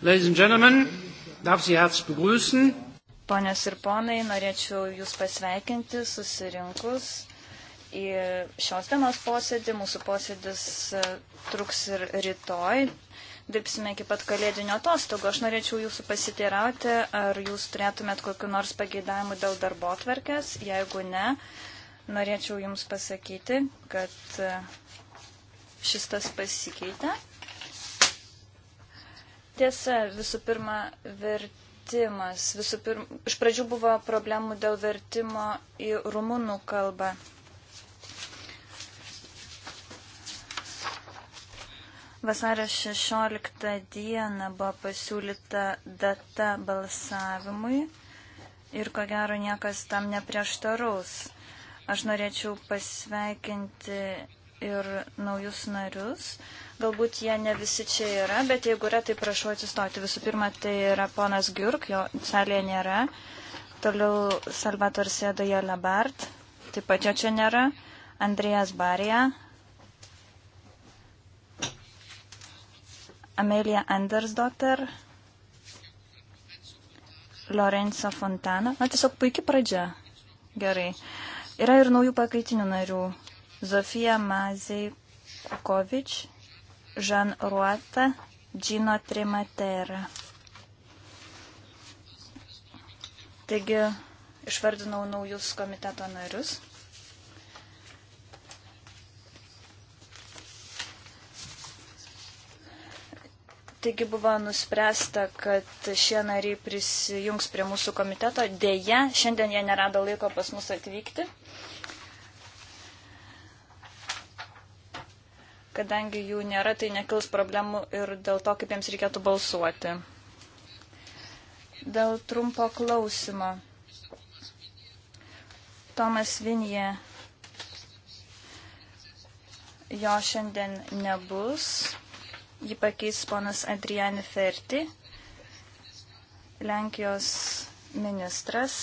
Ladies and gentlemen, darf Sie herzlich begrüßen. Ponios ir ponai, norėčiau Jūs pasveikinti susirinkus į šios dienos posėdį. Mūsų posėdis e, truks ir rytoj. Dirbsime iki pat kalėdinio atostogų. Aš norėčiau Jūsų pasiteirauti, ar Jūs turėtumėt kokiu nors pageidavimų dėl darbo tvarkės. Jeigu ne, norėčiau Jums pasakyti, kad e, šis tas pasikeitė. Tiesa, visų pirma, vertimas. Visų pirma, iš pradžių buvo problemų dėl vertimo į rumunų kalbą. Vasario 16 dieną buvo pasiūlyta data balsavimui ir ko gero niekas tam neprieštaraus. Aš norėčiau pasveikinti ir naujus narius. Galbūt jie ne visi čia yra, bet jeigu yra, tai prašau atsistoti. Visų pirma, tai yra ponas Giurk, jo salėje nėra. Toliau Salvator Sėdoje Labart, taip pat jo čia nėra. Andrijas Barija. Amelija Andersdotter. Lorenzo Fontana. Na, tiesiog puikia pradžia. Gerai. Yra ir naujų pakaitinių narių. Zofija Mazej Kukovič, Žan Ruota, Džino Trimatera. Taigi, išvardinau naujus komiteto narius. Taigi buvo nuspręsta, kad šie nariai prisijungs prie mūsų komiteto. Deja, šiandien jie nerado laiko pas mus atvykti. Uh, Kadangi jų nėra, tai nekils problemų ir dėl to, kaip jiems reikėtų balsuoti. Dėl trumpo klausimo. Tomas Vinje. Jo šiandien nebus. Jį pakeis ponas Adriani Ferti, Lenkijos ministras,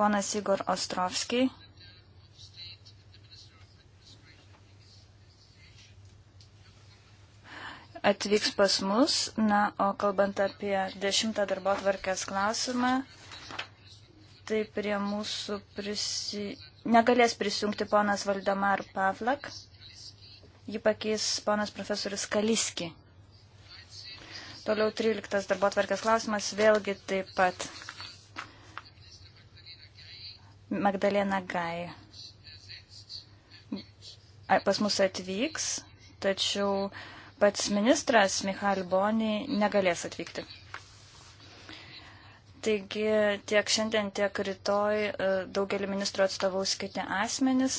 ponas Igor Ostrovskiai. atvyks pas mus. Na, o kalbant apie dešimtą darbo tvarkės klausimą, tai prie mūsų prisi... negalės prisijungti ponas Valdemar Pavlak. Jį pakeis ponas profesorius Kaliski. Toliau 13 darbo tvarkės klausimas, vėlgi taip pat Magdalena Gai. Pas mus atvyks, tačiau uh, pats ministras Michael Boni negalės atvykti. Taigi tiek šiandien, tiek rytoj e, daugelį ministrų atstovaus kiti asmenys.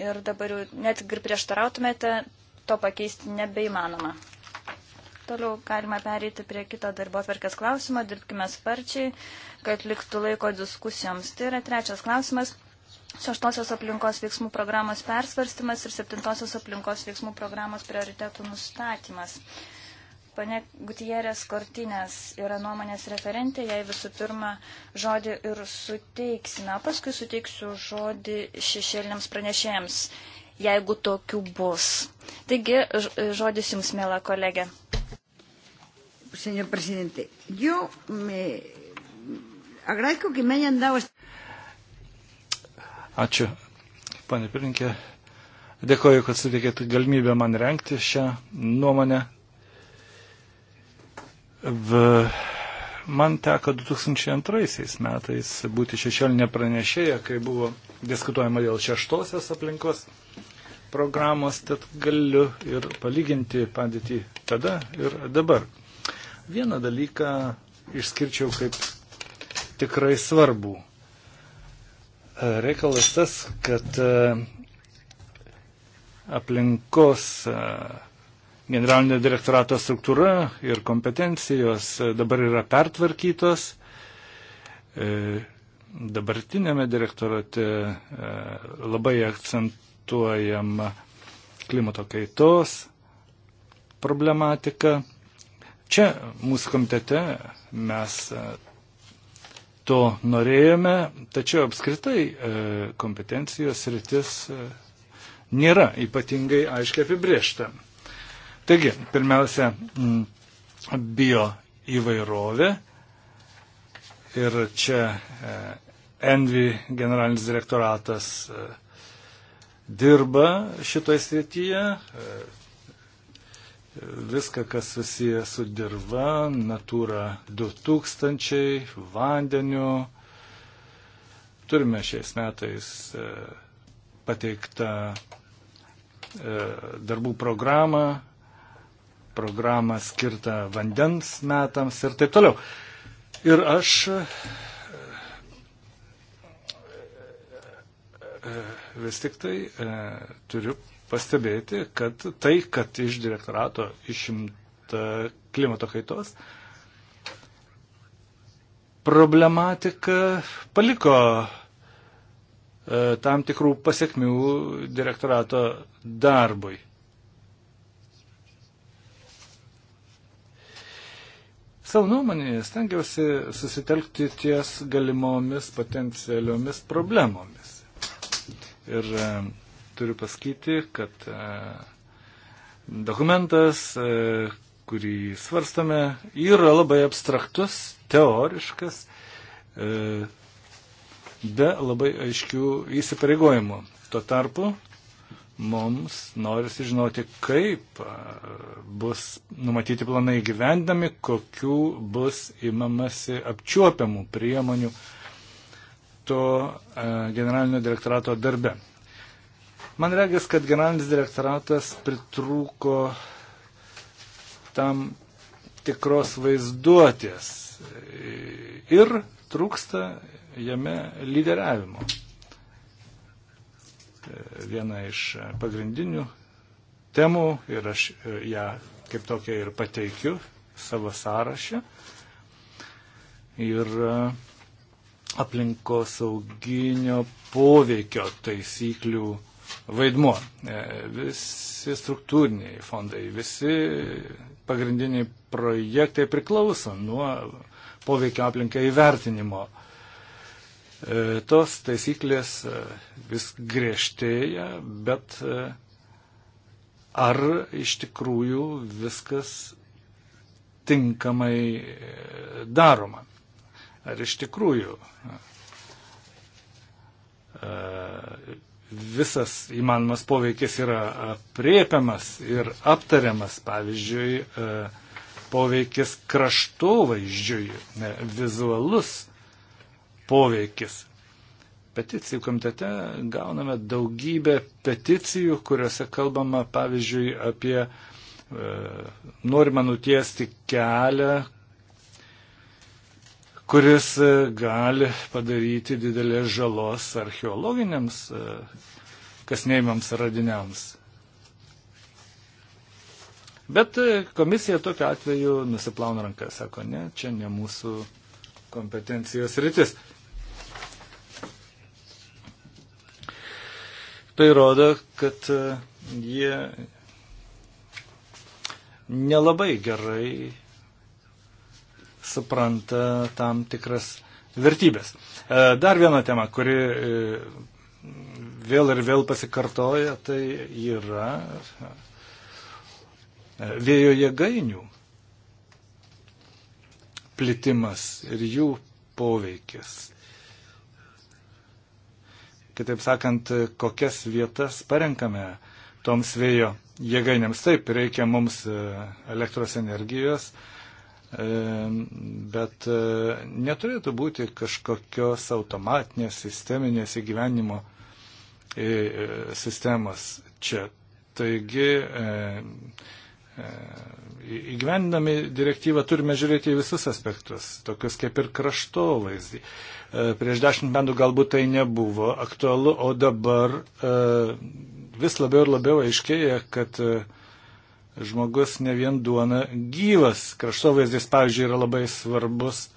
Ir dabar jau net ir prieštarautumėte, to pakeisti nebeįmanoma. Toliau galima pereiti prie kito darbo atverkės klausimo, dirbkime sparčiai, kad liktų laiko diskusijoms. Tai yra trečias klausimas šeštosios aplinkos veiksmų programos persvarstymas ir septintosios aplinkos veiksmų programos prioritetų nustatymas. Pane Gutierės Kortinės yra nuomonės referentė, jai visų pirma žodį ir suteiksime, paskui suteiksiu žodį šešėliniams pranešėjams, jeigu tokių bus. Taigi, žodis jums, mėla kolegė. Senor prezidente, yo me agradezco que me hayan dado. Ačiū, panė pirinkė. Dėkoju, kad suteikėt galimybę man renkti šią nuomonę. V... Man teko 2002 metais būti šešėlinė pranešėja, kai buvo diskutuojama dėl šeštosios aplinkos programos, tad galiu ir palyginti padėtį tada ir dabar. Vieną dalyką išskirčiau kaip tikrai svarbų reikalas tas, kad e, aplinkos e, generalinio direktorato struktūra ir kompetencijos e, dabar yra pertvarkytos. Dabartinėme direktorate labai akcentuojama klimato kaitos problematika. Čia mūsų komitete mes to norėjome, tačiau apskritai e, kompetencijos rytis e, nėra ypatingai aiškiai apibriešta. Taigi, pirmiausia, bio įvairovė ir čia e, Envi generalinis direktoratas dirba šitoje srityje, viską, kas susiję su dirba, natūra 2000, vandeniu. Turime šiais metais e, pateiktą e, darbų programą, programą skirtą vandens metams ir taip toliau. Ir aš e, vis tik tai turiu pastebėti, kad tai, kad iš direktorato išimta klimato kaitos, problematika paliko e, tam tikrų pasiekmių direktorato darbui. Savo nuomonėje stengiausi susitelkti ties galimomis potencialiomis problemomis. Ir e, turiu pasakyti, kad e, dokumentas, e, kurį svarstame, yra labai abstraktus, teoriškas, e, be labai aiškių įsipareigojimų. Tuo tarpu mums norisi žinoti, kaip bus numatyti planai gyvendami, kokių bus imamasi apčiuopiamų priemonių to generalinio direktorato darbe. Man regis, kad generalinis direktoratas pritrūko tam tikros vaizduotės ir trūksta jame lyderiavimo. Viena iš pagrindinių temų ir aš ją kaip tokia ir pateikiu savo sąrašę. Ir aplinkosauginio poveikio taisyklių vaidmuo. E, visi struktūriniai fondai, visi pagrindiniai projektai priklauso nuo poveikio aplinkai įvertinimo. E, tos taisyklės e, vis griežtėja, bet ar iš tikrųjų viskas tinkamai daroma? Ar iš tikrųjų visas įmanomas poveikis yra apriepiamas ir aptariamas, pavyzdžiui, e, poveikis kraštovaizdžiui, vizualus poveikis. Peticijų komitete gauname daugybę peticijų, kuriuose kalbama, pavyzdžiui, apie e, norima nutiesti kelią, kuris e, gali padaryti didelės žalos archeologiniams e, kasnėjimams radiniams. Bet e, komisija tokiu atveju nusiplauna rankas, sako, ne, čia ne mūsų kompetencijos rytis. Tai rodo, kad jie nelabai gerai supranta tam tikras vertybės. E, dar viena tema, kuri e, vėl ir vėl pasikartoja, tai yra e, vėjo jėgainių plitimas ir jų poveikis. Kitaip sakant, kokias vietas parenkame toms vėjo jėgainėms. Taip, reikia mums elektros energijos, bet e, neturėtų būti kažkokios automatinės sisteminės įgyvenimo e, e, sistemos čia. Taigi, įgyvendami direktyvą turime žiūrėti į visus aspektus, tokius kaip ir kraštovaizdį. Prieš dešimt metų galbūt tai nebuvo aktualu, o dabar vis labiau ir labiau aiškėja, kad uh, žmogus ne vien duona gyvas. Kraštovaizdis, pavyzdžiui, yra labai svarbus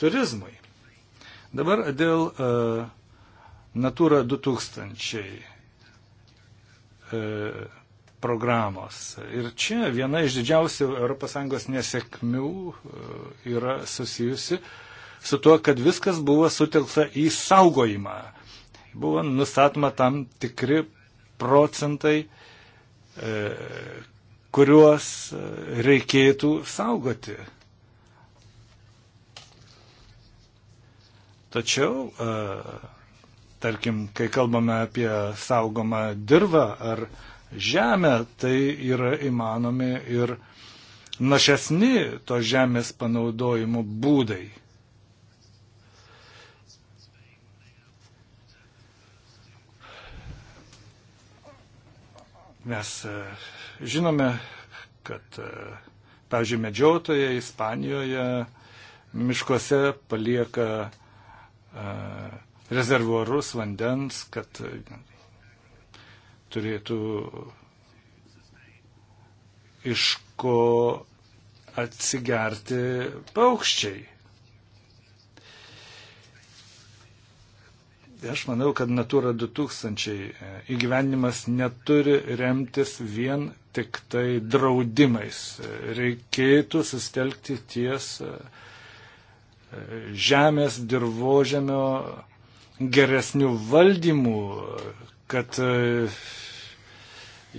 turizmui. Dabar dėl uh, Natūra 2000 uh, programos. Ir čia viena iš didžiausių ES nesėkmių uh, yra susijusi su tuo, kad viskas buvo sutelkta į saugojimą. Buvo nustatoma tam tikri procentai, uh, kuriuos e, reikėtų saugoti. Tačiau, e, tarkim, kai kalbame apie saugomą dirvą ar žemę, tai yra įmanomi ir našesni tos žemės panaudojimo būdai. Mes uh, Žinome, kad, e, pavyzdžiui, medžiotojai Ispanijoje miškuose palieka e, rezervuarus vandens, kad turėtų iš ko atsigerti paukščiai. Aš manau, kad Natura 2000 e, įgyvenimas neturi remtis vien tik tai draudimais. E, reikėtų sustelkti ties e, žemės dirbožėmio geresnių valdymų, kad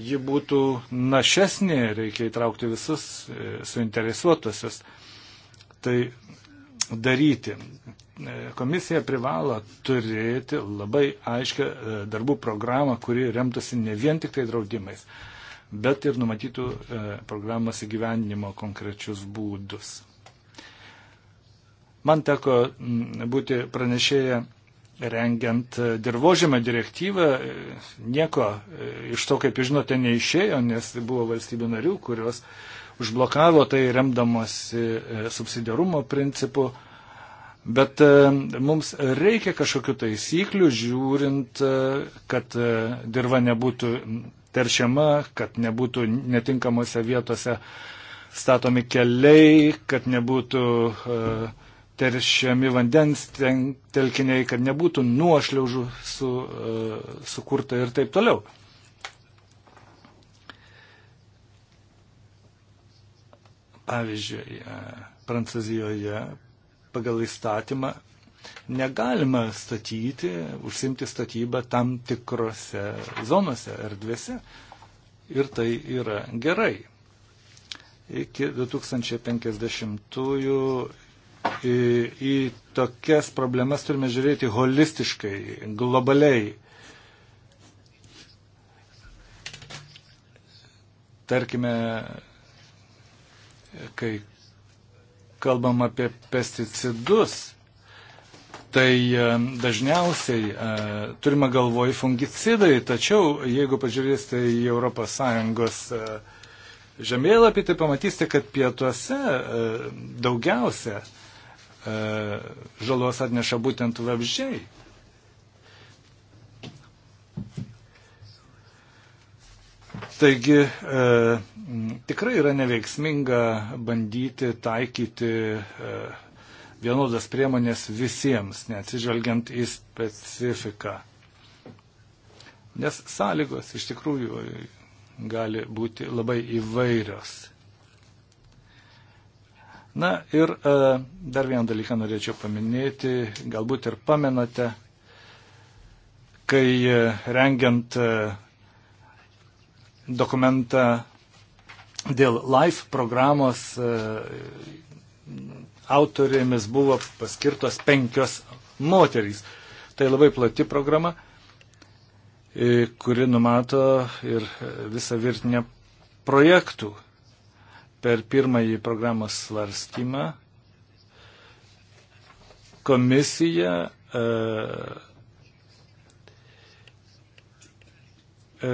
ji būtų našesnė, reikia įtraukti visus suinteresuotusius tai daryti komisija privalo turėti labai aiškę e, darbų programą, kuri remtasi ne vien tik tai draudimais, bet ir numatytų e, programos įgyvendinimo konkrečius būdus. Man teko būti pranešėję rengiant e, dirbožėmą direktyvą, nieko iš to, kaip jūs žinote, neišėjo, nes buvo valstybių narių, kurios užblokavo tai remdamosi subsidiarumo principu. Bet e, mums reikia kažkokių taisyklių, žiūrint, e, kad e, dirba nebūtų teršiama, kad nebūtų netinkamose vietose statomi keliai, kad nebūtų teršiami vandens telkiniai, kad nebūtų nuošliaužų su, sukurta ir taip toliau. Pavyzdžiui, Prancūzijoje pagal įstatymą negalima statyti, užsimti statybą tam tikrose zonose, erdvėse. Ir tai yra gerai. Iki 2050-ųjų į, į tokias problemas turime žiūrėti holistiškai, globaliai. Tarkime, kai kalbam apie pesticidus, tai e, dažniausiai e, turime galvoj fungicidai, tačiau jeigu pažiūrėsite į ES e, žemėlapį, tai pamatysite, kad pietuose daugiausia žalos atneša būtent vabžiai. Taigi e, tikrai yra neveiksminga bandyti taikyti e, vienodas priemonės visiems, neatsižvelgiant į specifiką. Nes sąlygos iš tikrųjų gali būti labai įvairios. Na ir e, dar vieną dalyką norėčiau paminėti, galbūt ir pamenate, kai e, rengiant e, dokumentą dėl LIFE programos e, autorėmis buvo paskirtos penkios moterys. Tai labai plati programa, e, kuri numato ir visą virtinę projektų. Per pirmąjį programos svarstymą komisija e, E,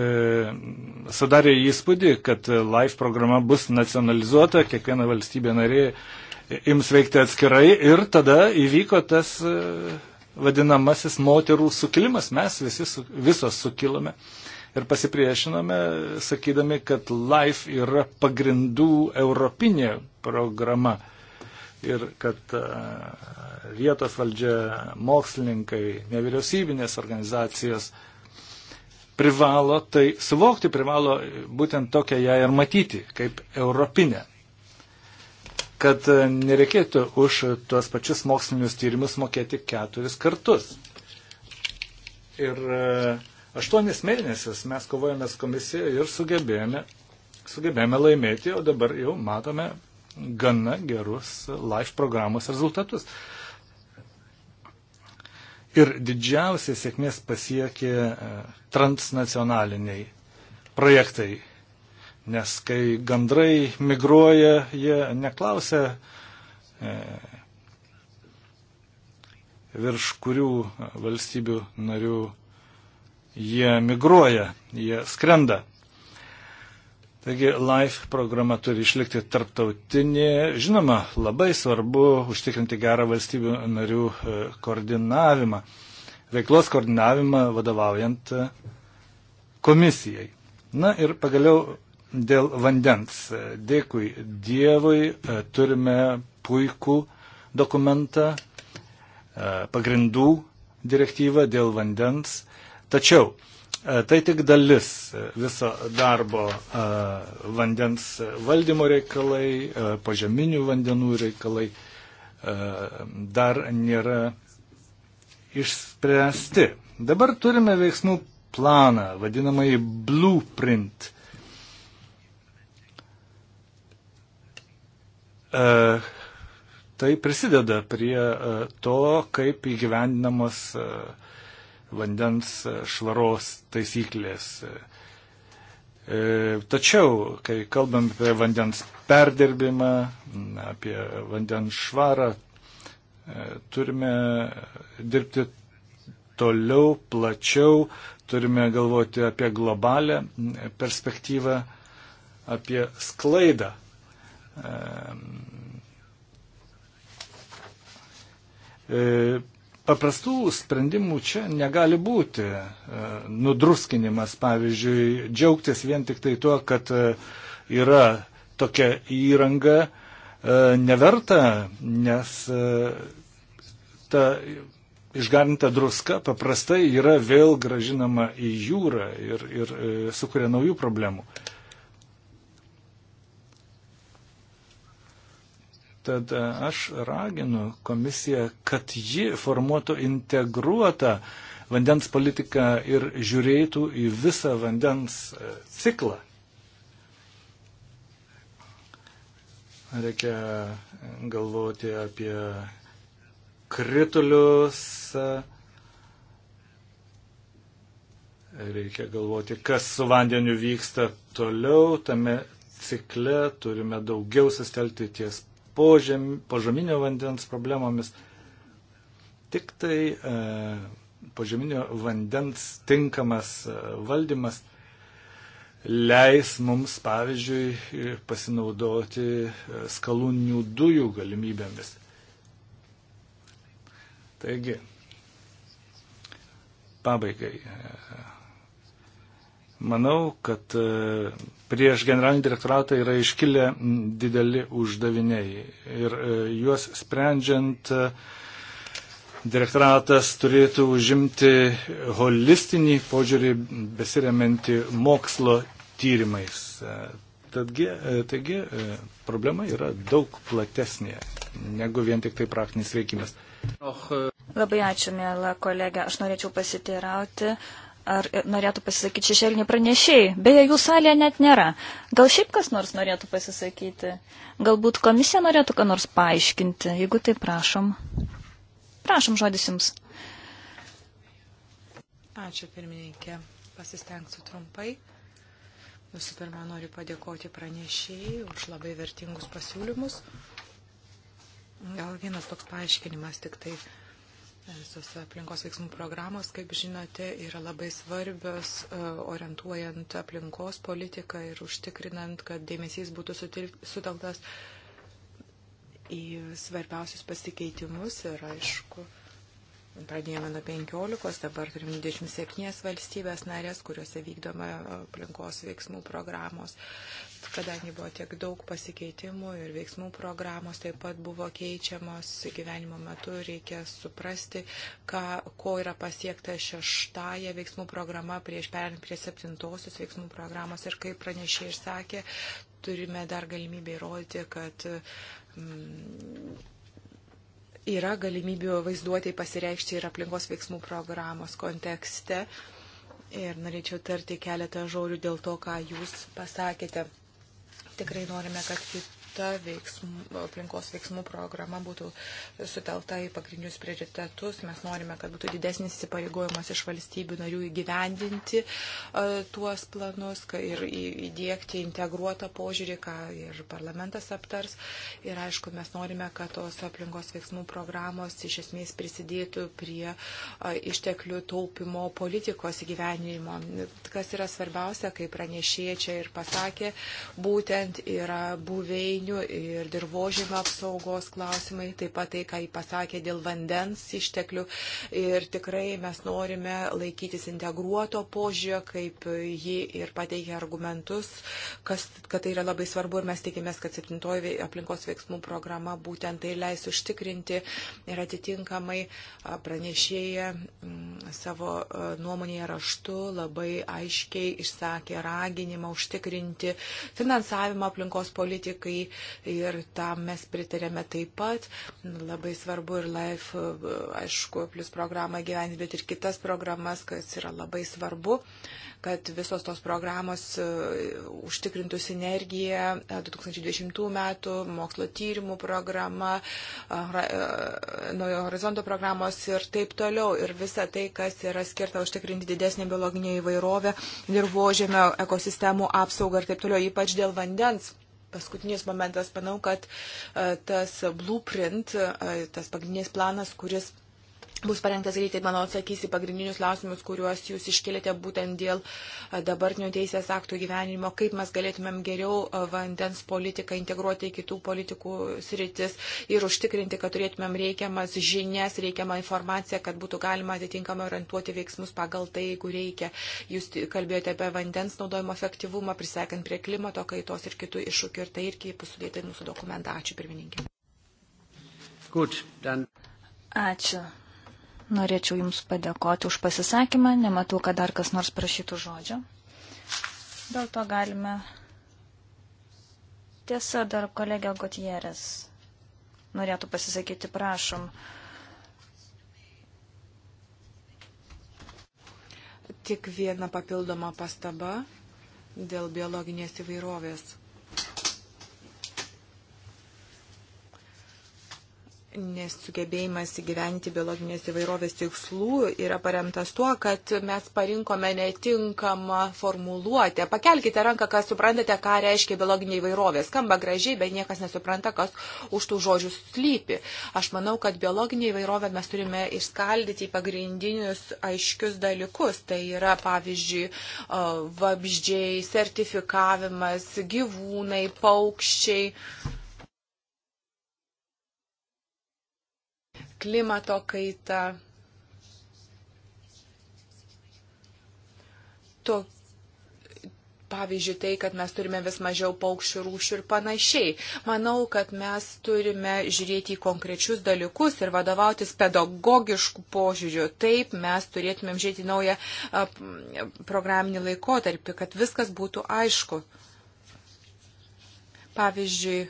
sudarė įspūdį, kad LIFE programa bus nacionalizuota, kiekviena valstybė narė ims veikti atskirai ir tada įvyko tas e, vadinamasis moterų sukilimas. Mes visi, visos sukilome ir pasipriešinome, sakydami, kad LIFE yra pagrindų europinė programa ir kad e, vietos valdžia, mokslininkai, nevyriausybinės organizacijos privalo tai suvokti, privalo būtent tokią ją ir matyti, kaip europinę. Kad e, nereikėtų už tuos pačius mokslinius tyrimus mokėti keturis kartus. Ir e, aštuonis mėnesius mes kovojame su komisija ir sugebėjome, sugebėjome laimėti, o dabar jau matome gana gerus live programos rezultatus. Uh, ir didžiausia sėkmės pasiekė e, transnacionaliniai projektai. Nes kai gandrai migruoja, jie neklausia, e, virš kurių valstybių narių jie migruoja, jie skrenda. Taigi LIFE programa turi išlikti tarptautinė. Žinoma, labai svarbu užtikrinti gerą valstybių narių e, koordinavimą, veiklos koordinavimą vadovaujant e, komisijai. Na ir pagaliau dėl vandens. E, dėkui Dievui, turime puikų dokumentą, pagrindų direktyvą dėl vandens. Tačiau E, tai tik dalis viso darbo e, vandens valdymo reikalai, e, pažeminių vandenų reikalai dar nėra išspręsti. Dabar turime veiksmų planą, vadinamąjį blueprint. Tai prisideda prie to, kaip įgyvendinamos uh, vandens švaros taisyklės. E, tačiau, kai kalbam apie vandens perdirbimą, apie vandens švarą, e, turime dirbti toliau, plačiau, turime galvoti apie globalę perspektyvą, apie sklaidą. E, paprastų sprendimų čia negali būti. E, nudruskinimas, pavyzdžiui, džiaugtis vien tik tai tuo, kad e, yra tokia įranga, e, neverta, nes ta išgarinta druska paprastai yra vėl gražinama į jūrą ir, ir sukuria naujų problemų. Tad e, aš raginu komisiją, kad ji formuotų integruotą vandens politiką ir žiūrėtų į visą vandens e, ciklą. Reikia galvoti apie kritulius, e, reikia galvoti, kas su vandeniu vyksta toliau tame cikle, turime daugiau sustelti ties požem, požeminio vandens problemomis. Tik tai e, požeminio vandens tinkamas e, valdymas leis mums, pavyzdžiui, pasinaudoti e, skalūnių dujų galimybėmis. Taigi, pabaigai. E, manau, kad prieš generalinį direktoratą yra iškilę dideli uždaviniai. Ir e, juos sprendžiant, e, direktoratas turėtų užimti holistinį požiūrį besiremianti mokslo tyrimais. E, tadgi, taigi problema yra daug platesnė negu vien tik tai praktinis veikimas. Labai ačiū, mėla kolegė. Aš norėčiau pasiteirauti, ar norėtų pasisakyti šešėliniai pranešėjai. Beje, jų salėje net nėra. Gal šiaip kas nors norėtų pasisakyti? Galbūt komisija norėtų ką nors paaiškinti, jeigu tai prašom. Prašom žodis jums. Ačiū pirmininkė. Pasistengsiu trumpai. Visų pirma, noriu padėkoti pranešėjai už labai vertingus pasiūlymus. Gal vienas toks paaiškinimas tik tai. Uh, visos aplinkos veiksmų programos, kaip žinote, yra labai svarbios e, orientuojant aplinkos politiką ir užtikrinant, kad dėmesys būtų sutelktas į svarbiausius pasikeitimus ir aišku. Pradėjome nuo 15, dabar turim 27 valstybės narės, kuriuose vykdoma aplinkos veiksmų programos kadangi buvo tiek daug pasikeitimų ir veiksmų programos taip pat buvo keičiamos gyvenimo metu, reikia suprasti, ką, ko yra pasiekta šeštąją veiksmų programą prieš perint prie septintosios veiksmų programos ir kaip pranešė ir sakė, turime dar galimybę įrodyti, kad mm, yra galimybių vaizduotėjai pasireikšti ir aplinkos veiksmų programos kontekste. Ir norėčiau tarti keletą žodžių dėl to, ką jūs pasakėte. Tikrai norime, kad kit ta veiksmų, aplinkos veiksmų programa būtų sutelta į pagrindinius prioritetus. Mes norime, kad būtų didesnis įsipareigojimas iš valstybių narių įgyvendinti uh, tuos planus ir įdėkti integruotą požiūrį, ką ir parlamentas aptars. Ir aišku, mes norime, kad tos aplinkos veiksmų programos iš esmės prisidėtų prie uh, išteklių taupimo politikos įgyvendinimo. Kas yra svarbiausia, kaip pranešėja čia ir pasakė, būtent yra buveinių vandenilinių ir dirbožėmio apsaugos klausimai, taip pat tai, ką jį pasakė dėl vandens išteklių. Ir tikrai mes norime laikytis integruoto požiūrio, kaip jį ir pateikė argumentus, kas, kad tai yra labai svarbu ir mes tikimės, kad septintoji aplinkos veiksmų programa būtent tai leis užtikrinti ir atitinkamai pranešėja mm, savo nuomonėje raštu labai aiškiai išsakė raginimą užtikrinti finansavimą aplinkos politikai, ir tam mes pritarėme taip pat. Labai svarbu ir LIFE, aišku, plus programą gyventi, bet ir kitas programas, kas yra labai svarbu, kad visos tos programos e, užtikrintų sinergiją 2020 e, metų mokslo tyrimų programa, e, naujo horizonto programos ir taip toliau. Ir visa tai, kas yra skirta užtikrinti didesnį biologinę įvairovę, dirbožėmio ekosistemų apsaugą ir taip toliau, ypač dėl vandens paskutinis momentas, manau, kad e, tas blueprint, e, tas pagrindinis planas, kuris bus parengtas greitai, manau, atsakys į pagrindinius klausimus, kuriuos jūs iškėlėte būtent dėl dabartinio teisės aktų gyvenimo, kaip mes galėtumėm geriau vandens politiką integruoti į kitų politikų sritis ir užtikrinti, kad turėtumėm reikiamas žinias, reikiamą informaciją, kad būtų galima atitinkamai orientuoti veiksmus pagal tai, jeigu reikia. Jūs kalbėjote apie vandens naudojimo efektyvumą, prisekant prie klimato kaitos ir kitų iššūkių ir tai irgi bus sudėta į mūsų dokumentą. Ačiū, pirmininkė. Gut, dann. Ačiū. Norėčiau Jums padėkoti už pasisakymą, nematau, kad dar kas nors prašytų žodžio. Dėl to galime. Tiesa, dar kolegė Gutierrez norėtų pasisakyti, prašom. Tik viena papildoma pastaba dėl biologinės įvairovės. nesugebėjimas įgyventi biologinės įvairovės tikslų yra paremtas tuo, kad mes parinkome netinkamą formuluotę. Pakelkite ranką, kas suprantate, ką reiškia biologinė įvairovė. Skamba gražiai, bet niekas nesupranta, kas už tų žodžių slypi. Aš manau, kad biologinė įvairovė mes turime išskaldyti į pagrindinius aiškius dalykus. Tai yra, pavyzdžiui, vabždžiai, sertifikavimas, gyvūnai, paukščiai klimato kaita. To, pavyzdžiui, tai, kad mes turime vis mažiau paukščių rūšių ir panašiai. Manau, kad mes turime žiūrėti į konkrečius dalykus ir vadovautis pedagogiškų požiūrių. Taip mes turėtumėm žiūrėti naują programinį laikotarpį, kad viskas būtų aišku. Pavyzdžiui,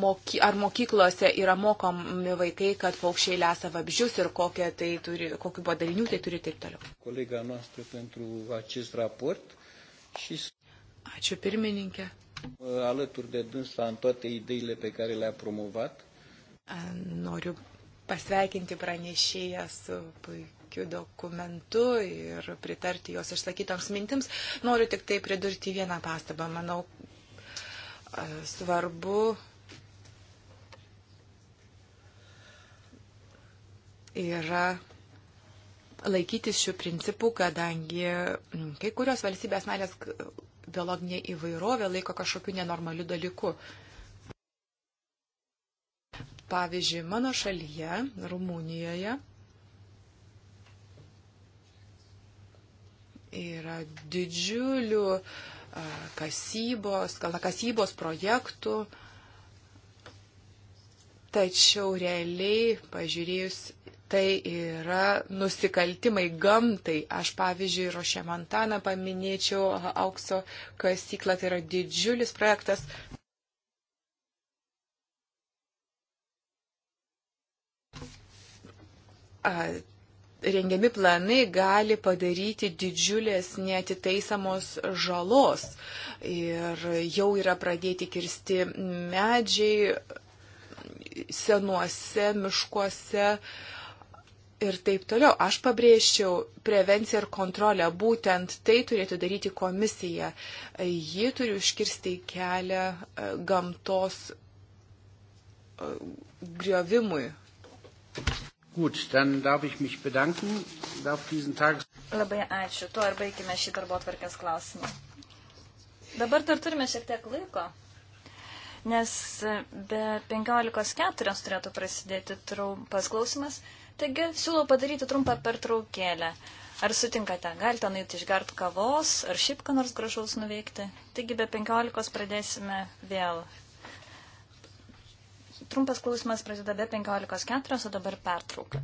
moky, ar mokyklose yra mokomi vaikai, kad paukščiai lesa vabžius ir kokie tai turi, kokiu padariniu tai turi taip toliau. Kolega noastră pentru acest raport și... Ačiū pirmininkė. Alături de dânsa în toate ideile pe care le-a promovat. Noriu pasveikinti pranešėją su puikiu tokiu dokumentu ir pritarti jos išsakytoms mintims. Noriu tik tai pridurti vieną pastabą. Manau, svarbu yra laikytis šių principų, kadangi mm, kai kurios valstybės narės biologinė įvairovė laiko kažkokiu nenormaliu dalyku. Pavyzdžiui, mano šalyje, Rumunijoje, yra didžiulių uh, kasybos, kalnakasybos projektų. Tačiau realiai, pažiūrėjus, tai yra nusikaltimai gamtai. Aš, pavyzdžiui, Rošemantaną paminėčiau aukso kasyklą, tai yra didžiulis projektas rengiami planai gali padaryti didžiulės neatitaisamos žalos. Ir jau yra pradėti kirsti medžiai senuose miškuose. Ir taip toliau. Aš pabrėžčiau prevenciją ir kontrolę. Būtent tai turėtų daryti komisija. Ji turi užkirsti kelią e, gamtos e, griovimui. Gut, dann darf ich mich bedanken, darf diesen Tages. Labai ačiū, tuo ir baigime šį darbo tvarkės klausimą. Dabar dar turime šiek tiek laiko, nes be 15.04 turėtų prasidėti trumpas klausimas, taigi siūlau padaryti trumpą pertraukėlę. Ar sutinkate, galite nueiti išgart kavos, ar šiaip ką nors gražaus nuveikti. Taigi be 15 pradėsime vėl Trumpas klausimas prasideda be 15.4, o dabar pertrauka.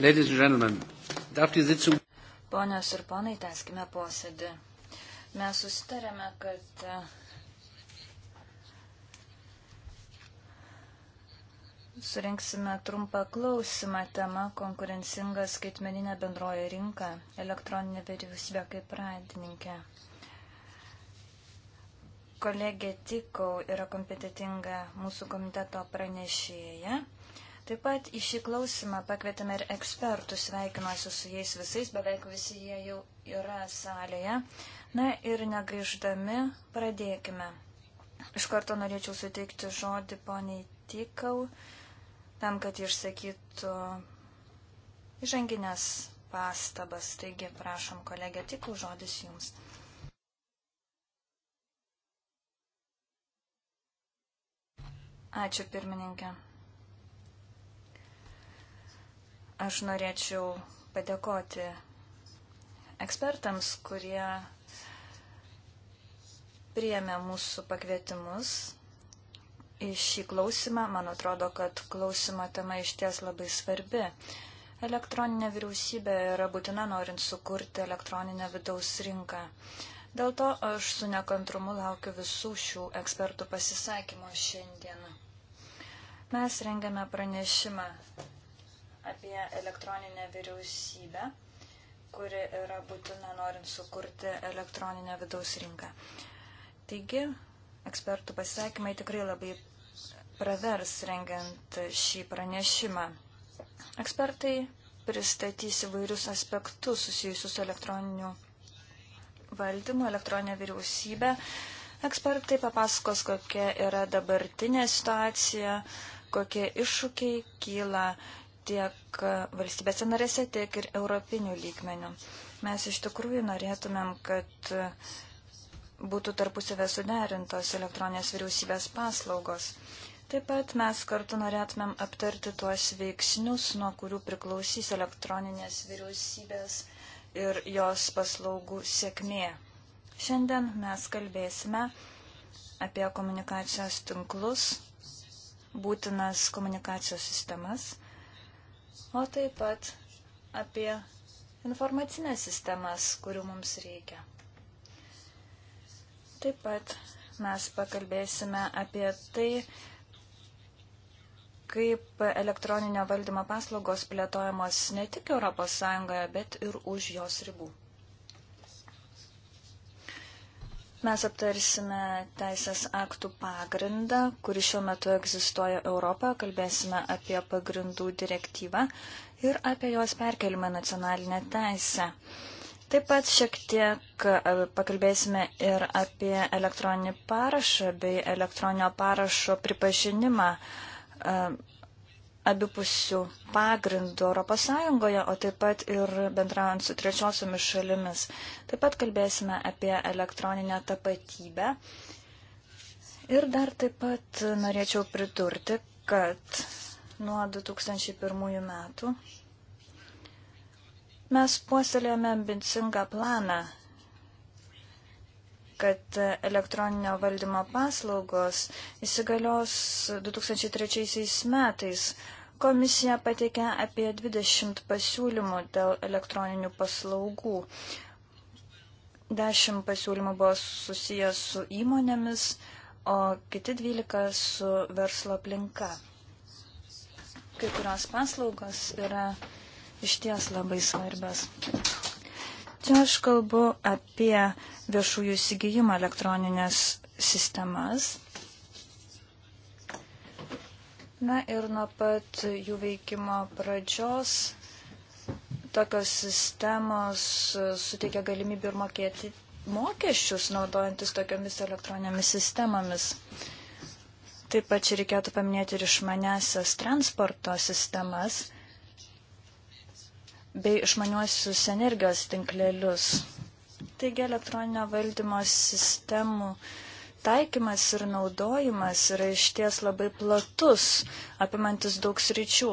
Ladies and gentlemen, darf die Sitzung. Ponios ir ponai, teskime posėdį. Mes susitarėme, kad e, surinksime trumpą klausimą tema konkurencinga skaitmeninė bendroji rinka, elektroninė vyriausybė kaip pradininkė. Kolegė Tikau yra kompetitinga mūsų komiteto pranešėja. Taip pat į šį klausimą pakvietėme ir ekspertus, sveikinuosi su jais visais, beveik visi jie jau yra salėje. Na ir negaiždami pradėkime. Iš karto norėčiau suteikti žodį poniai Tikau, tam, kad išsakytų įžanginės pastabas. Taigi, prašom, kolegė Tikau, žodis jums. Ačiū pirmininkė. Aš norėčiau padėkoti ekspertams, kurie priėmė mūsų pakvietimus į šį klausimą. Man atrodo, kad klausimo tema iš ties labai svarbi. Elektroninė vyriausybė yra būtina norint sukurti elektroninę vidaus rinką. Dėl to aš su nekantrumu laukiu visų šių ekspertų pasisakymų šiandieną. Mes rengiame pranešimą apie elektroninę vyriausybę, kuri yra būtina norint sukurti elektroninę vidaus rinką. Taigi, ekspertų pasisakymai tikrai labai pravers rengiant šį pranešimą. Ekspertai pristatys įvairius aspektus susijusius su elektroniniu valdymu, elektroninė vyriausybė. Ekspertai papasakos, kokia yra dabartinė situacija, kokie iššūkiai kyla tiek valstybėse narėse, tiek ir europinių lygmenių. Mes iš tikrųjų norėtumėm, kad būtų tarpusavę suderintos elektroninės vyriausybės paslaugos. Taip pat mes kartu norėtumėm aptarti tuos veiksnius, nuo kurių priklausys elektroninės vyriausybės ir jos paslaugų sėkmė. Šiandien mes kalbėsime apie komunikacijos tinklus, būtinas komunikacijos sistemas o taip pat apie informacinės sistemas, kurių mums reikia. Taip pat mes pakalbėsime apie tai, kaip elektroninio valdymo paslaugos plėtojamos ne tik ES, bet ir už jos ribų. Mes aptarsime teisės aktų pagrindą, kuri šiuo metu egzistuoja Europoje, kalbėsime apie pagrindų direktyvą ir apie jos perkelimą nacionalinę teisę. Taip pat šiek tiek e, pakalbėsime ir apie elektroninį parašą bei elektroninio parašo pripažinimą e, abipusių pagrindų ES, o taip pat ir bendraujant su trečiosiomis šalimis. Taip pat kalbėsime apie elektroninę tapatybę. Ir dar taip pat norėčiau pridurti, kad nuo 2001 metų mes puoselėjome ambicingą planą kad elektroninio valdymo paslaugos įsigalios 2003 metais. Komisija pateikė apie 20 pasiūlymų dėl elektroninių paslaugų. 10 pasiūlymų buvo susijęs su įmonėmis, o kiti 12 su verslo aplinka. Kai kurios paslaugos yra išties labai svarbios. Čia aš kalbu apie viešųjų įsigijimą elektroninės sistemas. Na ir nuo pat jų veikimo pradžios tokios sistemos suteikia galimybę ir mokėti mokesčius naudojantis tokiamis elektroninėmis sistemomis. Taip pat čia reikėtų paminėti ir išmanesias transporto sistemas bei išmaniuosius energijos tinklelius. Taigi elektroninio valdymo sistemų taikymas ir naudojimas yra išties labai platus, apimantis daug sričių.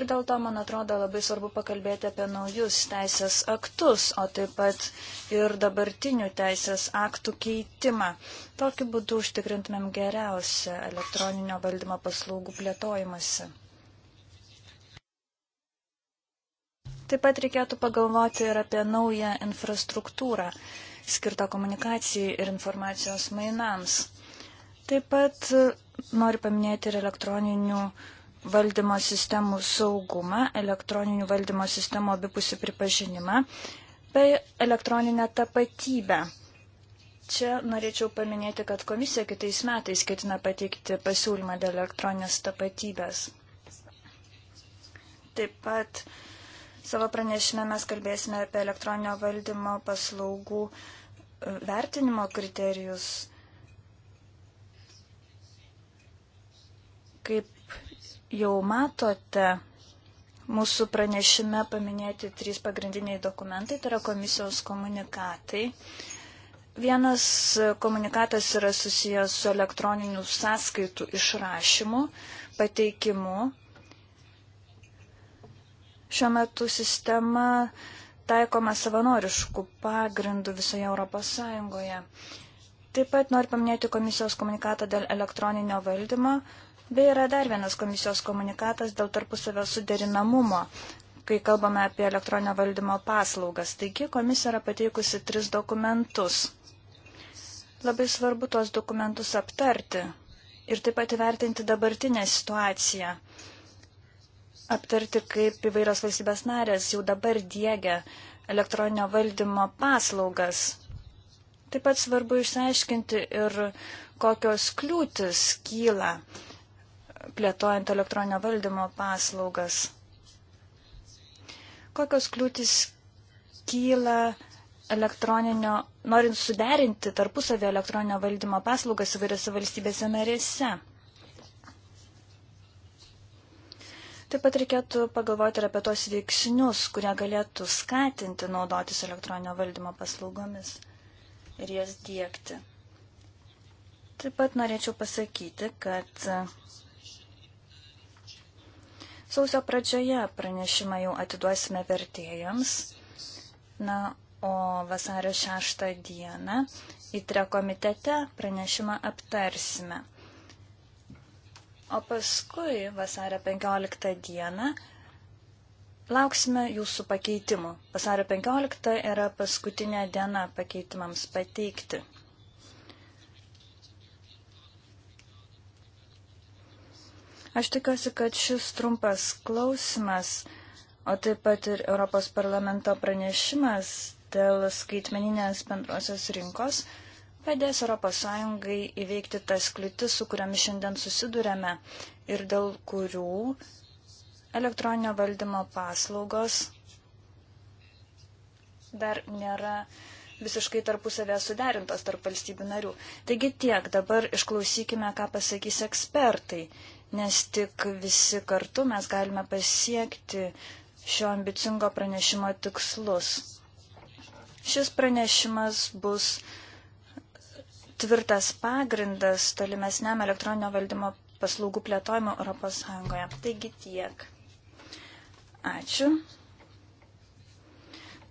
Ir dėl to, man atrodo, labai svarbu pakalbėti apie naujus teisės aktus, o taip pat ir dabartinių teisės aktų keitimą. Tokiu būdu užtikrintumėm geriausią elektroninio valdymo paslaugų plėtojimąsi. Taip pat reikėtų pagalvoti ir apie naują infrastruktūrą skirtą komunikacijai ir informacijos mainams. Taip pat noriu paminėti ir elektroninių valdymo sistemų saugumą, elektroninių valdymo sistemų abipusį pripažinimą bei elektroninę tapatybę. Čia norėčiau paminėti, kad komisija kitais metais ketina pateikti pasiūlymą dėl elektroninės tapatybės. Taip pat uh, Savo pranešime mes kalbėsime apie elektroninio valdymo paslaugų e, vertinimo kriterijus. Kaip jau matote, mūsų pranešime paminėti trys pagrindiniai dokumentai, tai yra komisijos komunikatai. Vienas komunikatas yra susijęs su elektroniniu sąskaitų išrašymu, pateikimu Šiuo metu sistema taikoma savanoriškų pagrindų visoje Europos Sąjungoje. Taip pat noriu paminėti komisijos komunikatą dėl elektroninio valdymo, bei yra dar vienas komisijos komunikatas dėl tarpusavio suderinamumo, kai kalbame apie elektroninio valdymo paslaugas. Taigi komisija yra pateikusi tris dokumentus. Labai svarbu tuos dokumentus aptarti ir taip pat įvertinti dabartinę situaciją aptarti, kaip įvairios valstybės narės jau dabar dėgia elektroninio valdymo paslaugas. Taip pat svarbu išsiaiškinti ir kokios kliūtis kyla plėtojant elektroninio valdymo paslaugas. Kokios kliūtis kyla elektroninio, norint suderinti tarpusavį elektroninio valdymo paslaugas įvairiose valstybėse narėse. Taip pat reikėtų pagalvoti ir apie tos veiksnius, kurie galėtų skatinti naudotis elektroninio valdymo paslaugomis ir jas dėkti. Taip pat norėčiau pasakyti, kad sausio pradžioje pranešimą jau atiduosime vertėjams, na, o vasario šeštą dieną į tre komitete pranešimą aptarsime. O paskui, vasario 15 dieną, lauksime jūsų pakeitimų. Vasario 15 yra paskutinė diena pakeitimams pateikti. Aš tikiuosi, kad šis trumpas klausimas, o taip pat ir Europos parlamento pranešimas dėl skaitmeninės bendrosios rinkos, padės ES įveikti tas kliūtis, su kuriamis šiandien susidurėme ir dėl kurių elektroninio valdymo paslaugos dar nėra visiškai tarpusavėje suderintos tarp valstybių narių. Taigi tiek, dabar išklausykime, ką pasakys ekspertai, nes tik visi kartu mes galime pasiekti šio ambicingo pranešimo tikslus. Šis pranešimas bus tvirtas pagrindas tolimesniam elektroninio valdymo paslaugų plėtojimo ES. Taigi tiek. Ačiū.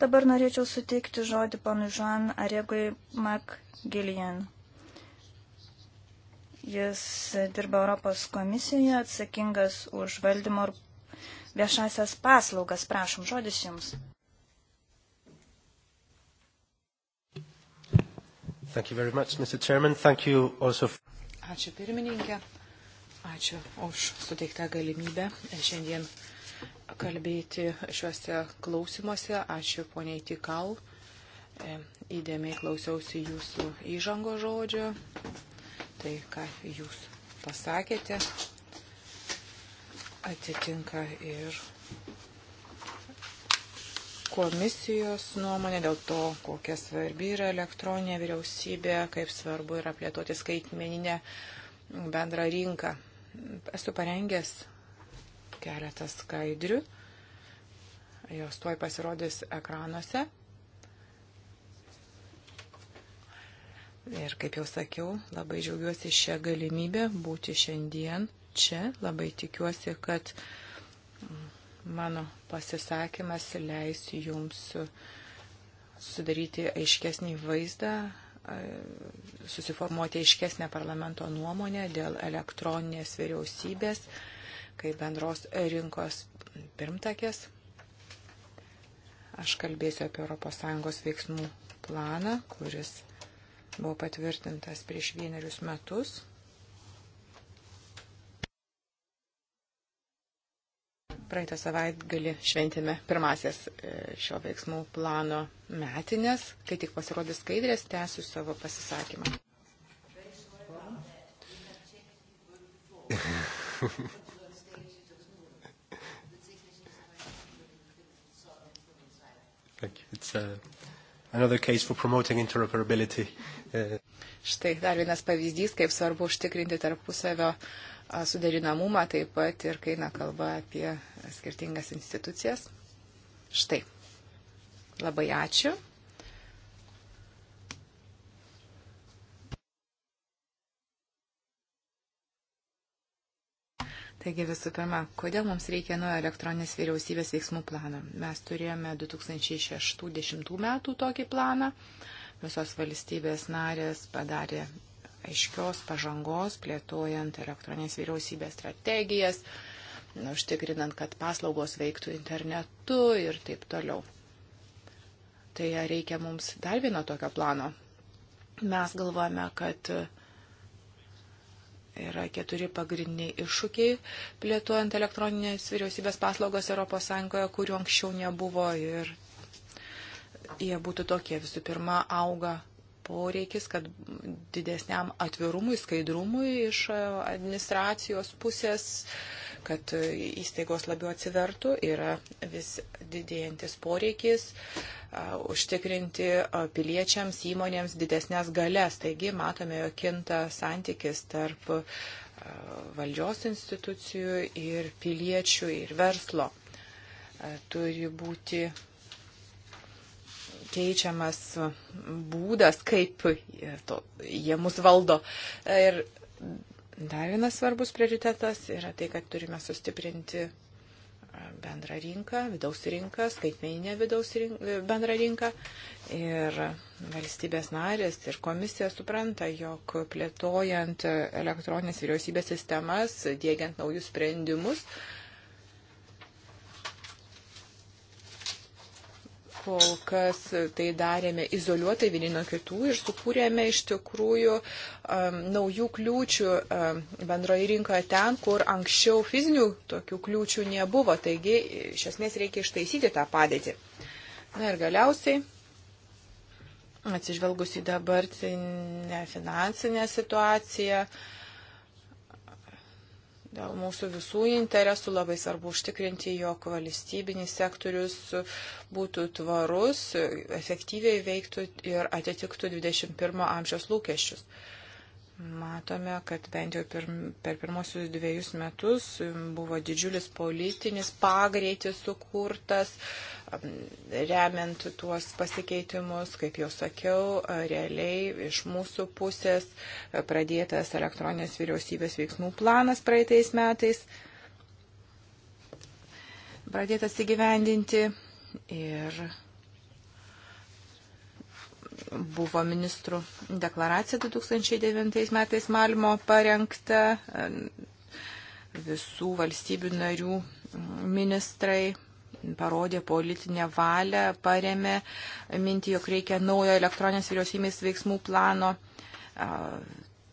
Dabar norėčiau suteikti žodį ponui Žuan Aregui McGillian. Jis dirba Europos komisijoje atsakingas už valdymo ir viešasias paslaugas. Prašom, žodis jums. Thank you very much, Mr. Chairman. Thank you also. Ačiū pirmininkė. Ačiū už suteiktą galimybę šiandien kalbėti šiuose klausimuose. Ačiū poniai Tikal. E, įdėmiai klausiausi jūsų įžango žodžio. Tai, ką jūs pasakėte, atitinka ir komisijos nuomonė dėl to, kokia svarbi yra elektroninė vyriausybė, kaip svarbu yra plėtoti skaitmeninę bendrą rinką. Esu parengęs keletą skaidrių, jos tuoj pasirodys ekranuose. Ir kaip jau sakiau, labai džiaugiuosi šią galimybę būti šiandien čia. Labai tikiuosi, kad uh, mano pasisakymas leis jums sudaryti aiškesnį vaizdą, e, susiformuoti aiškesnę parlamento nuomonę dėl elektroninės vyriausybės kaip bendros rinkos pirmtakės. Aš kalbėsiu apie ES veiksmų planą, kuris buvo patvirtintas prieš vienerius metus. Praeitą savaitgalį šventėme pirmasis e, šio veiksmų plano metinės. Kai tik pasirodys skaidrės, tęsiu savo pasisakymą. Uh, uh, Štai dar vienas pavyzdys, kaip svarbu užtikrinti tarpusavio uh, suderinamumą taip pat ir kai eina kalba apie skirtingas institucijas. Štai. Labai ačiū. Taigi visų pirma, kodėl mums reikia nuo elektroninės vyriausybės veiksmų plano? Mes turėjome 2006-2010 metų tokį planą, visos valstybės narės padarė aiškios pažangos, plėtojant elektroninės vyriausybės strategijas, užtikrinant, kad paslaugos veiktų internetu ir taip toliau. Tai reikia mums dar vieno tokio plano. Mes galvojame, kad yra keturi pagrindiniai iššūkiai plėtojant elektroninės vyriausybės paslaugas ES, kurių anksčiau nebuvo ir jie būtų tokie. Visų pirma, auga poreikis, kad didesniam atvirumui, skaidrumui iš e, administracijos pusės, kad e, įstaigos labiau atsivertų, yra vis didėjantis poreikis e, užtikrinti piliečiams, įmonėms didesnės galės. Taigi matome, jog kinta santykis tarp valdžios institucijų ir piliečių ir verslo. Turi būti keičiamas būdas, kaip to, jie mus valdo. Ir dar vienas svarbus prioritetas yra tai, kad turime sustiprinti bendrą rinką, vidaus rinką, skaitmeninę vidaus rinką, bendrą rinką. Ir valstybės narės ir komisija supranta, jog plėtojant elektroninės vyriausybės sistemas, dėgiant naujus sprendimus, uh, kol kas tai darėme izoliuotai vieni nuo kitų ir sukūrėme iš tikrųjų um, naujų kliūčių um, bendroje rinkoje ten, kur anksčiau fizinių tokių kliūčių nebuvo. Taigi, iš esmės reikia ištaisyti tą padėtį. Na ir galiausiai. Atsižvelgus į dabartinę finansinę situaciją, uh, Dėl mūsų visų interesų labai svarbu užtikrinti, jog valstybinis sektorius būtų tvarus, efektyviai veiktų ir atitiktų 21 amžiaus lūkesčius. Matome, kad bent jau per, per pirmosius dviejus metus buvo didžiulis politinis pagreitis sukurtas, uh, remiant tuos pasikeitimus, kaip jau sakiau, realiai iš mūsų pusės pradėtas elektroninės vyriausybės veiksmų planas praeitais metais, pradėtas įgyvendinti ir buvo ministrų deklaracija 2009 metais Malmo parengta visų valstybių narių ministrai parodė politinę valią, paremė mintį, jog reikia naujo elektroninės vyriausybės veiksmų plano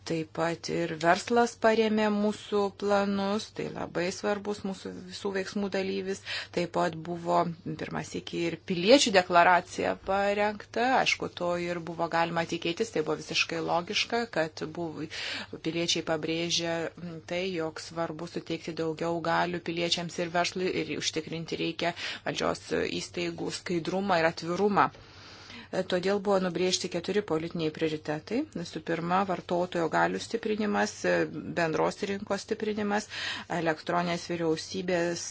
Taip pat ir verslas paremė mūsų planus, tai labai svarbus mūsų visų veiksmų dalyvis. Taip pat buvo pirmas iki ir piliečių deklaracija parengta. Aišku, to ir buvo galima tikėtis, tai buvo visiškai logiška, kad buvo, piliečiai pabrėžė tai, jog svarbu suteikti daugiau galių piliečiams ir verslui ir užtikrinti reikia valdžios įstaigų skaidrumą ir atvirumą. Todėl buvo nubriežti keturi politiniai prioritetai. Visų pirma, vartotojo galių stiprinimas, bendros rinkos stiprinimas, elektroninės vyriausybės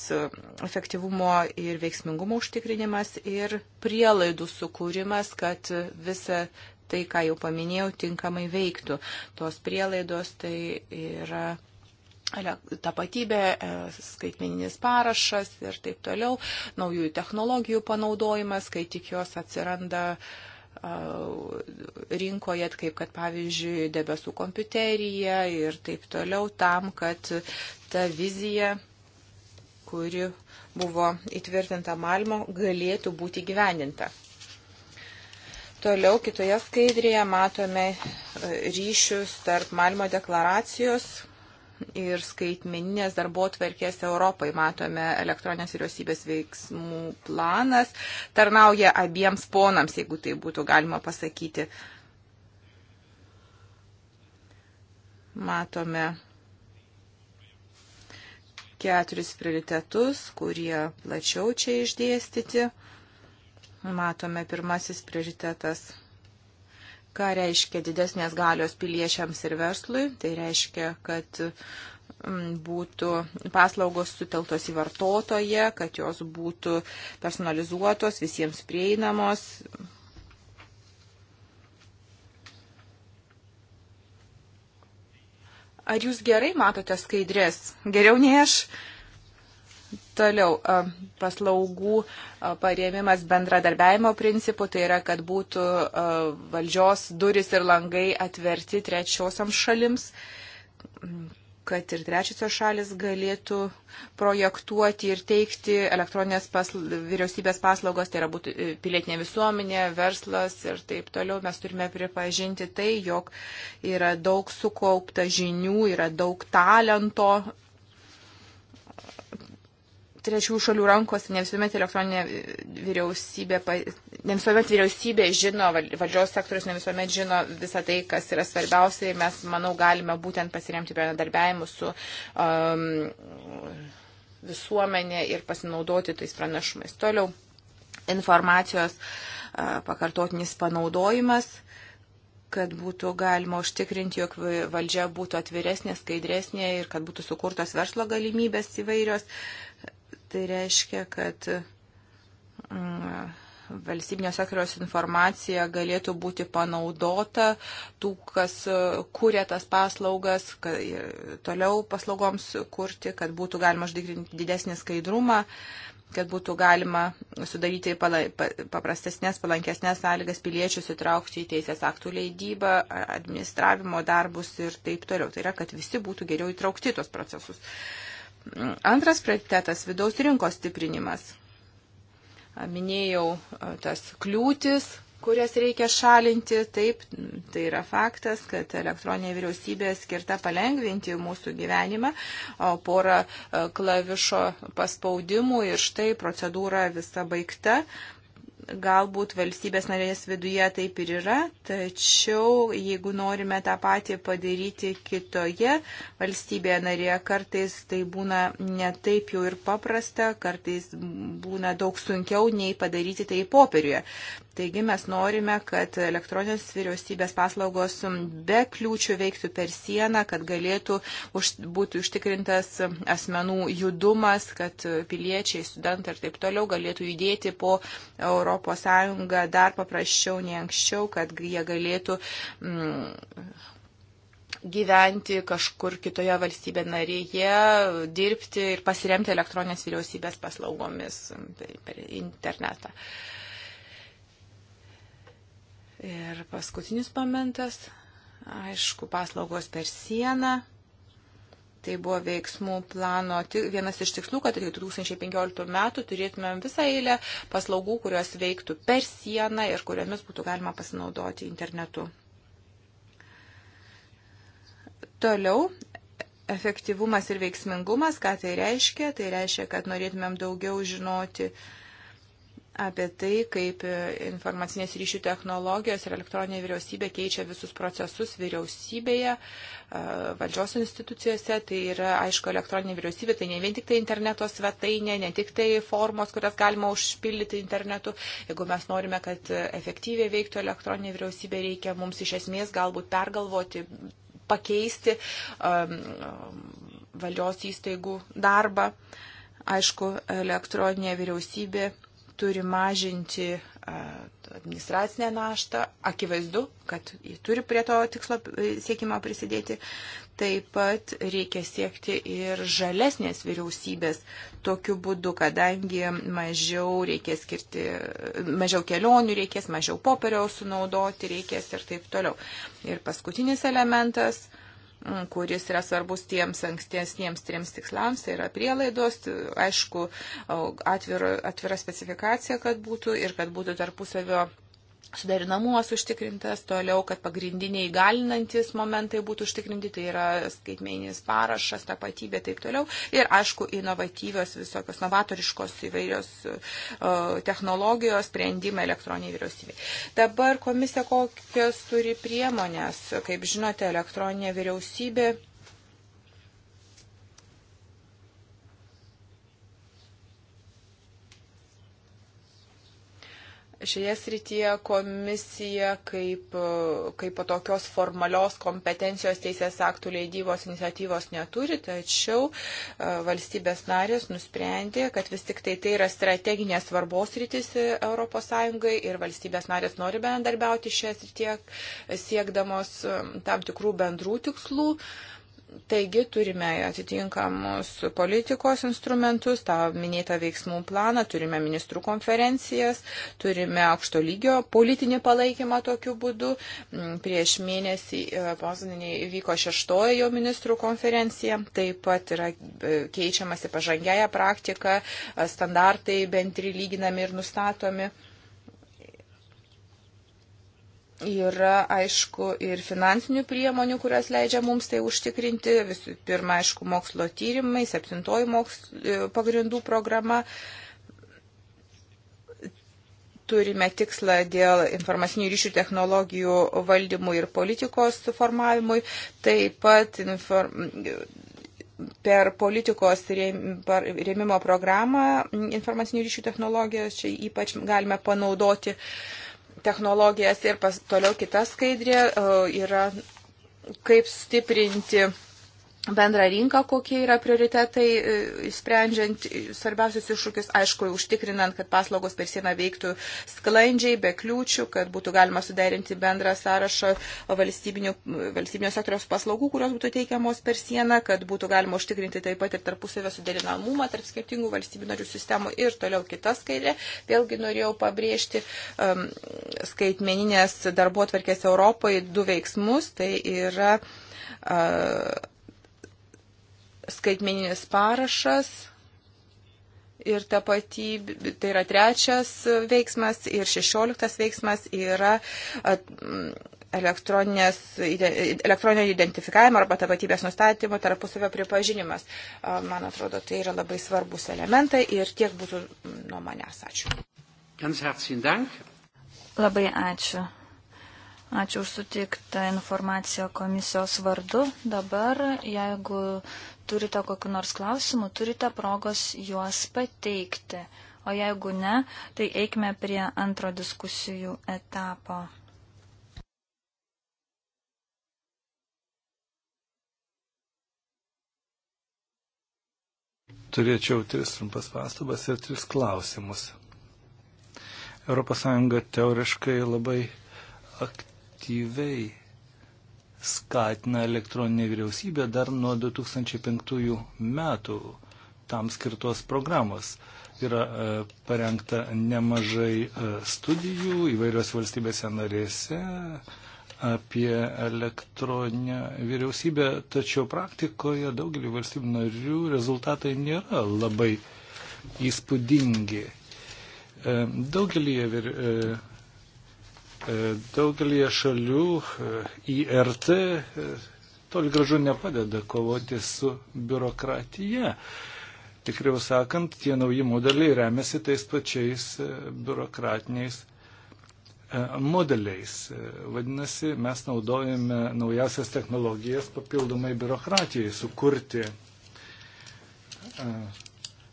efektyvumo ir veiksmingumo užtikrinimas ir prielaidų sukūrimas, kad visa tai, ką jau paminėjau, tinkamai veiktų. Tos prielaidos tai yra tapatybė, e, skaitmeninis parašas ir taip toliau, naujųjų technologijų panaudojimas, kai tik jos atsiranda rinkoje, kaip kad pavyzdžiui debesų kompiuterija ir taip toliau, tam, kad ta vizija, kuri buvo įtvirtinta Malmo, galėtų būti gyveninta. Toliau kitoje skaidrėje matome e, ryšius tarp Malmo deklaracijos ir skaitmeninės darbo tvarkės Europai. Matome elektroninės vyriausybės veiksmų planas. Tarnauja abiems ponams, jeigu tai būtų galima pasakyti. Matome keturis prioritetus, kurie plačiau čia išdėstyti. Matome pirmasis prioritetas Ką reiškia didesnės galios piliečiams ir verslui? Tai reiškia, kad mm, būtų paslaugos suteltos į vartotoje, kad jos būtų personalizuotos, visiems prieinamos. Ar jūs gerai matote skaidrės? Geriau nei aš. Toliau paslaugų parėmimas bendradarbiajimo principų, tai yra, kad būtų valdžios duris ir langai atverti trečiosiams šalims, kad ir trečiosios šalis galėtų projektuoti ir teikti elektroninės pasl vyriausybės paslaugos, tai yra būtų e, pilietinė visuomenė, verslas ir taip toliau. Mes turime pripažinti tai, jog yra daug sukaupta žinių, yra daug talento trečių šalių rankose, ne visuomet elektroninė vyriausybė, ne visuomet vyriausybė žino, valdžios sektorius ne visuomet žino visą tai, kas yra svarbiausia ir mes, manau, galime būtent pasiremti bendradarbiavimu su um, visuomenė ir pasinaudoti tais pranašumais. Toliau informacijos uh, pakartotinis panaudojimas kad būtų galima užtikrinti, jog valdžia būtų atviresnė, skaidresnė ir kad būtų sukurtos verslo galimybės įvairios. Uh, Tai reiškia, kad mm, valstybinio sektoriaus informacija galėtų būti panaudota tų, kas e, kūrė tas paslaugas, e, toliau paslaugoms kurti, kad būtų galima užtikrinti didesnį skaidrumą kad būtų galima sudaryti pala, paprastesnės, palankesnės sąlygas piliečius įtraukti į teisės aktų leidybą, administravimo darbus ir taip toliau. Tai yra, kad visi būtų geriau įtraukti tos procesus. Uh, Antras prioritetas - vidaus rinkos stiprinimas. Minėjau tas kliūtis, kurias reikia šalinti. Taip, tai yra faktas, kad elektroninė vyriausybė skirta palengvinti mūsų gyvenimą. Porą klavišo paspaudimų ir štai procedūra visa baigta. Galbūt valstybės narės viduje taip ir yra, tačiau jeigu norime tą patį padaryti kitoje valstybėje narėje, kartais tai būna netaip jau ir paprasta, kartais būna daug sunkiau nei padaryti tai popieriuje. Taigi mes norime, kad elektroninės vyriausybės paslaugos be kliūčių veiktų per sieną, kad galėtų už, būtų užtikrintas asmenų judumas, kad piliečiai, studentai ir taip toliau galėtų judėti po ES dar paprasčiau nei anksčiau, kad jie galėtų. Mm, gyventi kažkur kitoje valstybė narėje, dirbti ir pasiremti elektroninės vyriausybės paslaugomis tai per internetą. Uh, Ir paskutinis momentas, aišku, paslaugos per sieną. Tai buvo veiksmų plano vienas iš tikslų, kad iki 2015 metų turėtumėm visą eilę paslaugų, kurios veiktų per sieną ir kuriomis būtų galima pasinaudoti internetu. Toliau efektyvumas ir veiksmingumas, ką tai reiškia. Tai reiškia, kad norėtumėm daugiau žinoti uh, apie tai, kaip informacinės ryšių technologijos ir elektroninė vyriausybė keičia visus procesus vyriausybėje, valdžios institucijose. Tai yra, aišku, elektroninė vyriausybė, tai ne vien tik tai interneto svetainė, ne tik tai formos, kurias galima užpildyti internetu. Jeigu mes norime, kad efektyviai veiktų elektroninė vyriausybė, reikia mums iš esmės galbūt pergalvoti, pakeisti um, valdžios įstaigų darbą. Aišku, elektroninė vyriausybė turi mažinti administracinę naštą. Akivaizdu, kad jie turi prie to tikslo e, siekimo prisidėti. Taip pat reikia siekti ir žalesnės vyriausybės tokiu būdu, kadangi mažiau reikės skirti, mažiau kelionių reikės, mažiau popieriaus sunaudoti reikės ir taip toliau. Ir paskutinis elementas kuris yra svarbus tiems ankstesniems trims tikslams, tai yra prielaidos, aišku, atvira, atvira specifikacija, kad būtų ir kad būtų tarpusavio sudarinamumas užtikrintas, toliau, kad pagrindiniai galinantis momentai būtų užtikrinti, tai yra skaitmeninis parašas, tapatybė ir taip toliau. Ir, aišku, inovatyvios visokios novatoriškos įvairios uh, technologijos sprendimai elektroniniai vyriausybei. Dabar komisija kokios turi priemonės, kaip žinote, elektroninė vyriausybė šioje srityje komisija kaip, kaip tokios formalios kompetencijos teisės aktų leidybos iniciatyvos neturi, tačiau e, valstybės narės nusprendė, kad vis tik tai tai yra strateginės svarbos rytis ES ir valstybės narės nori bendarbiauti šioje srityje siekdamos e, tam tikrų bendrų tikslų. Taigi turime atitinkamus politikos instrumentus, tą minėtą veiksmų planą, turime ministrų konferencijas, turime aukšto lygio politinį palaikymą tokiu būdu. Mm, prieš mėnesį e, Poznaninėje vyko šeštoji jo ministrų konferencija, taip pat yra e, keičiamasi pažangiaja praktika, e, standartai bendri lyginami ir nustatomi. Yra, aišku, ir finansinių priemonių, kurios leidžia mums tai užtikrinti. Visų pirma, aišku, mokslo tyrimai, septintoji mokslo, e, pagrindų programa. Turime tikslą dėl informacinių ryšių technologijų valdymui ir politikos suformavimui. Taip pat inform per politikos rėmimo programą informacinių ryšių technologijos čia ypač galime panaudoti uh, technologijas ir pas, toliau kita skaidrė e, yra kaip stiprinti bendrą rinką, kokie yra prioritetai, e, sprendžiant svarbiausius iššūkius, aišku, užtikrinant, kad paslaugos per sieną veiktų sklandžiai, be kliūčių, kad būtų galima suderinti bendrą sąrašą valstybinio sektoriaus paslaugų, kurios būtų teikiamos per sieną, kad būtų galima užtikrinti taip pat ir tarpusavio suderinamumą tarp skirtingų valstybių narių sistemų ir toliau kita skaidrė. Vėlgi norėjau pabrėžti um, skaitmeninės darbo atverkės Europoje du veiksmus. Tai yra uh, skaitmeninis parašas ir tapatybė, tai yra trečias veiksmas ir šešioliktas veiksmas yra mm, elektroninio identifikavimo arba tapatybės nustatymo tarpusavio pripažinimas. Man atrodo, tai yra labai svarbus elementai ir tiek būtų mm, nuo manęs. Ačiū. Labai ačiū. Ačiū už sutiktą informaciją komisijos vardu. Dabar, jeigu turite kokiu nors klausimu, turite progos juos pateikti. O jeigu ne, tai eikime prie antro diskusijų etapo. Turėčiau tris trumpas pastabas ir tris klausimus. ES teoriškai labai aktyviai skatina elektroninė vyriausybė dar nuo 2005 metų tam skirtos programos. Yra e, parengta nemažai e, studijų įvairios valstybėse narėse apie elektroninę vyriausybę, tačiau praktikoje daugelį valstybių narių rezultatai nėra labai įspūdingi. E, daugelį E, Daugelį šalių e, IRT e, toli gražu nepadeda kovoti su biurokratija. Tikriau sakant, tie nauji modeliai remiasi tais pačiais biurokratiniais modeliais. Vadinasi, mes naudojame naujasias technologijas papildomai biurokratijai sukurti.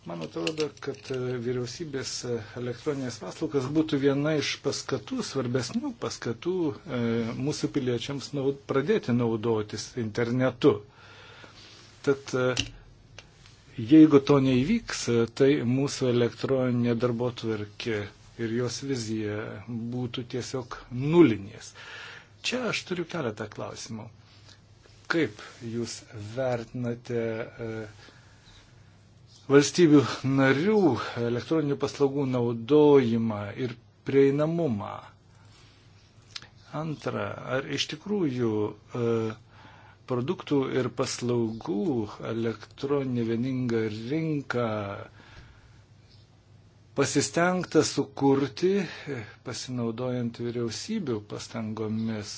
Man atrodo, kad e, vyriausybės e, elektroninės paslaugas būtų viena iš paskatų, svarbesnių paskatų e, mūsų piliečiams naud, pradėti naudotis internetu. Tad e, jeigu to neįvyks, e, tai mūsų elektroninė darbo tvarkė ir jos vizija būtų tiesiog nulinės. Čia aš turiu keletą klausimų. Kaip jūs vertinate e, valstybių narių elektroninių paslaugų naudojimą ir prieinamumą. Antra, ar iš tikrųjų e, produktų ir paslaugų elektroninė vieninga rinka pasistengta sukurti, e, pasinaudojant vyriausybių pastangomis.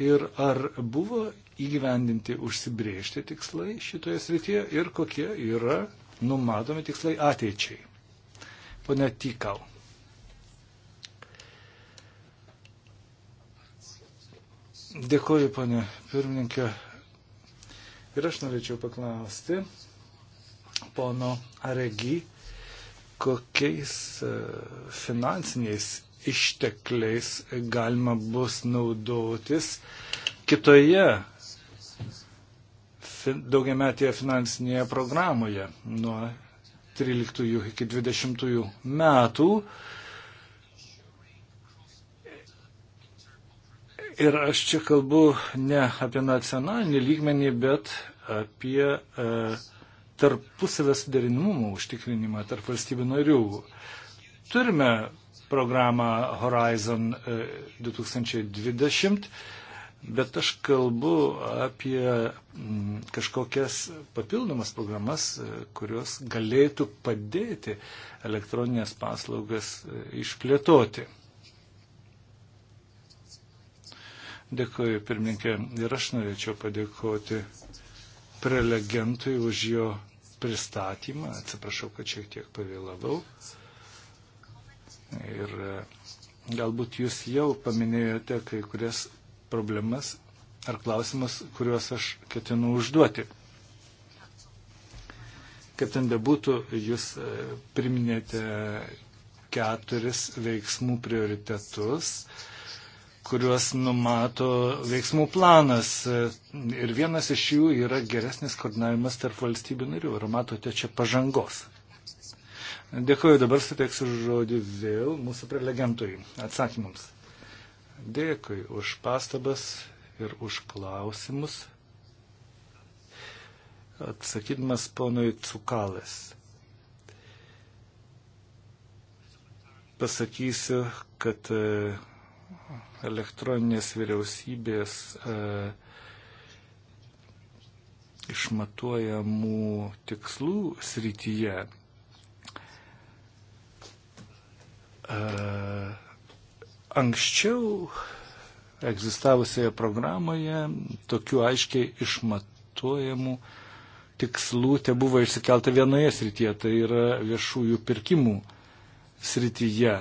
Ir ar buvo įgyvendinti užsibriežti tikslai šitoje srityje ir kokie yra numatomi tikslai ateičiai. Pone Tykau. Dėkuoju, pane pirmininkė. Ir aš norėčiau paklausti pono Aregi, kokiais e, finansiniais ištekliais galima bus naudotis kitoje daugiametėje finansinėje programoje nuo 13 iki 20 metų. Ir aš čia kalbu ne apie nacionalinį lygmenį, bet apie e, tarpusavės derinimumo užtikrinimą tarp valstybių narių. Turime programą Horizon 2020 e, Bet aš kalbu apie mm, kažkokias papildomas programas, e, kurios galėtų padėti elektroninės paslaugas e, išplėtoti. Dėkuoju, pirmininkė, ir aš norėčiau padėkoti prelegentui už jo pristatymą. Atsiprašau, kad šiek tiek pavėlavau. Ir e, galbūt jūs jau paminėjote kai kurias problemas ar klausimas, kuriuos aš ketinu užduoti. Kaip ten bebūtų, jūs e, priminėte keturis veiksmų prioritetus, kuriuos numato veiksmų planas. E, ir vienas iš jų yra geresnis koordinavimas tarp valstybių narių. Ir matote čia pažangos. Dėkuoju, dabar suteiksiu žodį vėl mūsų prelegentui atsakymams. Dėkui už pastabas ir už klausimus. Atsakydamas ponui Cukalės. Pasakysiu, kad e, elektroninės vyriausybės e, išmatuojamų tikslų srityje e, Anksčiau egzistavusioje programoje tokių aiškiai išmatuojamų tikslų te buvo išsikelta vienoje srityje, tai yra viešųjų pirkimų srityje.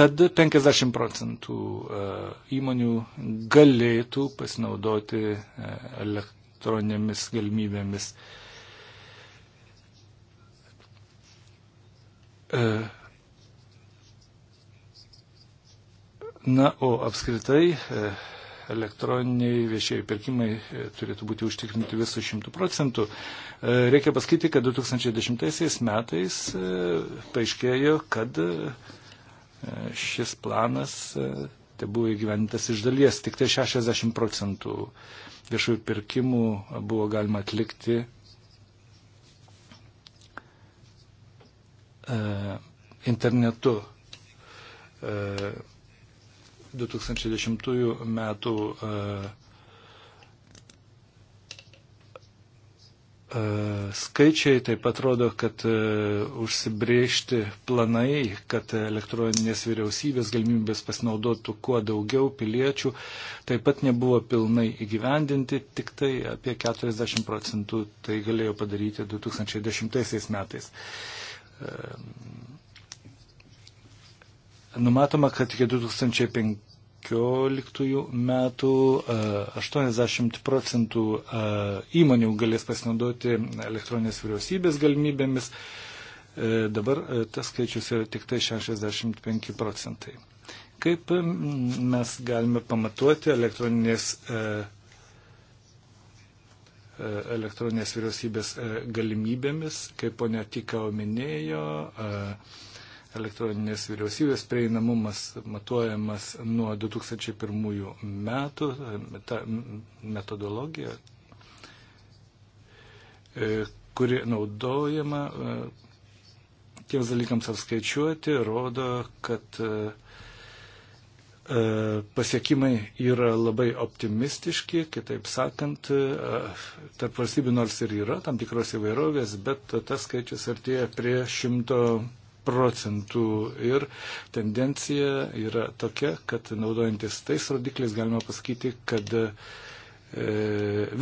Kad 50 procentų e, įmonių galėtų pasinaudoti e, elektroninėmis galimybėmis uh, E, na, o apskritai e, elektroniniai viešieji pirkimai e, turėtų būti užtikrinti visų šimtų procentų. Reikia pasakyti, kad 2010 metais paaiškėjo, kad šis planas tai buvo įgyvendintas iš dalies. Tik tai 60 procentų viešųjų pirkimų buvo galima atlikti E, internetu. 2010 e, metų e, skaičiai taip pat rodo, kad užsibriežti planai, kad elektroninės vyriausybės galimybės pasinaudotų kuo daugiau piliečių, taip pat nebuvo pilnai įgyvendinti, tik tai apie 40 procentų tai galėjo padaryti 2010 metais. Numatoma, kad iki 2015 metų 80 e, procentų e, įmonių galės pasinaudoti elektroninės vyriausybės galimybėmis. E, dabar tas skaičius yra tik tai 65 procentai. Kaip mes galime pamatuoti elektroninės E, elektroninės vyriausybės e, galimybėmis, kaip ponia Tikau minėjo, e, elektroninės vyriausybės prieinamumas matuojamas nuo 2001 metų, ta metodologija, kuri naudojama tiems dalykams apskaičiuoti, rodo, kad uh, E, pasiekimai yra labai optimistiški, kitaip sakant, e, tarp valstybių nors ir yra tam tikros įvairovės, bet tas skaičius artėja prie šimto procentų ir tendencija yra tokia, kad naudojantis tais rodikliais galima pasakyti, kad e,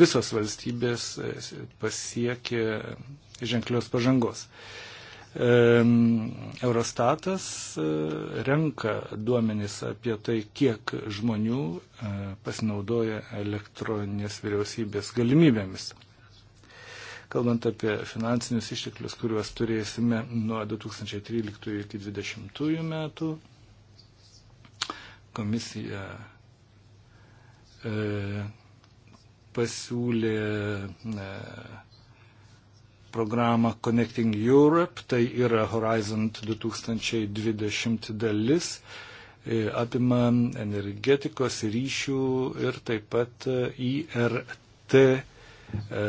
visos valstybės pasiekė ženklios pažangos. Eurostatas e, renka duomenys apie tai, kiek žmonių e, pasinaudoja elektroninės vyriausybės galimybėmis. Kalbant apie finansinius išteklius, kuriuos turėsime nuo 2013 iki 2020 metų, komisija e, pasiūlė e, programą Connecting Europe, tai yra Horizon 2020 dalis, e, apima energetikos ryšių ir taip pat e, IRT e,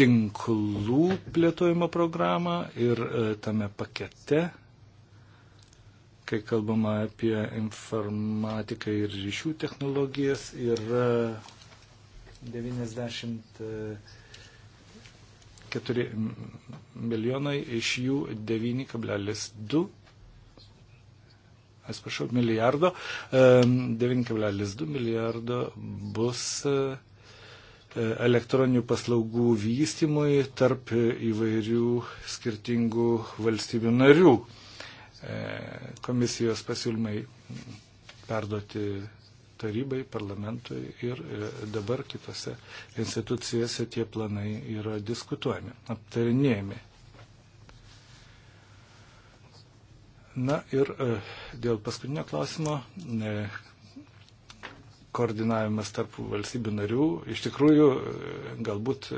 tinklų plėtojimo programą ir tame pakete, kai kalbama apie informatiką ir ryšių technologijas, yra 90 4 milijonai, iš jų 9,2 atsiprašau, milijardo, 9,2 e, milijardo bus e, elektroninių paslaugų vystymui tarp įvairių skirtingų valstybių narių. E, komisijos pasiūlymai perduoti tarybai, parlamentui ir e, dabar kitose institucijose tie planai yra diskutuojami, aptarinėjami. Na ir e, dėl paskutinio klausimo, e, koordinavimas tarp valstybių narių. Iš tikrųjų, galbūt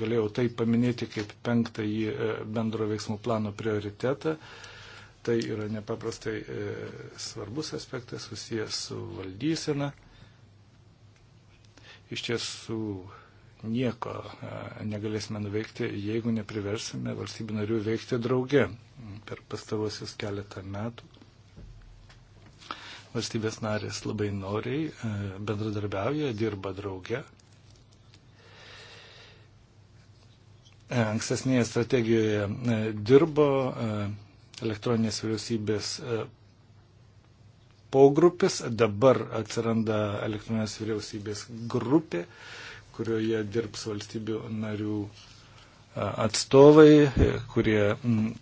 galėjau tai paminėti kaip penktąjį bendro veiksmų plano prioritetą. Tai yra nepaprastai e, svarbus aspektas susijęs su valdysena. Iš tiesų nieko e, negalėsime nuveikti, jeigu nepriversime valstybių narių veikti drauge per pastavosius keletą metų. Valstybės narės labai noriai e, bendradarbiauja, dirba drauge. Ankstesnėje strategijoje dirbo elektroninės vyriausybės e, pogrupis, dabar atsiranda elektroninės vyriausybės grupė, kurioje dirbs valstybių narių e, atstovai, e, kurie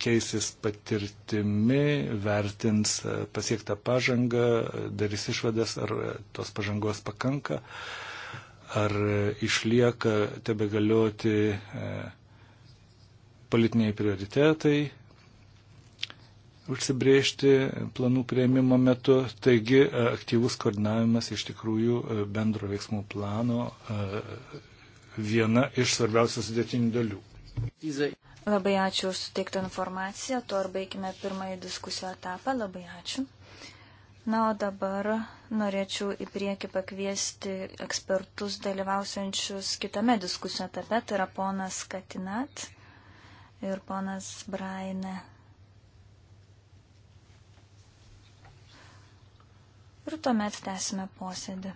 keisis patirtimi, vertins pasiektą pažangą, darys išvadas, ar tos pažangos pakanka, ar išlieka tebe galioti politiniai prioritetai, užsibriežti planų prieimimo metu. Taigi e, aktyvus koordinavimas iš tikrųjų e, bendro veiksmų plano e, viena iš svarbiausių sudėtinių dalių. Labai ačiū už suteiktą informaciją. Tuo ir baigime pirmąjį diskusijų etapą. Labai ačiū. Na, o dabar norėčiau į priekį pakviesti ekspertus dalyvausiančius kitame diskusijų etape. Tai yra ponas Katinat ir ponas Braine. ir tuomet tęsime posėdį.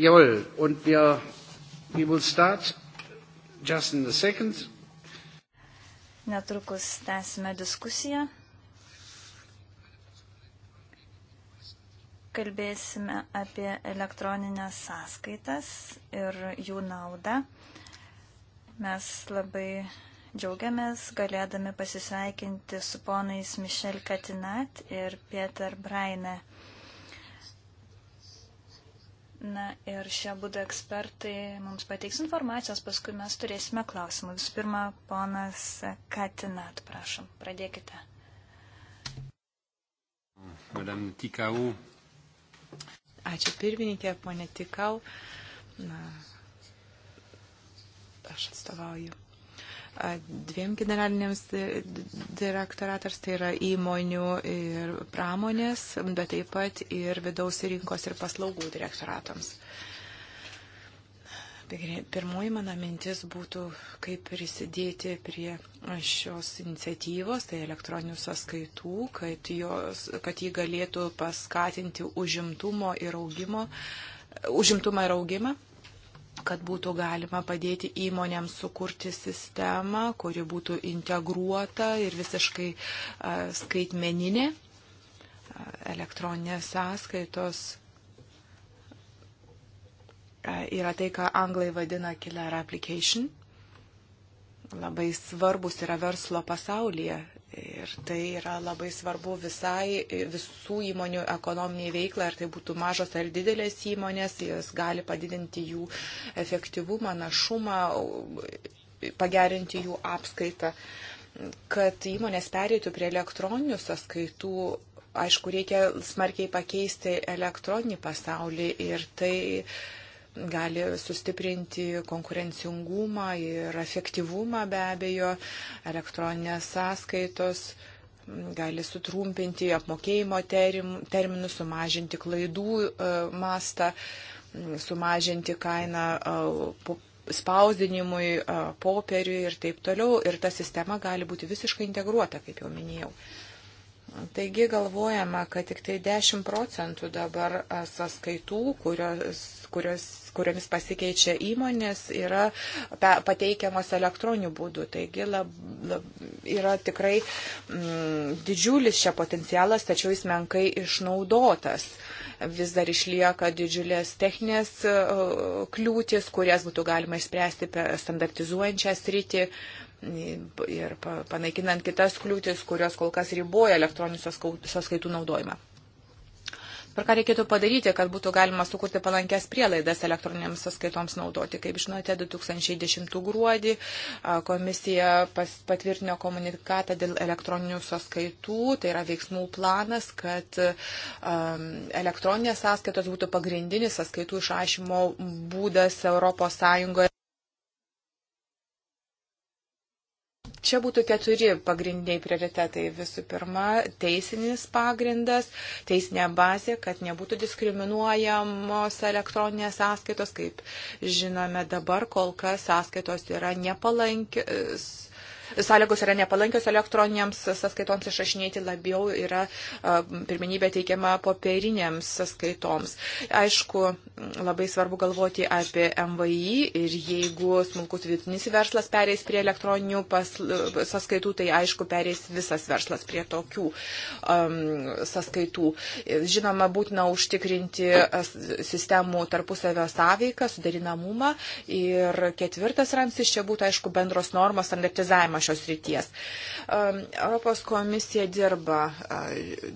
Jawohl, und wir, we will start just in a second. Netrukus tęsime diskusiją. kalbėsime apie elektroninės sąskaitas ir jų naudą. Mes labai džiaugiamės galėdami pasisveikinti su ponais Mišel Katinat ir Pieter Braine. Na ir šie būdų ekspertai mums pateiks informacijos, paskui mes turėsime klausimų. Visų pirma, ponas Katinat, prašom, pradėkite. Madame Tikau, Ačiū pirmininkė, ponė Tikau. Na, aš atstovauju dviem generaliniams e, direktoratams, tai yra įmonių ir pramonės, bet taip pat ir vidaus rinkos ir paslaugų direktoratams. Uh, Pirmoji mano mintis būtų, kaip prisidėti prie šios iniciatyvos, tai elektroninių sąskaitų, kad, jos, kad jį galėtų paskatinti užimtumo ir augimo, užimtumą ir augimą kad būtų galima padėti įmonėms sukurti sistemą, kuri būtų integruota ir visiškai skaitmeninė. Elektroninės sąskaitos E, yra tai, ką anglai vadina killer application. Labai svarbus yra verslo pasaulyje ir tai yra labai svarbu visai visų įmonių ekonominiai veiklai, ar tai būtų mažos ar didelės įmonės, jos gali padidinti jų efektyvumą, našumą, pagerinti jų apskaitą. Kad įmonės perėtų prie elektroninių sąskaitų aišku, reikia smarkiai pakeisti elektroninį pasaulį ir tai gali sustiprinti konkurencingumą ir efektyvumą be abejo, elektroninės sąskaitos gali sutrumpinti apmokėjimo terminus, sumažinti klaidų e, mastą, sumažinti kainą e, spausdinimui, e, popieriui ir taip toliau. Ir ta sistema gali būti visiškai integruota, kaip jau minėjau. Taigi galvojama, kad tik tai 10 procentų dabar sąskaitų, kurios, kurios kuriomis pasikeičia įmonės, yra pateikiamos elektroniniu būdu. Taigi lab, lab, yra tikrai m, mm, didžiulis čia potencialas, tačiau jis menkai išnaudotas. Vis dar išlieka didžiulės techninės e, kliūtis, kurias būtų galima išspręsti standartizuojančią sritį ir panaikinant kitas kliūtis, kurios kol kas riboja elektroninių sąskaitų naudojimą. Ir ką reikėtų padaryti, kad būtų galima sukurti palankės prielaidas elektroninėms sąskaitoms naudoti. Kaip žinote, 2010 gruodį komisija pas, patvirtino komunikatą dėl elektroninių sąskaitų, tai yra veiksmų planas, kad um, elektroninės sąskaitos būtų pagrindinis sąskaitų išrašymo būdas Europos Sąjungoje. Čia būtų keturi pagrindiniai prioritetai. Visų pirma, teisinis pagrindas, teisinė bazė, kad nebūtų diskriminuojamos elektroninės sąskaitos, kaip žinome dabar, kol kas sąskaitos yra nepalankios sąlygos yra nepalankios elektroniniams sąskaitoms išrašinėti labiau yra pirminybė teikiama popieriniams sąskaitoms. Aišku, labai svarbu galvoti apie MVI ir jeigu smulkus vidutinis verslas pereis prie elektroninių sąskaitų, tai aišku, pereis visas verslas prie tokių um, sąskaitų. Žinoma, būtina užtikrinti sistemų tarpusavio sąveiką, sudarinamumą ir ketvirtas ramsis čia būtų, aišku, bendros normos standartizavimas nuo šios ryties. Europos komisija dirba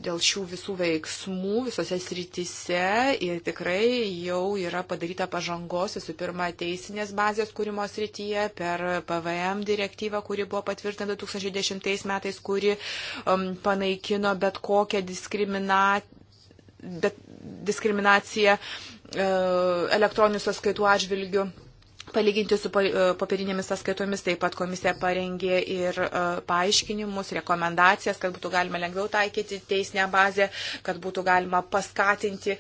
dėl šių visų veiksmų visose srityse ir tikrai jau yra padaryta pažangos visų pirma teisinės bazės kūrimo srityje per PVM direktyvą, kuri buvo patvirtinta 2010 metais, kuri panaikino bet kokią diskriminaciją bet diskriminacija elektroninių sąskaitų atžvilgių Palyginti su e, popierinėmis sąskaitomis taip pat komisija parengė ir e, paaiškinimus, rekomendacijas, kad būtų galima lengviau taikyti teisinę bazę, kad būtų galima paskatinti,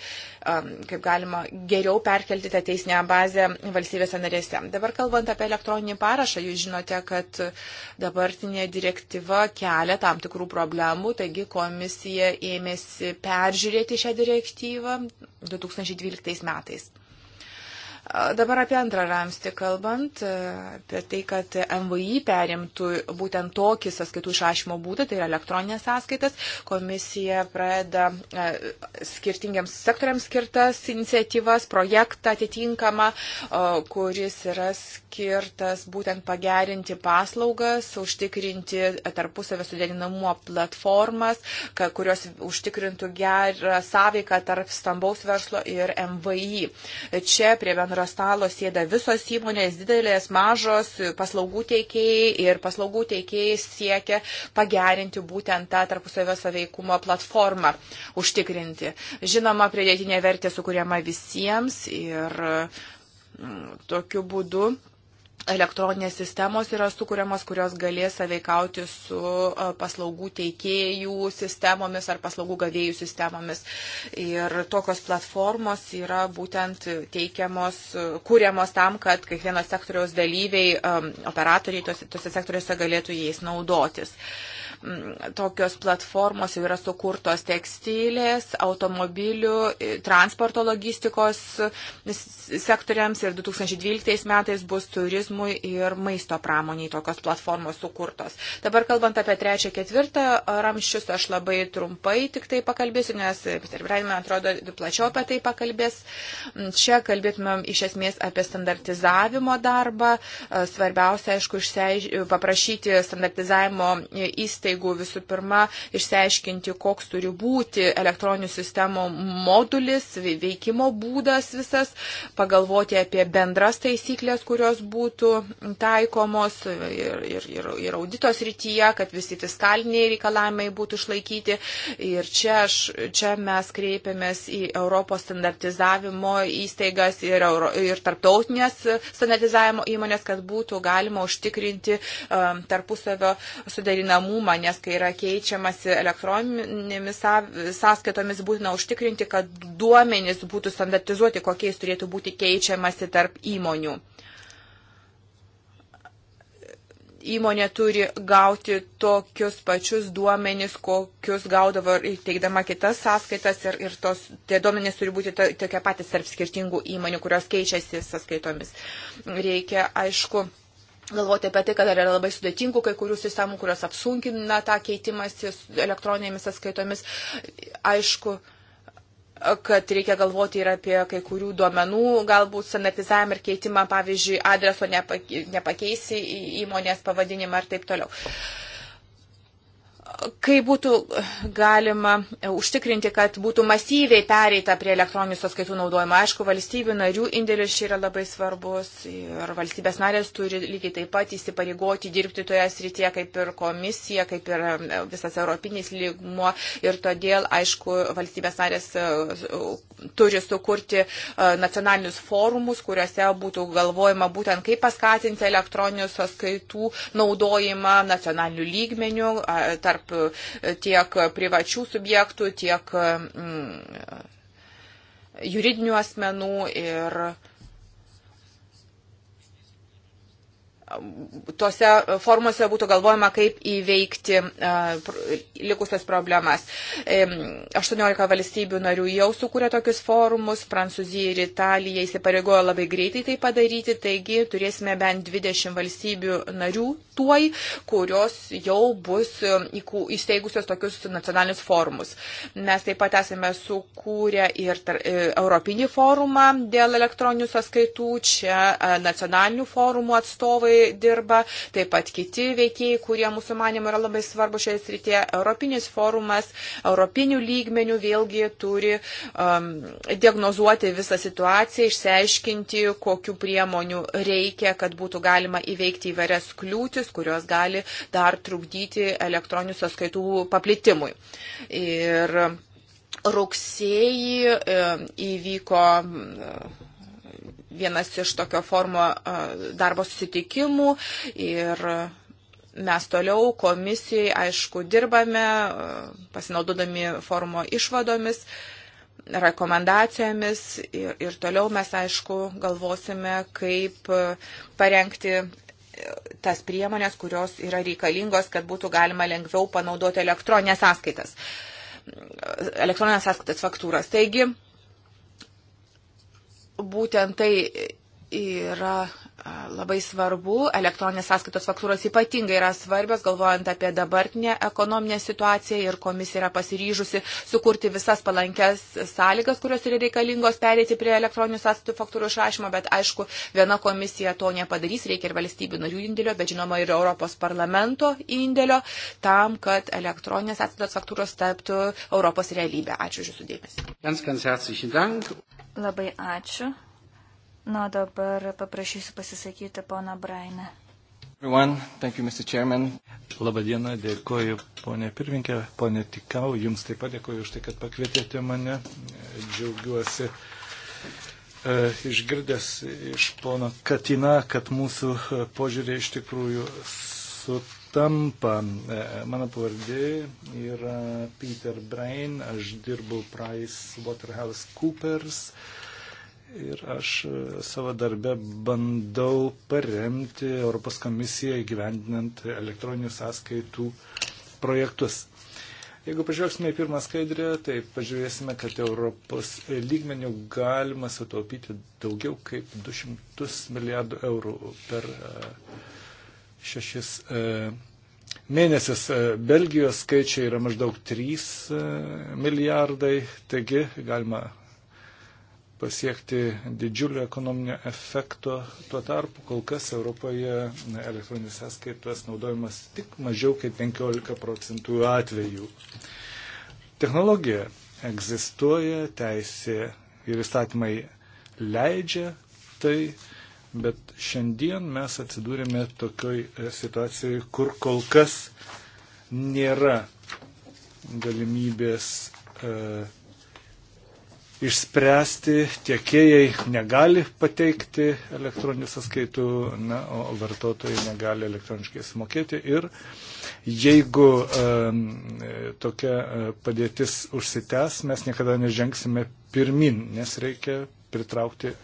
kaip galima geriau perkelti tą teisinę bazę valstybėse narėse. Dabar kalbant apie elektroninį parašą, jūs žinote, kad dabartinė direktyva kelia tam tikrų problemų, taigi komisija ėmėsi peržiūrėti šią direktyvą 2012 metais. Dabar apie antrą ramstį kalbant, apie tai, kad MVI perimtų būtent tokį sąskaitų išrašymo būdą, tai yra elektroninės sąskaitas, komisija pradeda skirtingiams sektoriams skirtas iniciatyvas, projektą atitinkamą, kuris yra skirtas būtent pagerinti paslaugas, užtikrinti tarpusavę sudėlinamumo platformas, kurios užtikrintų gerą sąveiką tarp stambaus verslo ir MVI. Čia prie bendro bendro stalo sėda visos įmonės, didelės, mažos, paslaugų teikėjai ir paslaugų teikėjai siekia pagerinti būtent tą tarpusavio saveikumo platformą, užtikrinti. Žinoma, pridėtinė vertė sukūriama visiems ir mm, tokiu būdu elektroninės sistemos yra sukūriamos, kurios galės saveikauti su paslaugų teikėjų sistemomis ar paslaugų gavėjų sistemomis. Ir tokios platformos yra būtent teikiamos, kūriamos tam, kad kiekvienos sektoriaus dalyviai, operatoriai tose, tose sektoriuose galėtų jais naudotis. Uh, Mm, tokios platformos jau yra sukurtos tekstilės, automobilių, transporto logistikos sektoriams ir 2012 metais bus turizmui ir maisto pramoniai tokios platformos sukurtos. Dabar kalbant apie trečią, ketvirtą ramščius, aš labai trumpai tik tai pakalbėsiu, nes Peter Brain, man atrodo, plačiau apie tai pakalbės. Mm, čia kalbėtumėm iš esmės apie standartizavimo darbą. Svarbiausia, aišku, išsiaiš... paprašyti standartizavimo įstaigų pareigų visų pirma išsiaiškinti, koks turi būti elektroninių sistemų modulis, veikimo būdas visas, pagalvoti apie bendras taisyklės, kurios būtų taikomos ir, ir, ir, ir auditos rytyje, kad visi fiskaliniai reikalavimai būtų išlaikyti. Ir čia, aš, čia mes kreipiamės į Europos standartizavimo įstaigas ir, Euro, ir tarptautinės standartizavimo įmonės, kad būtų galima užtikrinti um, tarpusavio suderinamumą, priemonės, kai yra keičiamas elektroninėmis sąskaitomis, būtina užtikrinti, kad duomenys būtų standartizuoti, kokiais turėtų būti keičiamasi tarp įmonių. Įmonė turi gauti tokius pačius duomenys, kokius gaudavo ir teikdama kitas sąskaitas ir, ir tos, tie duomenys turi būti tokie patys tarp skirtingų įmonių, kurios keičiasi sąskaitomis. Reikia, aišku, galvoti apie tai, kad dar yra labai sudėtingų kai kurių sistemų, kurios apsunkina tą keitimąsi elektroninėmis atskaitomis. Aišku, kad reikia galvoti ir apie kai kurių duomenų, galbūt standartizavimą ir keitimą, pavyzdžiui, adreso nepakeisi įmonės pavadinimą ir taip toliau. Uh, kaip būtų galima e, užtikrinti, kad būtų masyviai pereita prie elektroninių sąskaitų naudojimo. Aišku, valstybių narių indėlis čia yra labai svarbus ir valstybės narės turi lygiai taip pat įsipareigoti dirbti toje srityje, kaip ir komisija, kaip ir e, visas europinis lygmuo. Ir todėl, aišku, valstybės narės e, turi sukurti nacionalinius forumus, kuriuose būtų galvojama būtent kaip paskatinti elektroninių sąskaitų naudojimą nacionalinių lygmenių tarp tarp e, tiek privačių subjektų, tiek mm, juridinių asmenų ir tose formuose būtų galvojama, kaip įveikti likusias problemas. 18 valstybių narių jau sukūrė tokius forumus, Prancūzija ir Italija įsipareigojo labai greitai tai padaryti, taigi turėsime bent 20 valstybių narių tuoj, kurios jau bus e, įsteigusios tokius nacionalinius forumus. Mes taip pat esame sukūrę ir e, Europinį forumą dėl elektroninių sąskaitų, čia e, nacionalinių forumų atstovai labai dirba, taip pat kiti veikėjai, kurie mūsų manimo yra labai svarbu šioje srityje. Europinis forumas, europinių lygmenių vėlgi turi um, diagnozuoti visą situaciją, išsiaiškinti, kokiu priemonių reikia, kad būtų galima įveikti įvairias kliūtis, kurios gali dar trukdyti elektroninių sąskaitų paplitimui. Ir rugsėjį um, įvyko vienas iš tokio formo darbo susitikimų ir mes toliau komisijai, aišku, dirbame, pasinaudodami forumo išvadomis, rekomendacijomis ir, ir toliau mes, aišku, galvosime, kaip parengti e, tas priemonės, kurios yra reikalingos, kad būtų galima lengviau panaudoti elektroninės sąskaitas, elektroninės sąskaitas faktūras. Taigi, būtent tai yra labai svarbu, elektroninės sąskaitos faktūros ypatingai yra svarbios, galvojant apie dabartinę ekonominę situaciją ir komisija yra pasiryžusi sukurti visas palankes sąlygas, kurios yra reikalingos perėti prie elektroninių sąskaitų faktūrų išrašymo, bet aišku, viena komisija to nepadarys, reikia ir valstybių narių indėlio, bet žinoma ir Europos parlamento indėlio tam, kad elektroninės sąskaitos faktūros taptų Europos realybė. Ačiū už jūsų dėmesį. Ganz, ganz Labai ačiū. Na, dabar paprašysiu pasisakyti poną Brainą. Labadiena, dėkoju ponė pirminkė, ponė Tikau, jums taip pat dėkoju už tai, kad pakvietėte mane. Džiaugiuosi e, išgirdęs iš pono Katina, kad mūsų e, požiūrė iš tikrųjų sutampa. E, mano pavardė yra Peter Brain, aš dirbu Price Waterhouse Coopers. Uh, ir aš e, savo darbę bandau paremti Europos komisiją įgyvendinant elektroninių sąskaitų projektus. Jeigu pažvelgsime į pirmą skaidrę, tai pažiūrėsime, kad Europos lygmenių galima sutaupyti daugiau kaip 200 milijardų eurų per e, šešis e, mėnesis. Belgijos skaičiai yra maždaug 3 milijardai, taigi galima pasiekti didžiulio ekonominio efekto. Tuo tarpu kol kas Europoje elektroninis sąskaitas naudojamas tik mažiau kaip 15 procentų atvejų. Technologija egzistuoja, teisė ir įstatymai leidžia tai, bet šiandien mes atsidūrėme tokioj e, situacijoje, kur kol kas nėra galimybės e, išspręsti, tiekėjai negali pateikti elektroninių sąskaitų, na, o vartotojai negali elektroniškai sumokėti. Ir jeigu um, tokia e, padėtis užsitęs, mes niekada nežengsime pirmin, nes reikia pritraukti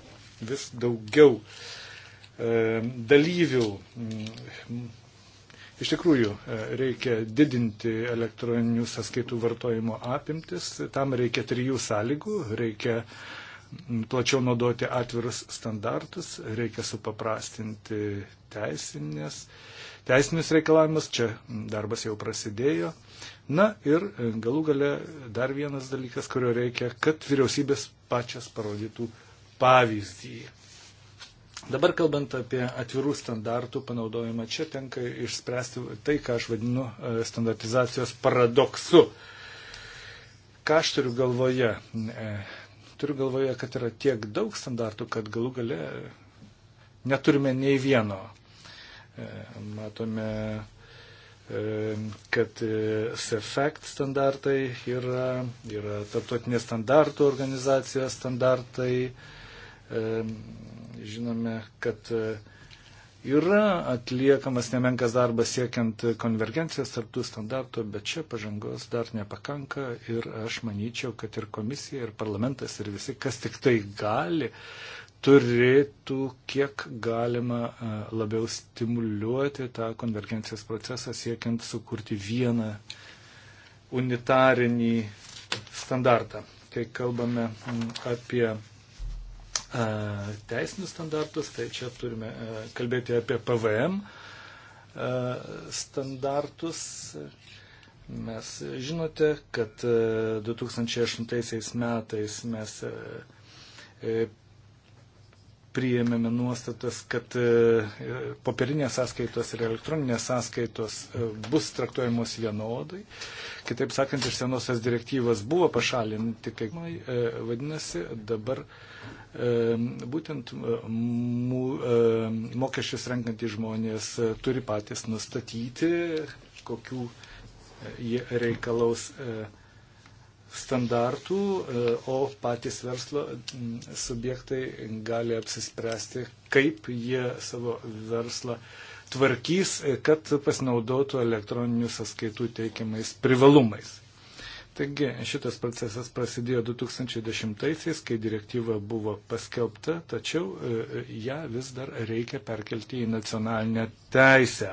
vis daugiau um, dalyvių. Um, Iš tikrųjų, e, reikia didinti elektroninių sąskaitų vartojimo apimtis. Tam reikia trijų sąlygų. Reikia plačiau naudoti atvirus standartus, reikia supaprastinti teisinės, teisinius reikalavimus. Čia darbas jau prasidėjo. Na ir e, galų gale dar vienas dalykas, kurio reikia, kad vyriausybės pačias parodytų pavyzdį. Dabar kalbant apie atvirų standartų panaudojimą, čia tenka išspręsti tai, ką aš vadinu e, standartizacijos paradoksu. Ką aš turiu galvoje? E, turiu galvoje, kad yra tiek daug standartų, kad galų gale neturime nei vieno. E, matome, kad SEFECT standartai yra, yra tarptautinės standartų organizacijos standartai Žinome, kad e, yra atliekamas nemenkas darbas siekiant konvergencijos tarptų standartų, bet čia pažangos dar nepakanka ir aš manyčiau, kad ir komisija, ir parlamentas, ir visi, kas tik tai gali, turėtų kiek galima e, labiau stimuliuoti tą konvergencijos procesą, siekiant sukurti vieną unitarinį standartą. Kai kalbame apie teisinius standartus, tai čia turime kalbėti apie PVM standartus. Mes žinote, kad 2008 metais mes priėmėme nuostatas, kad popierinės sąskaitos ir elektroninės sąskaitos bus traktuojamos vienodai. Kitaip sakant, iš senosios direktyvos buvo pašalinti, kaip vadinasi, dabar uh, būtent mū, mokesčius renkantys žmonės e, turi patys nustatyti, kokių e, jie reikalaus e, standartų, o patys verslo subjektai gali apsispręsti, kaip jie savo verslą tvarkys, kad pasinaudotų elektroninių sąskaitų teikiamais privalumais. Taigi šitas procesas prasidėjo 2010-aisiais, kai direktyva buvo paskelbta, tačiau e, ją vis dar reikia perkelti į nacionalinę teisę.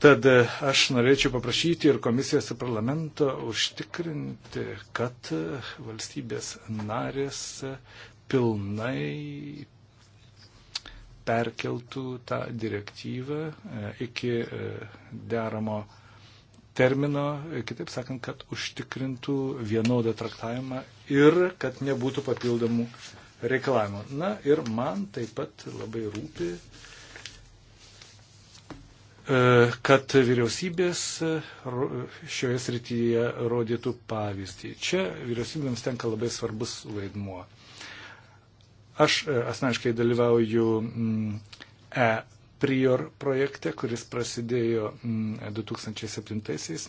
Tad e, aš norėčiau paprašyti ir komisijos ir parlamento užtikrinti, kad e, valstybės narės pilnai perkeltų tą direktyvą iki deramo termino, kitaip sakant, kad užtikrintų vienodą traktavimą ir kad nebūtų papildomų reikalavimų. Na ir man taip pat labai rūpi, e, kad vyriausybės e, šioje srityje rodytų pavyzdį. Čia vyriausybėms tenka labai svarbus vaidmuo. Aš e, asmeniškai dalyvauju mm, e Prior projekte, kuris prasidėjo 2007 mm,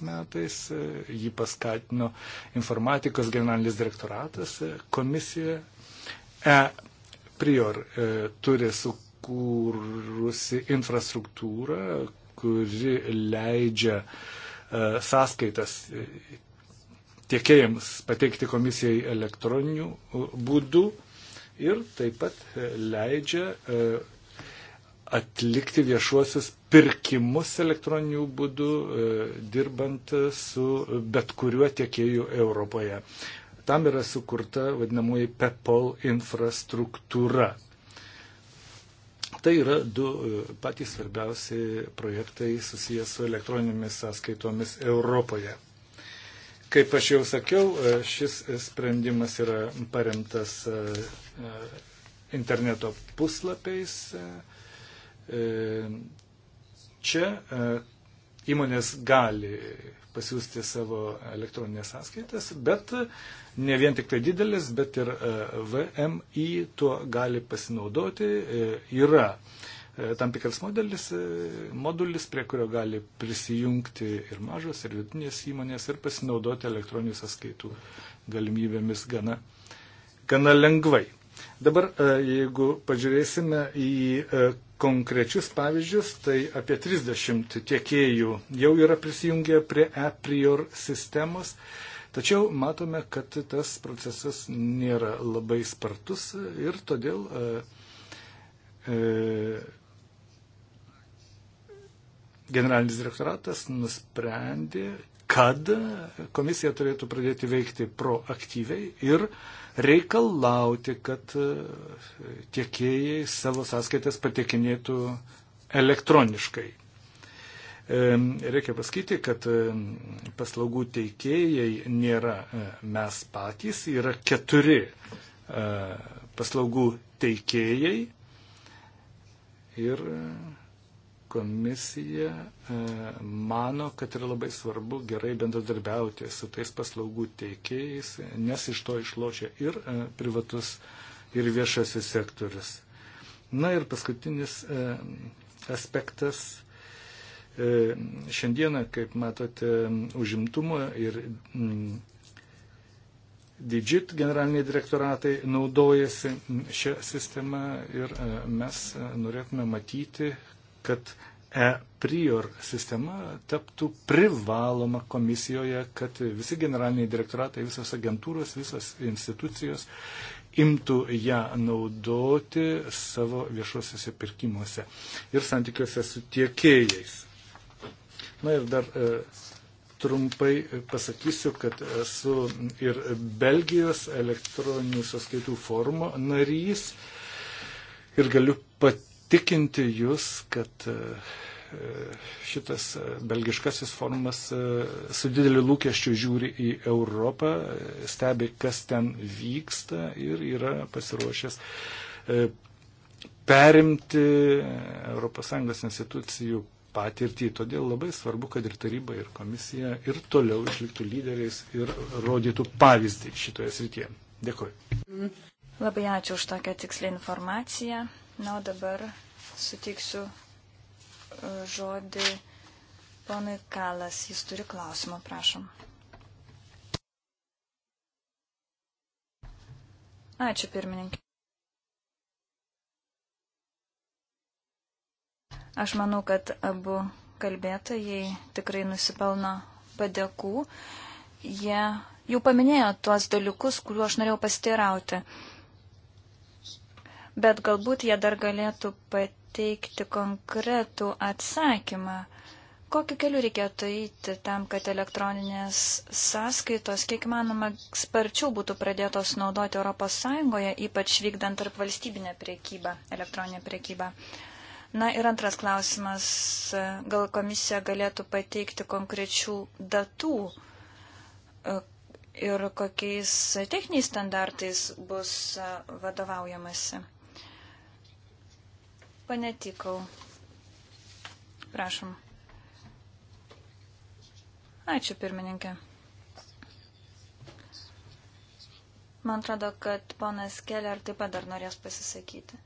metais. E, jį paskatino informatikos generalinis direktoratas. E, komisija e Prior e, turi sukūrusi infrastruktūrą, kuri leidžia e, sąskaitas e, tiekėjams pateikti komisijai elektroniniu būdu ir taip pat leidžia atlikti viešuosius pirkimus elektroniniu būdu, e, dirbant su bet kuriuo tiekėju Europoje. Tam yra sukurta vadinamoji PEPOL infrastruktūra. Tai yra du e, patys svarbiausi projektai susijęs su elektroninėmis sąskaitomis Europoje. Kaip aš jau sakiau, e, šis sprendimas yra paremtas interneto puslapiais, E, čia e, įmonės gali pasiūsti savo elektroninės sąskaitas, bet ne vien tik tai didelis, bet ir e, VMI tuo gali pasinaudoti. Yra tam tikras modelis, modulis, prie kurio gali prisijungti ir mažos, ir vidutinės įmonės ir pasinaudoti elektroninių sąskaitų galimybėmis gana, gana lengvai. Dabar, jeigu pažiūrėsime į konkrečius pavyzdžius, tai apie 30 tiekėjų jau yra prisijungę prie e-prior sistemos. Tačiau matome, kad tas procesas nėra labai spartus ir todėl e, e, generalinis direktoratas nusprendė, kad komisija turėtų pradėti veikti proaktyviai ir e, reikalauti, kad e, tiekėjai savo sąskaitas patiekinėtų elektroniškai. E, reikia pasakyti, kad e, paslaugų teikėjai nėra mes patys, yra keturi paslaugų teikėjai ir komisija e, mano, kad yra labai svarbu gerai bendradarbiauti su tais paslaugų teikėjais, nes iš to išlošia ir e, privatus, ir viešasis sektorius. Na ir paskutinis e, aspektas. Šiandieną, kaip matote, užimtumo ir Digit generaliniai direktoratai naudojasi šią sistemą ir mes norėtume matyti, kad e-prior sistema taptų privaloma komisijoje, kad visi generaliniai direktoratai, visos agentūros, visos institucijos imtų ją naudoti savo viešuosiuose pirkimuose ir santykiuose su tiekėjais. Na ir dar e, trumpai pasakysiu, kad esu ir Belgijos elektroninių sąskaitų forumo narys ir galiu pat įtikinti jūs, kad e, šitas e, belgiškasis forumas e, su dideliu lūkesčiu žiūri į Europą, stebi, kas ten vyksta ir yra pasiruošęs perimti ES institucijų patirtį. Todėl labai svarbu, kad ir taryba, ir komisija ir toliau išliktų lyderiais ir rodytų pavyzdį šitoje srityje. Dėkuoju. Labai ačiū už tokią tikslę informaciją. Na, o dabar sutiksiu e, žodį ponui Kalas. Jis turi klausimą, prašom. Ačiū, pirmininkė. Aš manau, kad abu kalbėtojai tikrai nusipelno padėkų. Jie jau paminėjo tuos dalykus, kuriuo aš norėjau pasteirauti. Uh, bet galbūt jie dar galėtų pateikti konkretų atsakymą. Kokiu keliu reikėtų eiti tam, kad elektroninės sąskaitos, kiek manoma, sparčiau būtų pradėtos naudoti ES, ypač vykdant tarp valstybinę priekybą, elektroninę priekybą? Na ir antras klausimas, gal komisija galėtų pateikti konkrečių datų e, ir kokiais techniniais standartais bus e, vadovaujamasi? Pane Tikau, prašom. Ačiū, pirmininkė. Man atrodo, kad ponas Keller taip pat dar norės pasisakyti.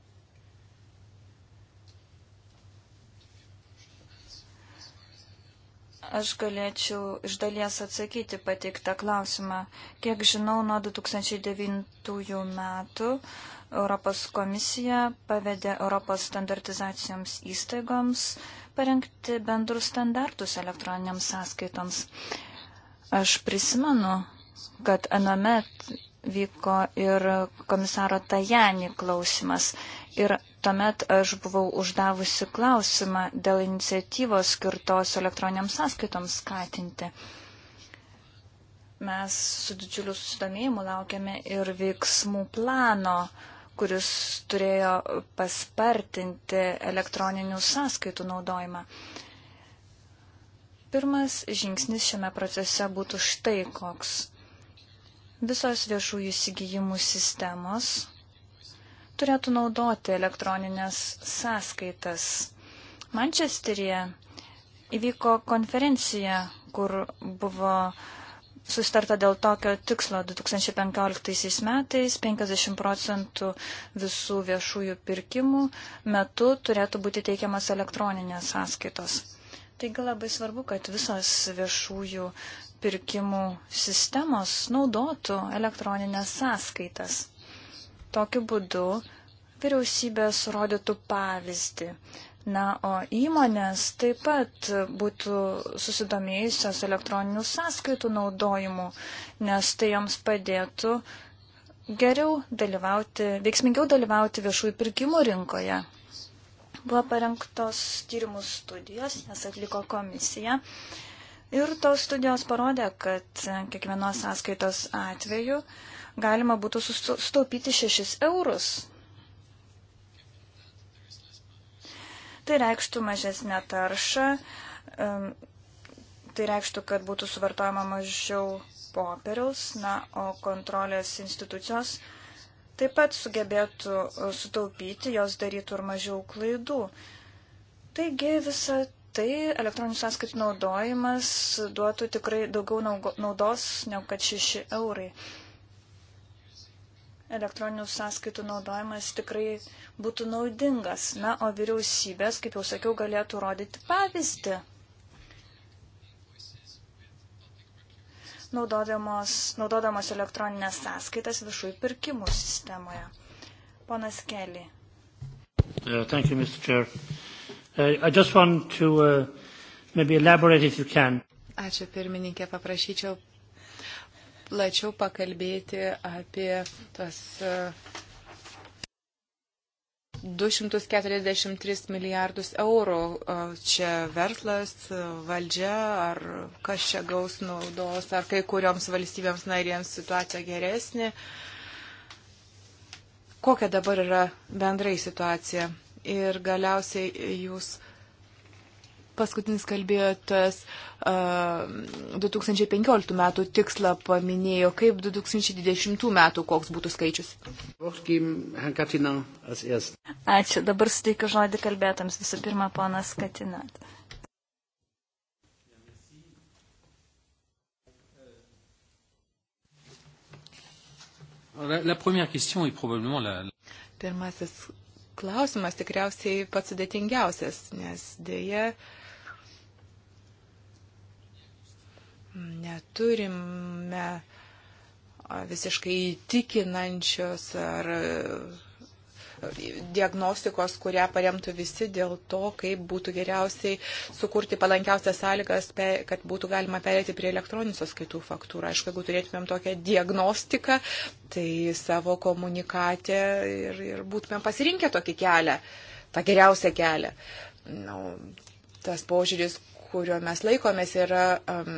Aš galėčiau iš dalies atsakyti pateiktą klausimą. Kiek žinau, nuo 2009 metų Europos komisija pavedė Europos standartizacijoms įstaigoms parengti bendrus standartus elektroniniams sąskaitoms. Aš prisimenu, kad anomet vyko ir komisaro Tajani klausimas. Ir tuomet aš buvau uždavusi klausimą dėl iniciatyvos skirtos elektroniniams sąskaitoms skatinti. Mes su didžiuliu susidomėjimu laukiame ir veiksmų plano uh, kuris turėjo paspartinti elektroninių sąskaitų naudojimą. Pirmas žingsnis šiame procese būtų štai koks. Visos viešųjų įsigijimų sistemos turėtų naudoti elektroninės sąskaitas. Mančesteryje įvyko konferencija, kur buvo uh, sustarta dėl tokio tikslo 2015 metais 50 procentų visų viešųjų pirkimų metu turėtų būti teikiamas elektroninės sąskaitos. Taigi labai svarbu, kad visos viešųjų pirkimų sistemos naudotų elektroninės sąskaitas. Tokiu būdu vyriausybės rodytų pavyzdį. Na, o įmonės taip pat būtų susidomėjusios elektroninių sąskaitų naudojimu, nes tai joms padėtų geriau dalyvauti, veiksmingiau dalyvauti viešųjų pirkimų rinkoje. Buvo parengtos tyrimų studijos, jas atliko komisija. Ir tos studijos parodė, kad kiekvienos sąskaitos atveju galima būtų sustaupyti 6 eurus Tai reikštų mažesnę taršą, tai reikštų, kad būtų suvartojama mažiau popieriaus, na, o kontrolės institucijos taip pat sugebėtų e, sutaupyti, jos darytų ir mažiau klaidų. Taigi visa tai elektroninių sąskaitų naudojimas duotų tikrai daugiau naudos negu kad 6 eurai elektroninių sąskaitų naudojimas tikrai būtų naudingas. Na, o vyriausybės, kaip jau sakiau, galėtų rodyti pavyzdį. Naudodamos, naudodamos elektroninės sąskaitas viešųjų pirkimų sistemoje. Ponas Kelly. Uh, thank you, Mr. Chair. Uh, I just want to uh, maybe elaborate if you can. Ačiū pirmininkė, paprašyčiau plačiau pakalbėti apie tas 243 e, milijardus eurų. E, čia verslas, e, valdžia, ar kas čia gaus naudos, ar kai kurioms valstybėms narėms situacija geresnė. Kokia dabar yra bendrai situacija? Ir galiausiai jūs paskutinis kalbėjotas 2015 metų tikslą paminėjo, kaip 2020 metų koks būtų skaičius. Ačiū. Dabar suteikiu žodį kalbėtams. Visų pirma, ponas Katinat. La, la première question est probablement la. Pirmasis klausimas tikriausiai pats sudėtingiausias, nes dėja. Uh, neturime visiškai įtikinančios ar diagnostikos, kurią paremtų visi dėl to, kaip būtų geriausiai sukurti palankiausias sąlygas, kad būtų galima perėti prie elektroninių sąskaitų faktūrų. Aišku, jeigu turėtumėm tokią diagnostiką, tai savo komunikatę ir, ir būtumėm pasirinkę tokį kelią, tą geriausią kelią. Nu, tas požiūris, kurio mes laikomės, yra um,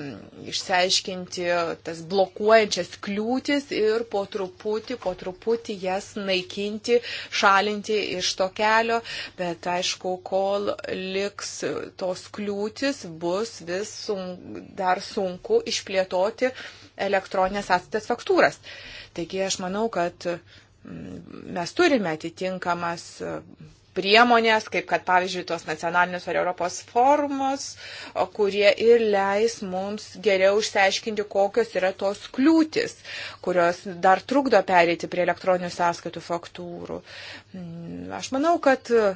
išsiaiškinti tas blokuojančias kliūtis ir po truputį, po truputį jas naikinti, šalinti iš to kelio. Bet aišku, kol liks tos kliūtis, bus vis sun, dar sunku išplėtoti elektroninės atstės faktūras. Taigi aš manau, kad mes turime atitinkamas priemonės, kaip kad pavyzdžiui tos nacionalinius ar Europos formos, kurie ir leis mums geriau išsiaiškinti, kokios yra tos kliūtis, kurios dar trukdo perėti prie elektroninių sąskaitų faktūrų. Mm, aš manau, kad e,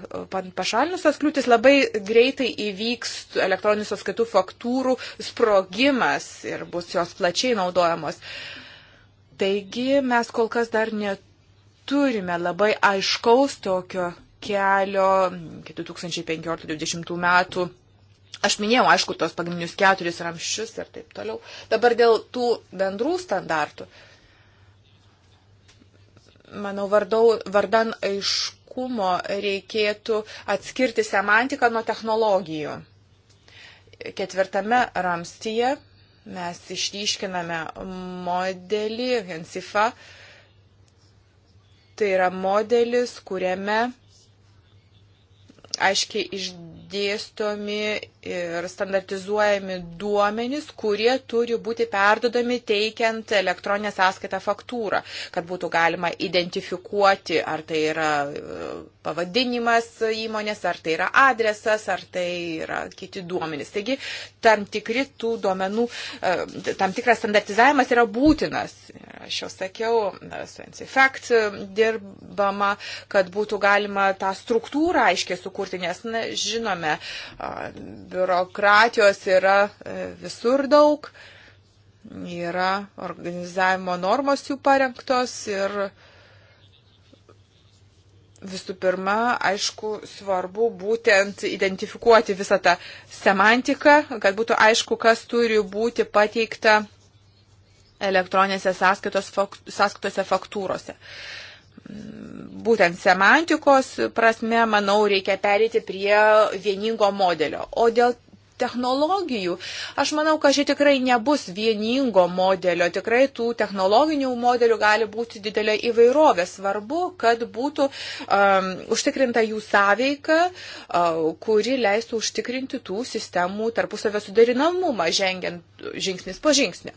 pašalinus tas kliūtis labai greitai įvyks elektroninių sąskaitų faktūrų sprogimas ir bus jos plačiai naudojamos. Taigi mes kol kas dar neturime labai aiškaus tokio kelio 2015-2020 metų. Aš minėjau, aišku, tos pagrindinius keturis ramščius ir taip toliau. Dabar dėl tų bendrų standartų. Manau, vardau, vardan aiškumo reikėtų atskirti semantiką nuo technologijų. Ketvirtame ramstyje mes išryškiname modelį Hensifa. Tai yra modelis, kuriame aiškiai išdėstomi ir standartizuojami duomenys, kurie turi būti perdodami teikiant elektroninę sąskaitą faktūrą, kad būtų galima identifikuoti, ar tai yra pavadinimas įmonės, ar tai yra adresas, ar tai yra kiti duomenys. Taigi tam tikri tų duomenų, e, tam tikras standartizavimas yra būtinas. Aš jau sakiau, su NCFACT dirbama, kad būtų galima tą struktūrą aiškiai sukurti, nes na, žinome, biurokratijos yra e, visur daug, yra organizavimo normos jų parengtos ir Visų pirma, aišku, svarbu būtent identifikuoti visą tą semantiką, kad būtų aišku, kas turi būti pateikta elektroninėse sąskaitos, sąskaitose faktūrose. Būtent semantikos prasme, manau, reikia perėti prie vieningo modelio. O dėl technologijų. Aš manau, kad čia tikrai nebus vieningo modelio, tikrai tų technologinių modelių gali būti didelė įvairovė. Svarbu, kad būtų um, užtikrinta jų sąveika, uh, kuri leistų užtikrinti tų sistemų tarpusavio sudarinamumą, žengiant žingsnis po žingsnio.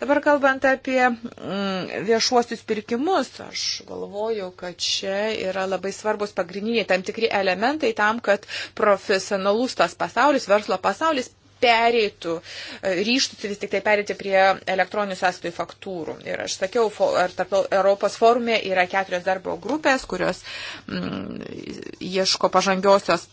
Dabar kalbant apie mm, viešuosius pirkimus, aš galvoju, kad čia yra labai svarbus pagrindiniai tam tikri elementai tam, kad profesionalus tas pasaulis, verslo pasaulis, pasaulis perėtų, e, ryštųsi vis tik tai perėti prie elektroninių sąskaitų faktūrų. Ir aš sakiau, ar tarp Europos forume yra keturios darbo grupės, kurios m, mm, ieško pažangiosios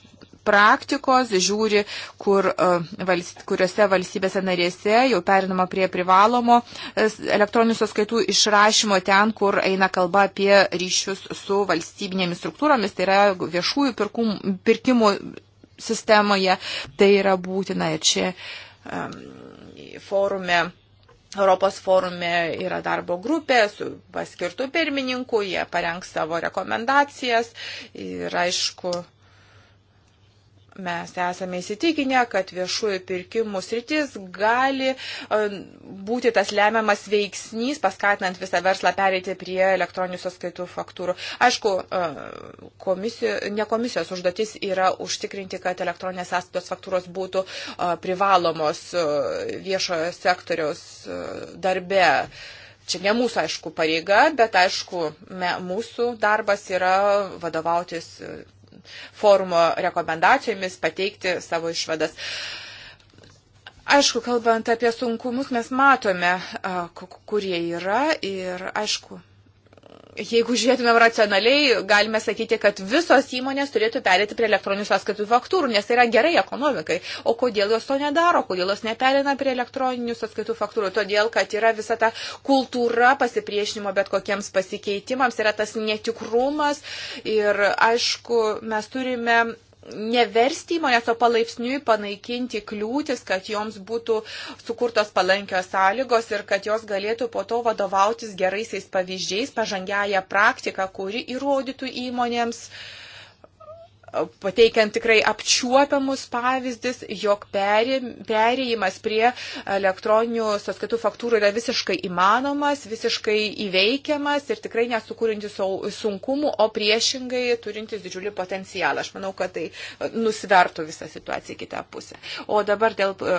praktikos, žiūri, kur, e, valst, kuriuose valstybėse narėse jau perinama prie privalomo e, elektroninių sąskaitų išrašymo ten, kur eina kalba apie ryšius su valstybinėmis struktūromis, tai yra viešųjų pirkumų, pirkimų sistemoje. Tai yra būtina ir čia um, forume. Europos forume yra darbo grupė su paskirtu pirmininku, jie parengs savo rekomendacijas ir aišku, Mes esame įsitikinę, kad viešųjų pirkimų sritis gali e, būti tas lemiamas veiksnys, paskatinant visą verslą pereiti prie elektroninių sąskaitų faktūrų. Aišku, e, komisijos, ne komisijos užduotis yra užtikrinti, kad elektroninės sąskaitos faktūros būtų e, privalomos viešojo sektoriaus darbe. Čia ne mūsų, aišku, pareiga, bet, aišku, me, mūsų darbas yra vadovautis forumo rekomendacijomis pateikti savo išvadas. Aišku, kalbant apie sunkumus, mes matome, kurie yra ir, aišku, jeigu žiūrėtumėm racionaliai, galime sakyti, kad visos įmonės turėtų perėti prie elektroninių sąskaitų faktūrų, nes tai yra gerai ekonomikai. O kodėl jos to nedaro, kodėl jos neperina prie elektroninių sąskaitų faktūrų? Todėl, kad yra visa ta kultūra pasipriešinimo bet kokiems pasikeitimams, yra tas netikrumas ir aišku, mes turime neversti įmonės, o palaipsniui panaikinti kliūtis, kad joms būtų sukurtos palankios sąlygos ir kad jos galėtų po to vadovautis geraisiais pavyzdžiais, pažangiaja praktika, kuri įrodytų įmonėms, uh, pateikiant tikrai apčiuopiamus pavyzdys, jog perėjimas prie elektroninių sąskaitų faktūrų yra visiškai įmanomas, visiškai įveikiamas ir tikrai nesukūrintis sunkumų, o priešingai turintis didžiulį potencialą. Aš manau, kad tai e, nusvertų visą situaciją kitą pusę. O dabar dėl e,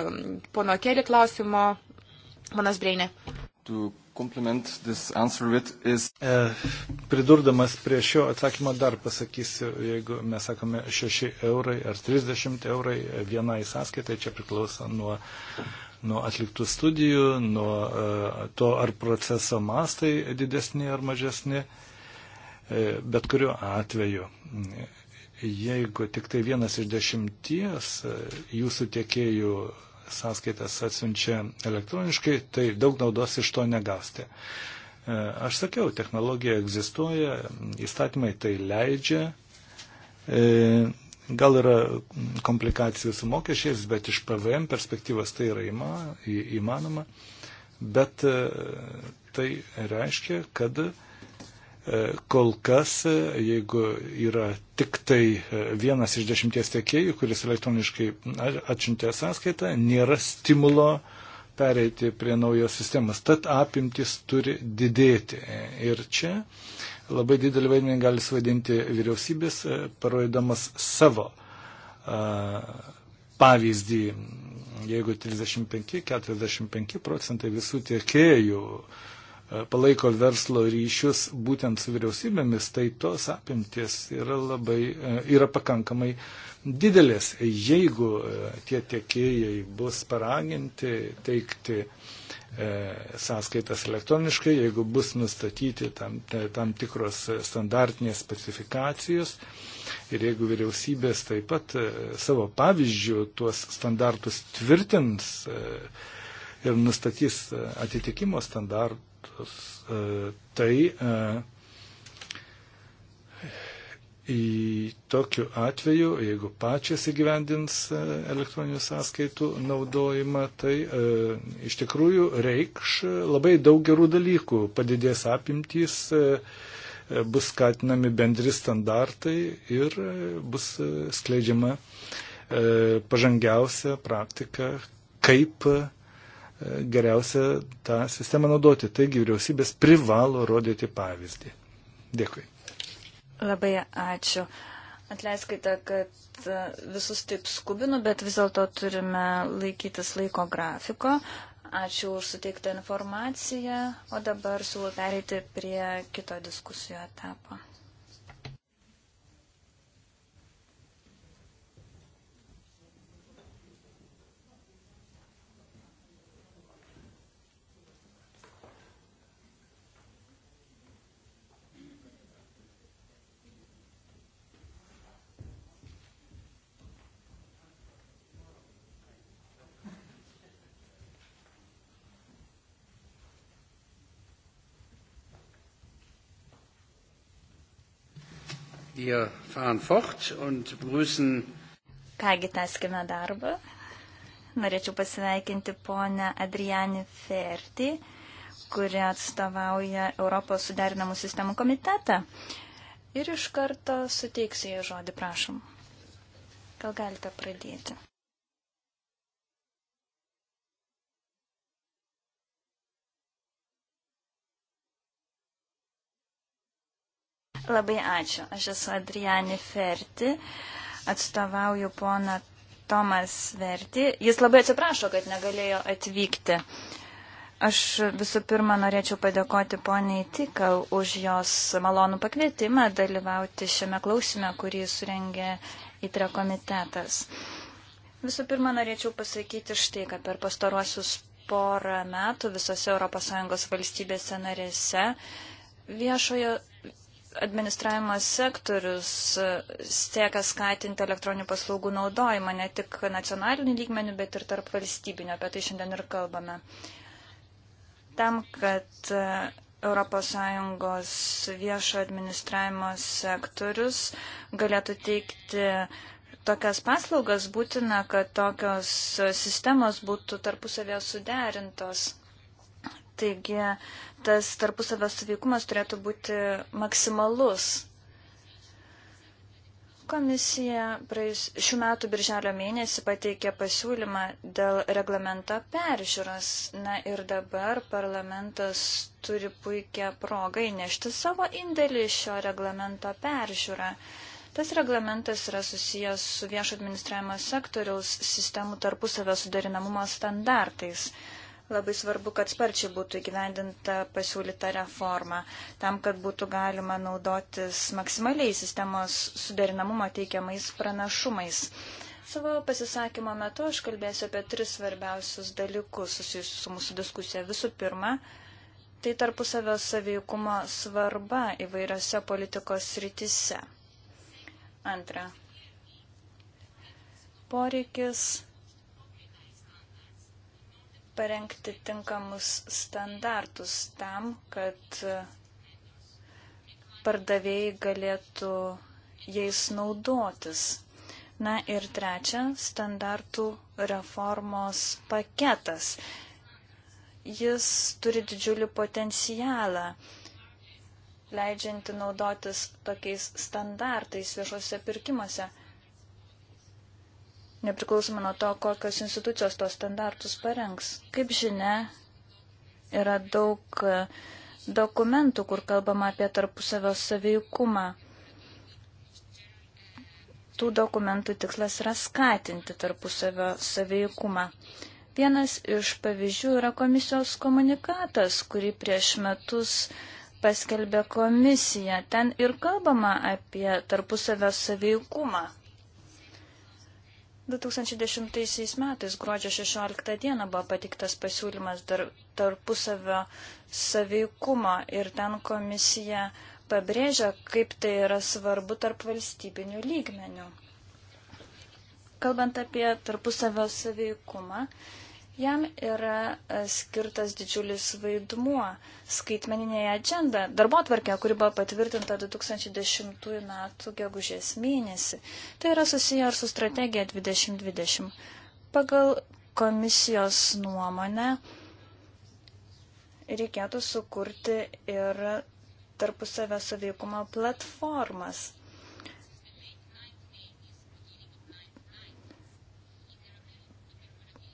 pono Kelį klausimo, manas Breinė. Tu Is... E, pridurdamas prie šio atsakymo dar pasakysiu, jeigu mes sakome 6 eurai ar 30 eurai vienai sąskaitai, čia priklauso nuo, nuo atliktų studijų, nuo e, to, ar proceso mastai didesni ar mažesni, e, bet kuriuo atveju. Jeigu tik tai vienas iš dešimties jūsų tiekėjų sąskaitas atsiunčia elektroniškai, tai daug naudos iš to negausite. Aš sakiau, technologija egzistuoja, įstatymai tai leidžia. E, gal yra komplikacijų su mokesčiais, bet iš PVM perspektyvos tai yra įmanoma. Bet e, tai reiškia, kad E, kol kas, e, jeigu yra tik tai e, vienas iš dešimties tiekėjų, kuris elektroniškai atšintė sąskaitą, nėra stimulo pereiti prie naujos sistemos. Tad apimtis turi didėti. Ir čia labai didelį vaidmenį gali suvaidinti vyriausybės, parodydamas savo pavyzdį. Jeigu 35-45 procentai visų tiekėjų uh, palaiko verslo ryšius būtent su vyriausybėmis, tai tos apimtis yra, labai, e, yra pakankamai didelės. Jeigu e, tie tiekėjai bus paraginti teikti e, sąskaitas elektroniškai, jeigu bus nustatyti tam, tam tikros standartinės specifikacijos ir jeigu vyriausybės taip pat savo pavyzdžių tuos standartus tvirtins ir nustatys atitikimo standartus, tai e, į tokiu atveju, jeigu pačias įgyvendins e, elektroninių sąskaitų naudojimą, tai e, iš tikrųjų reikš labai daug gerų dalykų. Padidės apimtys, e, bus skatinami bendri standartai ir e, bus skleidžiama e, pažangiausia praktika, kaip e, geriausia tą sistemą naudoti. Taigi vyriausybės privalo rodyti pavyzdį. Dėkui. Labai ačiū. Atleiskite, kad e, visus taip skubinu, bet vis dėlto turime laikytis laiko grafiko. Ačiū už suteiktą informaciją, o dabar siūlau pereiti prie kito diskusijų etapo. Wir fahren fort und begrüßen. Kągi, teskime darbą. Norėčiau pasveikinti ponę Adrianį Ferti, kuri atstovauja Europos suderinamų sistemų komitetą. Ir iš karto suteiksiu jai žodį, prašom. Gal galite pradėti? Labai ačiū. Aš esu Adriani Ferti, atstovauju poną Tomas Verti. Jis labai atsiprašo, kad negalėjo atvykti. Aš visų pirma norėčiau padėkoti poniai Tikal už jos malonų pakvietimą dalyvauti šiame klausime, kurį surengė įtre komitetas. Visų pirma, norėčiau pasakyti štai, kad per pastaruosius porą metų visose ES valstybėse narėse viešojo, administravimo sektorius e, siekia skatinti elektroninių paslaugų naudojimą ne tik nacionalinių lygmenių, bet ir tarp valstybinio. Apie tai šiandien ir kalbame. Tam, kad ES viešo administravimo sektorius galėtų teikti tokias paslaugas, būtina, kad tokios sistemos būtų tarpusavėje suderintos. Taigi tas tarpusavio suveikumas turėtų būti maksimalus. Komisija praėjus šių metų birželio mėnesį pateikė pasiūlymą dėl reglamento peržiūros. Na ir dabar parlamentas turi puikią progą įnešti savo indėlį šio reglamento peržiūrą. Tas reglamentas yra susijęs su viešo administravimo sektoriaus sistemų tarpusavio suderinamumo standartais. Labai svarbu, kad sparčiai būtų įgyvendinta pasiūlyta reforma, tam, kad būtų galima naudotis maksimaliai sistemos suderinamumo teikiamais pranašumais. Savo pasisakymo metu aš kalbėsiu apie tris svarbiausius dalykus susijusius su mūsų diskusija. Visų pirma, tai tarpusavio saveikumo svarba įvairiose politikos rytise. Antra. Poreikis parengti tinkamus standartus tam, kad pardavėjai galėtų jais naudotis. Na ir trečia, standartų reformos paketas. Jis turi didžiulį potencialą, leidžianti naudotis tokiais standartais viešuose pirkimuose nepriklausomai nuo to, kokios institucijos tos standartus parengs. Kaip žinia, yra daug e, dokumentų, kur kalbama apie tarpusavio saveikumą. Tų dokumentų tikslas yra skatinti tarpusavio saveikumą. Vienas iš pavyzdžių yra komisijos komunikatas, kurį prieš metus paskelbė komisija. Ten ir kalbama apie tarpusavio saveikumą. 2010 metais gruodžio 16 dieną buvo patiktas pasiūlymas dar, tarpusavio saveikumo ir ten komisija pabrėžia, kaip tai yra svarbu tarp valstybinių lygmenių. Kalbant apie tarpusavio saveikumą, Jam yra e, skirtas didžiulis vaidmuo skaitmeninėje agenda, darbo tvarkė, kuri buvo patvirtinta 2010 m. gegužės mėnesį. Tai yra susiję ir su strategija 2020. Pagal komisijos nuomonę reikėtų sukurti ir tarpusavę saveikumo platformas.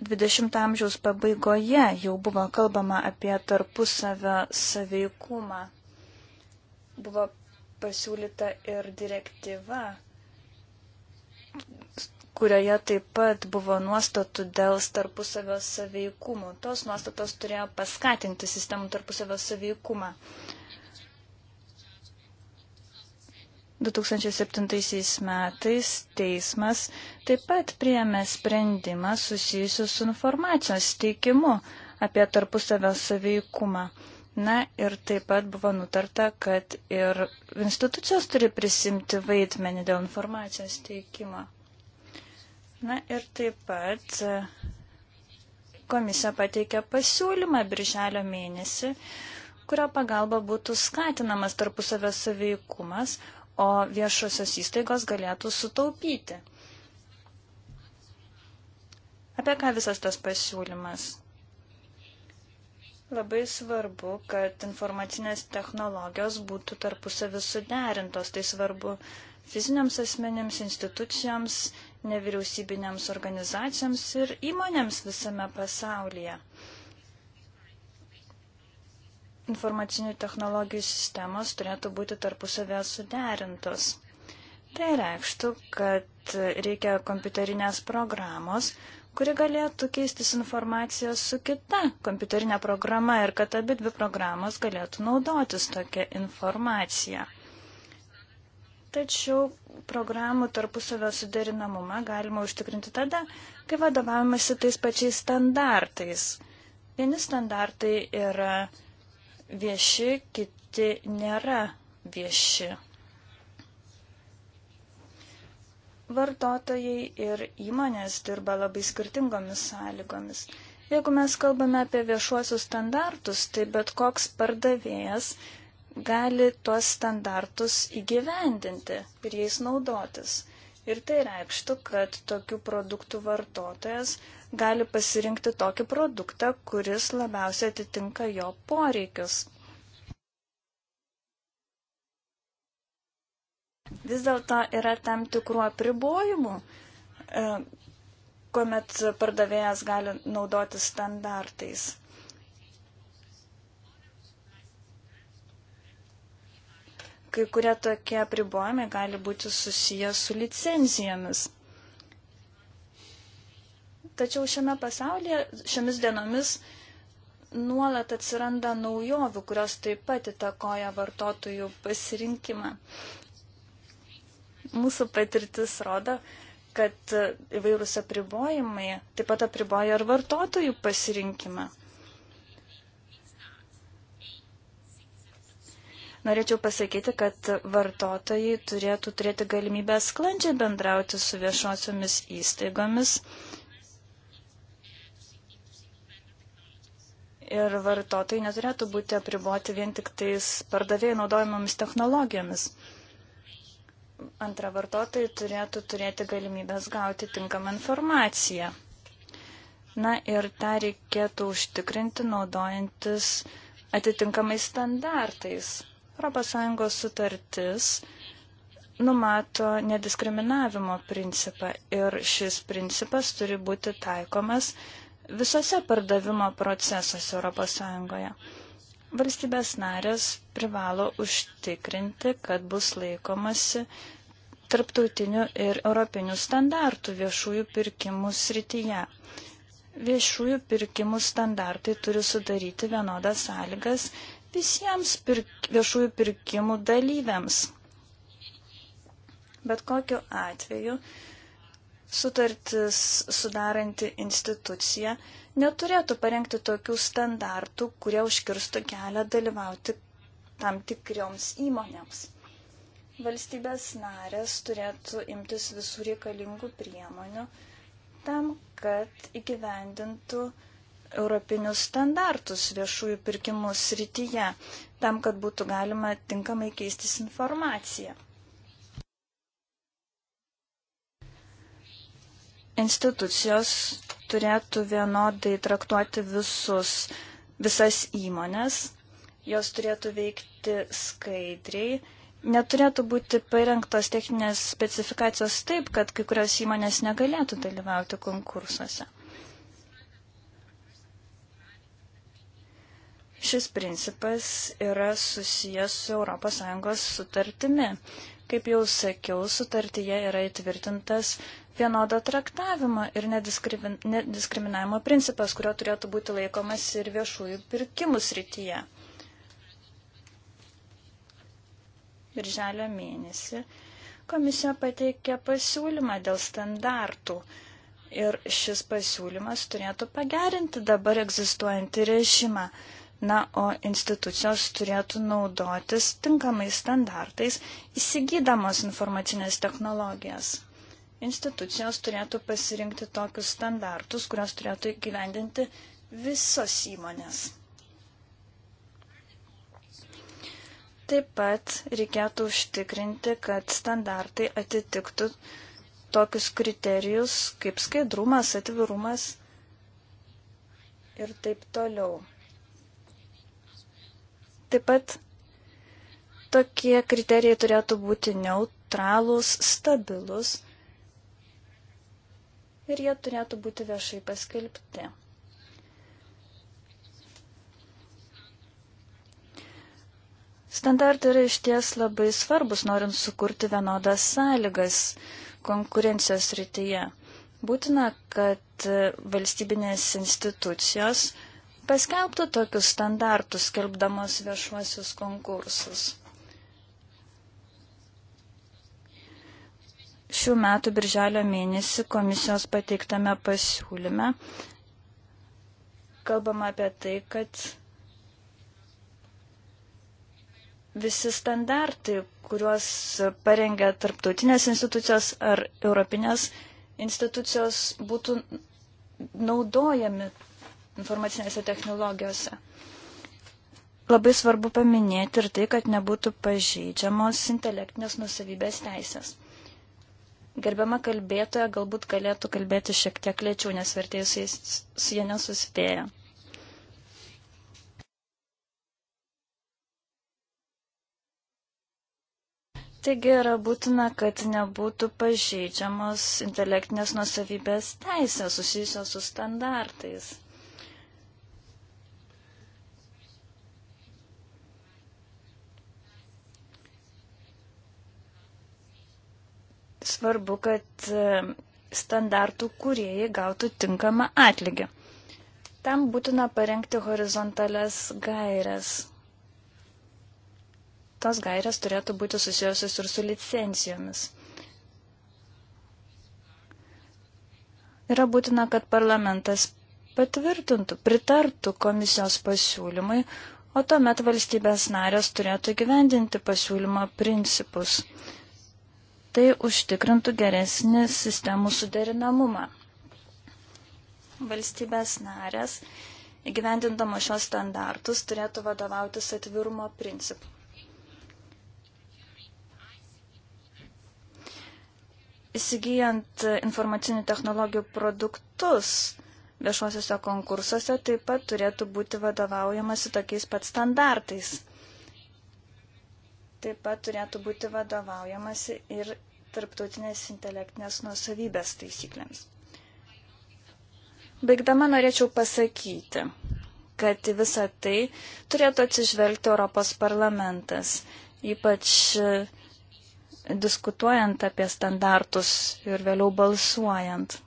20 amžiaus pabaigoje jau buvo kalbama apie tarpusavio saveikumą. Buvo pasiūlyta ir direktyva, kurioje taip pat buvo nuostatų dėl tarpusavio saveikumo. Tos nuostatos turėjo paskatinti sistemų tarpusavio saveikumą. Uh, 2007 metais teismas taip pat priėmė sprendimą susijusiu su informacijos teikimu apie tarpusavio saveikumą. Na ir taip pat buvo nutarta, kad ir institucijos turi prisimti vaidmenį dėl informacijos teikimo. Na ir taip pat e, komisija pateikė pasiūlymą birželio mėnesį, kurio pagalba būtų skatinamas tarpusavio saveikumas, o viešosios įstaigos galėtų sutaupyti. Apie ką visas tas pasiūlymas? Labai svarbu, kad informacinės technologijos būtų tarpusavį suderintos. Tai svarbu fiziniams asmenėms, institucijoms, nevyriausybinėms organizacijoms ir įmonėms visame pasaulyje informacinių technologijų sistemos turėtų būti tarpusavėje suderintos. Tai reikštų, kad reikia kompiuterinės programos, kuri galėtų keistis informaciją su kita kompiuterinė programa ir kad abi dvi programos galėtų naudotis tokią informaciją. Tačiau programų tarpusavio suderinamumą galima užtikrinti tada, kai vadovavimasi tais pačiais standartais. Vieni standartai yra vieši, kiti nėra vieši. Vartotojai ir įmonės dirba labai skirtingomis sąlygomis. Jeigu mes kalbame apie viešuosius standartus, tai bet koks pardavėjas gali tuos standartus įgyvendinti ir jais naudotis. Ir tai reikštų, kad tokių produktų vartotojas gali pasirinkti tokį produktą, kuris labiausiai atitinka jo poreikius. Vis dėlto yra tam tikrų apribojimų, e, kuomet pardavėjas gali naudoti standartais. Kai kurie tokie apribojimai gali būti susiję su licencijomis. Tačiau šiame pasaulyje šiomis dienomis nuolat atsiranda naujovių, kurios taip pat įtakoja vartotojų pasirinkimą. Mūsų patirtis rodo, kad įvairūs apribojimai taip pat apriboja ir vartotojų pasirinkimą. Norėčiau pasakyti, kad vartotojai turėtų turėti galimybę sklandžiai bendrauti su viešosiomis įstaigomis ir vartotojai neturėtų būti apriboti vien tik tais pardavėjai naudojamomis technologijomis. Antra, vartotojai turėtų turėti galimybės gauti tinkamą informaciją. Na ir tą reikėtų užtikrinti naudojantis atitinkamais standartais. ES sutartis numato nediskriminavimo principą ir šis principas turi būti taikomas visose pardavimo procesuose ES. Valstybės narės privalo užtikrinti, kad bus laikomasi tarptautinių ir europinių standartų viešųjų pirkimų srityje. Viešųjų pirkimų standartai turi sudaryti vienodas sąlygas visiems pirk, viešųjų pirkimų dalyviams. Bet kokiu atveju sutartis sudaranti institucija neturėtų parengti tokių standartų, kurie užkirstų kelią dalyvauti tam tikrioms įmonėms. Valstybės narės turėtų imtis visų reikalingų priemonių tam, kad įgyvendintų europinius standartus viešųjų pirkimų srityje, tam, kad būtų galima tinkamai keistis informaciją. institucijos turėtų vienodai traktuoti visus, visas įmonės, jos turėtų veikti skaidriai, neturėtų būti parengtos techninės specifikacijos taip, kad kai kurios įmonės negalėtų dalyvauti konkursuose. Šis principas yra susijęs su ES sutartimi. Kaip jau sakiau, sutartyje yra įtvirtintas vienodo traktavimo ir nediskriminavimo principas, kurio turėtų būti laikomas ir viešųjų pirkimų srityje. Birželio mėnesį komisija pateikė pasiūlymą dėl standartų ir šis pasiūlymas turėtų pagerinti dabar egzistuojantį režimą. Na, o institucijos turėtų naudotis tinkamais standartais, įsigydamos informacinės technologijas institucijos turėtų pasirinkti tokius standartus, kurios turėtų įgyvendinti visos įmonės. Taip pat reikėtų užtikrinti, kad standartai atitiktų tokius kriterijus kaip skaidrumas, atvirumas ir taip toliau. Taip pat tokie kriterijai turėtų būti neutralūs, stabilus ir jie turėtų būti viešai paskelbti. Standartai yra išties labai svarbus, norint sukurti vienodas sąlygas konkurencijos rytyje. Būtina, kad valstybinės institucijos paskelbtų tokius standartus, skelbdamos viešuosius konkursus. šių metų birželio mėnesį komisijos pateiktame pasiūlyme kalbama apie tai, kad visi standartai, kuriuos parengia tarptautinės institucijos ar europinės institucijos, būtų naudojami informacinėse technologijose. Labai svarbu paminėti ir tai, kad nebūtų pažeidžiamos intelektinės nusavybės teisės. Gerbiama kalbėtoja galbūt galėtų kalbėti šiek tiek lėčiau, nes vertėjus su jie nesuspėja. Taigi yra būtina, kad nebūtų pažeidžiamos intelektinės nusavybės teisės susijusios su standartais. svarbu, kad e, standartų kuriejai gautų tinkamą atlygį. Tam būtina parengti horizontales gairias. Tos gairias turėtų būti susijusios ir su licencijomis. Yra būtina, kad parlamentas patvirtintų, pritartų komisijos pasiūlymui, o tuomet valstybės narės turėtų gyvendinti pasiūlymo principus. Tai užtikrintų geresnį sistemų suderinamumą. Valstybės narės, įgyvendindama šios standartus, turėtų vadovautis atvirumo principu. Įsigijant informacinių technologijų produktus, viešuosiuose konkursuose taip pat turėtų būti vadovaujamasi tokiais pat standartais. Taip pat turėtų būti vadovaujamasi ir tarptautinės intelektinės nuosavybės taisyklėms. Baigdama norėčiau pasakyti, kad visą tai turėtų atsižvelgti Europos parlamentas, ypač e, diskutuojant apie standartus ir vėliau balsuojant.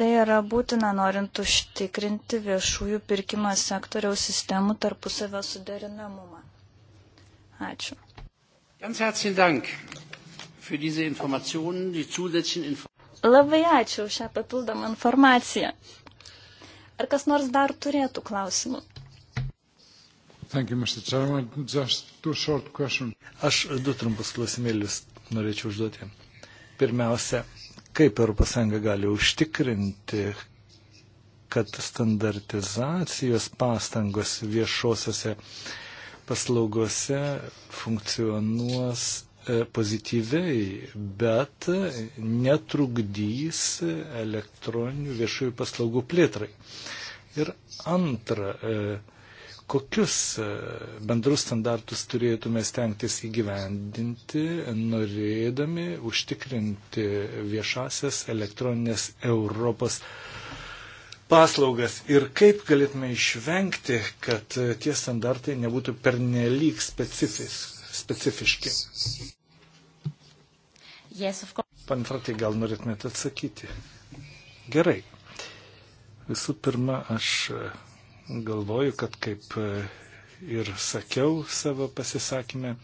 Tai yra būtina norint užtikrinti viešųjų pirkimo sektoriaus sistemų tarpusavio suderinamumą. Ačiū. Ganz herzlichen Dank für diese Informationen, die zusätzlichen Informationen. Labai ačiū už šią papildomą informaciją. Ar kas nors dar turėtų klausimų? Thank you, Mr. Chairman. Just two short questions. Aš du trumpus klausimėlius norėčiau užduoti. Pirmiausia, kaip ES gali užtikrinti, kad standartizacijos pastangos viešosiose paslaugose funkcionuos e, pozityviai, bet netrukdys elektroninių viešųjų paslaugų plėtrai. Ir antra, e, kokius e, bendrus standartus turėtume stengtis įgyvendinti, norėdami užtikrinti viešasias elektroninės Europos paslaugas ir kaip galėtume išvengti, kad e, tie standartai nebūtų pernelyg specifiški. Yes, Panfratai, gal norėtumėte atsakyti? Gerai. Visų pirma, aš e, galvoju, kad kaip e, ir sakiau savo pasisakymę,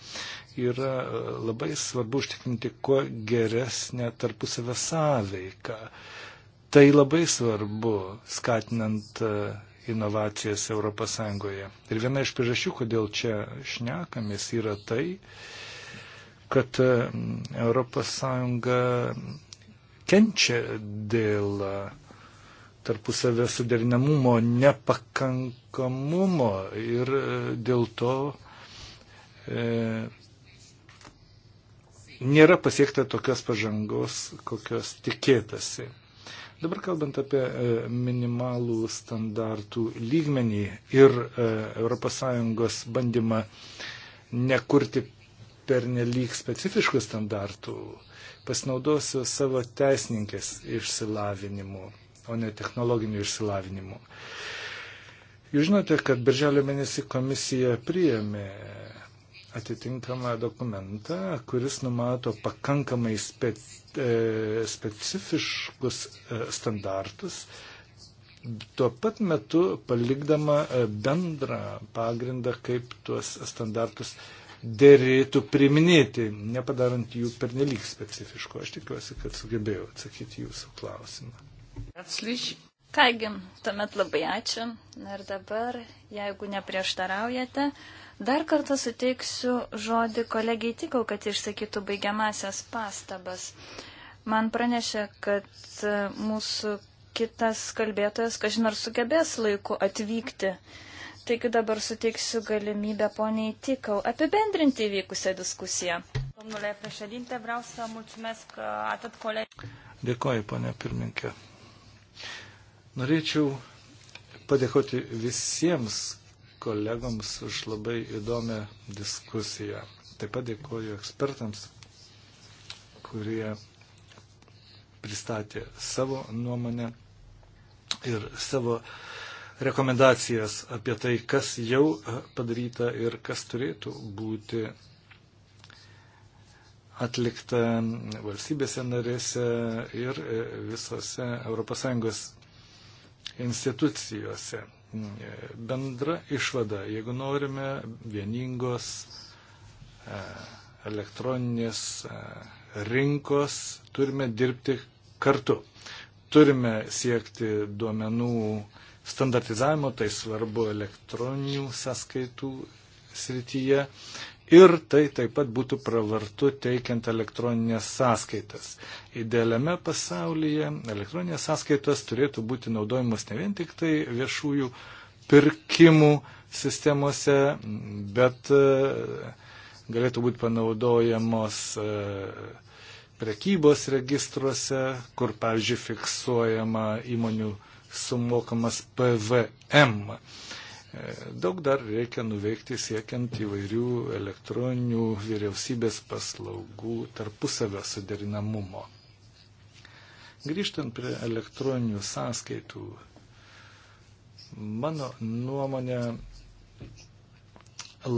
yra e, labai svarbu užtikrinti kuo geresnę tarpusavę sąveiką. Tai labai svarbu skatinant e, inovacijas ES. Ir viena iš priežasčių, kodėl čia šnekamės, yra tai, kad ES kenčia dėl tarpusavę suderinamumo nepakankamumo ir e, dėl to e, nėra pasiekta tokios pažangos, kokios tikėtasi. Dabar kalbant apie e, minimalų standartų lygmenį ir ES bandymą nekurti pernelyg specifiškų standartų, pasinaudosiu savo teisininkės išsilavinimu o ne technologiniu išsilavinimu. Jūs žinote, kad birželio mėnesį komisija priėmė atitinkamą dokumentą, kuris numato pakankamai spe, e, specifiškus e, standartus, tuo pat metu palikdama e, bendrą pagrindą, kaip tuos standartus dėrėtų priminėti, nepadarant jų pernelyg specifiško. Aš tikiuosi, kad sugebėjau atsakyti jūsų klausimą. Kągi, tuomet labai ačiū. Ir dabar, jeigu neprieštaraujate, dar kartą suteiksiu žodį kolegijai tikau, kad išsakytų baigiamasias pastabas. Man pranešė, kad e, mūsų kitas kalbėtojas, kažin ar sugebės laiku atvykti. Taigi dabar suteiksiu galimybę poniai Tikau apibendrinti įvykusią diskusiją. Domnule președinte, vreau să mulțumesc uh, atât colegi. Dėkoju, ponia pirminkė. Norėčiau padėkoti visiems kolegoms už labai įdomią diskusiją. Taip pat dėkoju ekspertams, kurie pristatė savo nuomonę ir savo rekomendacijas apie tai, kas jau padaryta ir kas turėtų būti atlikta valstybėse narėse ir visose ES institucijose. Bendra išvada, jeigu norime vieningos e, elektroninės e, rinkos, turime dirbti kartu. Turime siekti duomenų standartizavimo, tai svarbu elektroninių sąskaitų srityje ir tai taip pat būtų pravartu teikiant elektroninės sąskaitas. Idealiame pasaulyje elektroninės sąskaitas turėtų būti naudojamos ne vien tik tai viešųjų pirkimų sistemose, bet e, galėtų būti panaudojamos e, prekybos registruose, kur, pavyzdžiui, fiksuojama įmonių sumokamas PVM. E, daug dar reikia nuveikti siekiant įvairių elektroninių vyriausybės paslaugų tarpusavio suderinamumo. Grįžtant prie elektroninių sąskaitų, mano nuomonė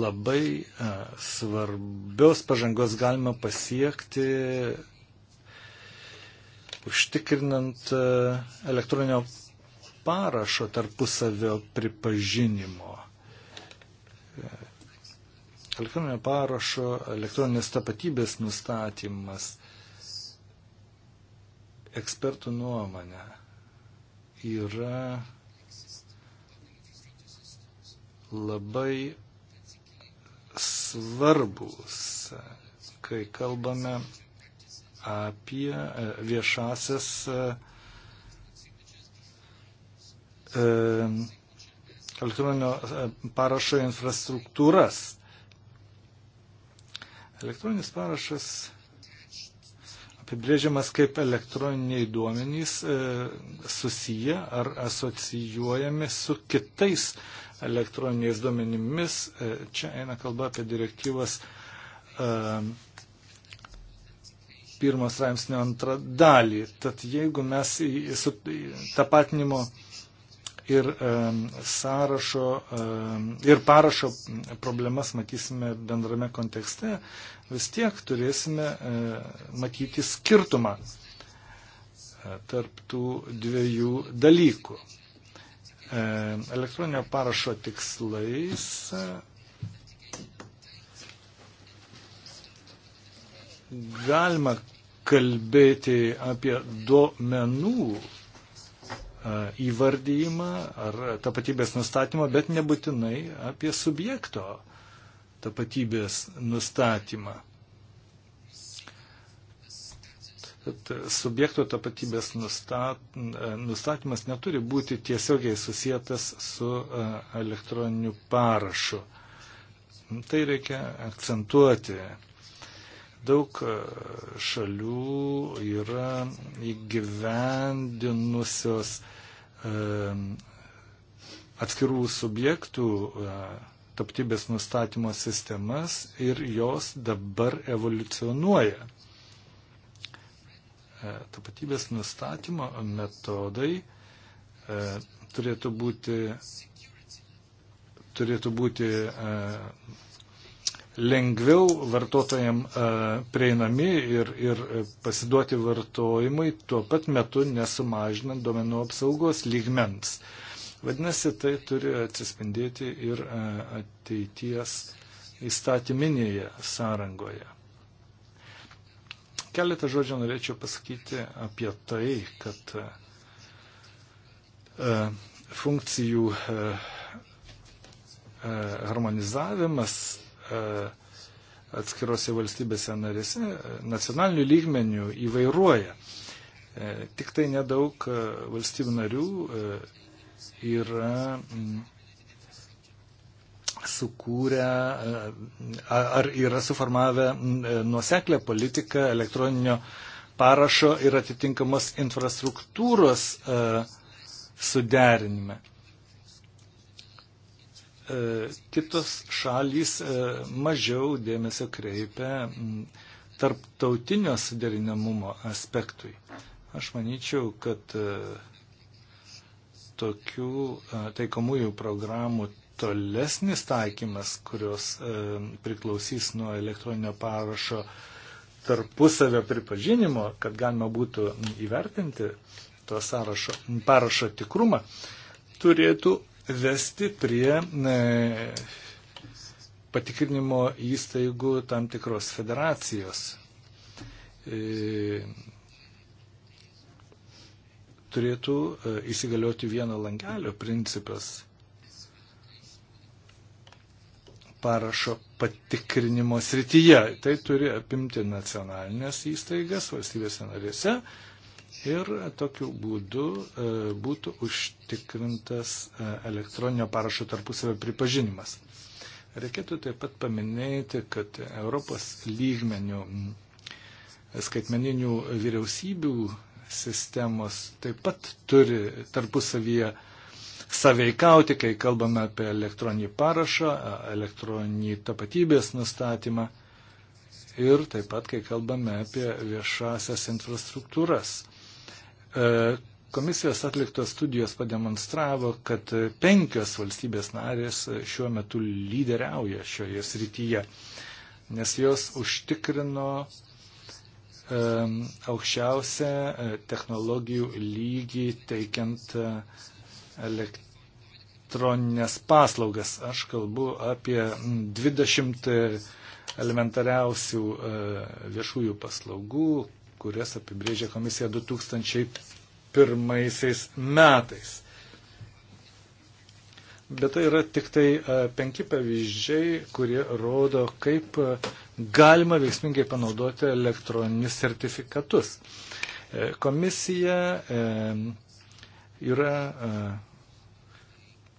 labai e, svarbios pažangos galima pasiekti užtikrinant e, elektroninio parašo tarpusavio pripažinimo. Elektroninio parašo, elektroninės tapatybės nustatymas ekspertų nuomonė yra labai svarbus, kai kalbame apie e, viešasias e, E, elektroninio e, parašo infrastruktūras. Elektroninis parašas apibrėžiamas kaip elektroniniai duomenys e, susiję ar asocijuojami su kitais elektroniniais duomenimis. Čia eina kalba apie direktyvas pirmas raimsnio antrą dalį. Tad jeigu mes į, su tapatinimo ir sąrašo ir parašo problemas matysime bendrame kontekste, vis tiek turėsime e, matyti skirtumą e, tarp tų dviejų dalykų. Elektroninio parašo tikslais e, galima kalbėti apie duomenų įvardyjimą ar tapatybės nustatymą, bet nebūtinai apie subjekto tapatybės nustatymą. Tad subjekto tapatybės nustat, nustatymas neturi būti tiesiogiai susijęs su elektroniniu parašu. Tai reikia akcentuoti. Daug šalių yra įgyvendinusios uh, Ehm, atskirų subjektų e, taptybės nustatymo sistemas ir jos dabar evoliucionuoja. E, tapatybės nustatymo metodai e, turėtų būti, turėtų būti lengviau vartotojam e, prieinami ir, ir pasiduoti vartojimui, tuo pat metu nesumažinant duomenų apsaugos lygmens. Vadinasi, tai turi atsispindėti ir e, ateities įstatyminėje sąrangoje. Keletą žodžių norėčiau pasakyti apie tai, kad e, funkcijų harmonizavimas E, atskirose valstybėse narėse e, nacionalinių lygmenių įvairuoja. E, tik tai nedaug valstybių narių yra mm, sukūrę ar yra suformavę mm, nuoseklę politiką elektroninio parašo ir atitinkamos infrastruktūros suderinime. E, kitos šalys e, mažiau dėmesio kreipia tarptautinio suderinamumo aspektui. Aš manyčiau, kad e, tokių taikomųjų programų tolesnis taikymas, kurios priklausys nuo elektroninio parašo tarpusavio pripažinimo, kad galima būtų įvertinti to sąrašo, parašo tikrumą, turėtų vesti prie e, patikrinimo įstaigų tam tikros federacijos. E, turėtų e, įsigalioti vieno langelio principas parašo patikrinimo srityje. Tai turi apimti nacionalinės įstaigas valstybėse narėse, ir tokiu būdu e, būtų užtikrintas e, elektroninio parašo tarpusavio pripažinimas. Reikėtų taip pat paminėti, kad Europos lygmenių skaitmeninių vyriausybių sistemos taip pat turi tarpusavyje saveikauti, kai kalbame apie elektroninį parašą, e, elektroninį tapatybės nustatymą ir taip pat, kai kalbame apie viešasias infrastruktūras. E, komisijos atliktos studijos pademonstravo, kad penkios valstybės narės šiuo metu lyderiauja šioje srityje, nes jos užtikrino e, aukščiausią e, technologijų lygį teikiant elektroninės paslaugas. Aš kalbu apie 20 elementariausių viešųjų paslaugų, kurias apibrėžė komisija 2001 metais. Bet tai yra tik tai e, penki pavyzdžiai, kurie rodo, kaip e, galima veiksmingai panaudoti elektroninius sertifikatus. E, komisija yra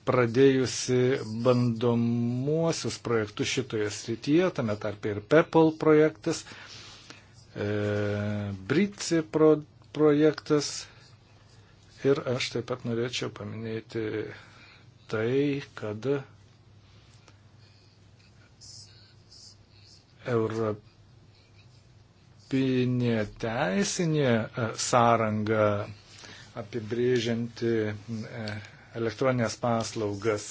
pradėjusi bandomuosius projektus šitoje srityje, tame tarpe ir PEPL projektas. E, Brici pro, projektas. Ir aš taip pat norėčiau paminėti tai, kad europinė teisinė e, sąranga apibrėžianti e, elektroninės paslaugas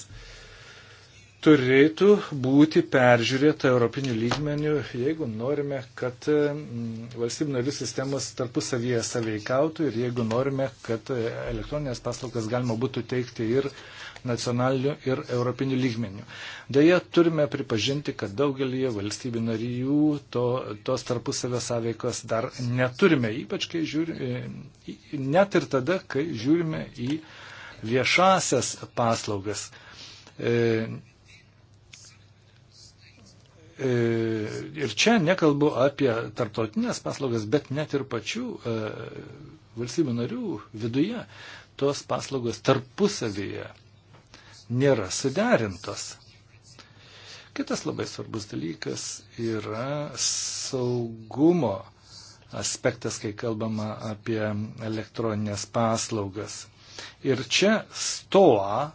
turėtų būti peržiūrėta europinių lygmenių, jeigu norime, kad mm, valstybių narių sistemos tarpusavyje saveikautų ir jeigu norime, kad e, elektroninės paslaugas galima būtų teikti ir nacionaliniu ir europiniu lygmeniu. Deja, turime pripažinti, kad daugelį valstybių narijų to, tos tarpusavio sąveikos dar neturime, ypač kai žiūrime, net ir tada, kai žiūrime į viešasias paslaugas. E, E, ir čia nekalbu apie tarptautinės paslaugas, bet net ir pačių e, valstybių narių viduje tos paslaugos tarpusavyje nėra suderintos. Kitas labai svarbus dalykas yra saugumo aspektas, kai kalbama apie elektroninės paslaugas. Ir čia stoa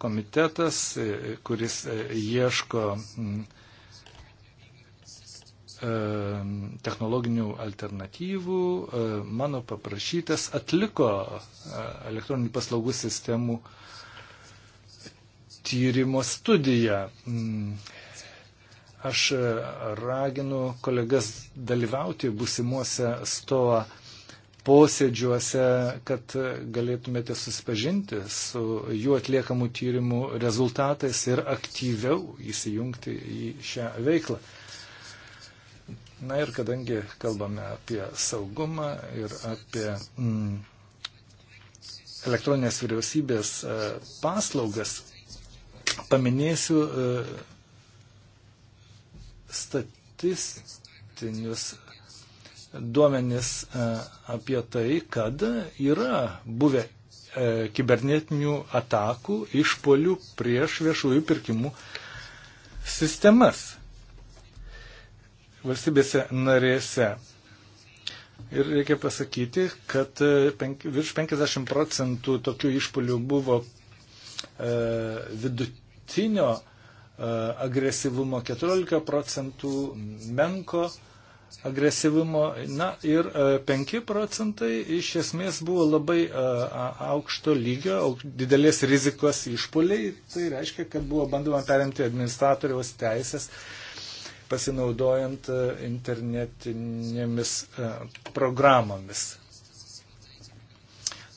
komitetas, e, kuris ieško mm, technologinių alternatyvų, mano paprašytas atliko e, elektroninių paslaugų sistemų tyrimo studiją. Mm. Aš e, raginu kolegas dalyvauti busimuose stoa posėdžiuose, kad e, galėtumėte susipažinti su jų atliekamų tyrimų rezultatais ir aktyviau įsijungti į šią veiklą. Na ir kadangi kalbame apie saugumą ir apie mm, elektroninės vyriausybės e, paslaugas, paminėsiu e, statistinius duomenis e, apie tai, kad yra buvę kibernetinių atakų išpolių prieš viešųjų pirkimų sistemas valstybėse narėse. Ir reikia pasakyti, kad e, penk, virš 50 procentų tokių išpolių buvo e, vidutinio e, agresyvumo, 14 procentų menko agresyvumo, na ir e, 5 procentai iš esmės buvo labai e, aukšto lygio, auk, didelės rizikos išpoliai, tai reiškia, kad buvo bandoma perimti administratoriaus teisės. E, pasinaudojant e, internetinėmis e, programomis.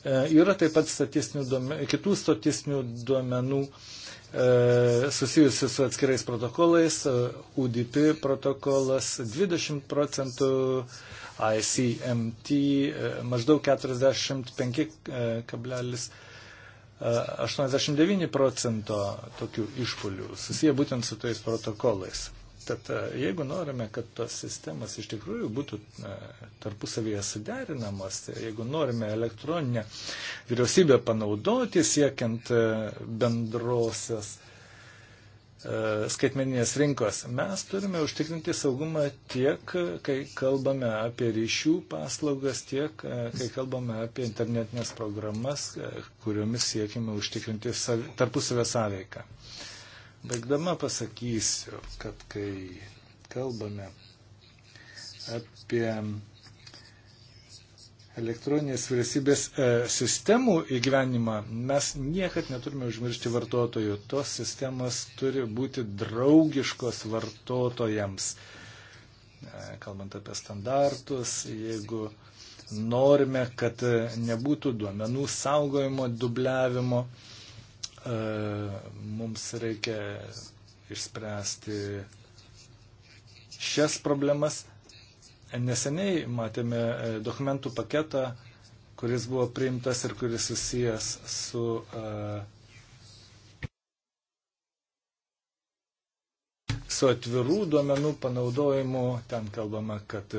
E, yra taip pat duomenų, kitų statistinių duomenų susijusių su atskirais protokolais, UDP protokolas 20 procentų, ICMT maždaug 45,89 procento tokių išpolių susiję būtent su tais protokolais. Tad e, jeigu norime, kad tos sistemas iš tikrųjų būtų e, tarpusavėje suderinamos, tai jeigu norime elektroninę vyriausybę panaudoti siekiant e, bendrosios skaitmeninės rinkos, mes turime užtikrinti saugumą tiek, kai kalbame apie ryšių paslaugas, tiek, kai kalbame apie internetinės programas, kuriomis siekime užtikrinti tarpusavę sąveiką. Sav Baigdama pasakysiu, kad kai kalbame apie elektroninės vyriausybės e, sistemų įgyvenimą, mes niekad neturime užmiršti vartotojų. Tos sistemos turi būti draugiškos vartotojams. E, kalbant apie standartus, jeigu norime, kad e, nebūtų duomenų saugojimo, dubliavimo, e, E, mums reikia išspręsti šias problemas. Neseniai matėme e, dokumentų paketą, kuris buvo priimtas ir kuris susijęs su e, su atvirų duomenų panaudojimu. Ten kalbama, kad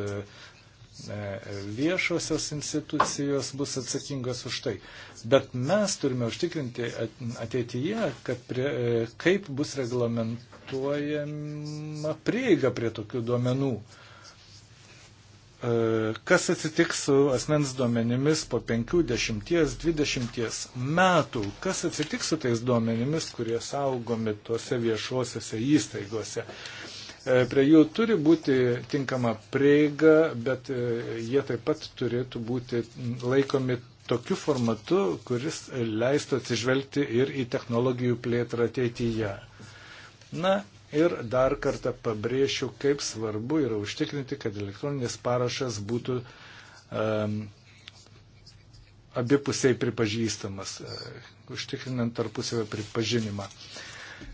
E, viešosios institucijos bus atsakingos už tai. Bet mes turime užtikrinti ateityje, kad prie, e, kaip bus reglamentuojama prieiga prie tokių duomenų. E, kas atsitiks su asmens duomenimis po 50-20 metų? Kas atsitiks su tais duomenimis, kurie saugomi tuose viešuosiuose įstaigose? Uh, E, prie jų turi būti tinkama prieiga, bet e, jie taip pat turėtų būti laikomi tokiu formatu, kuris leistų atsižvelgti ir į technologijų plėtrą ateityje. Na ir dar kartą pabrėšiu, kaip svarbu yra užtikrinti, kad elektroninis parašas būtų um, abipusiai pripažįstamas, e, užtikrinant tarpusavio pripažinimą. Uh,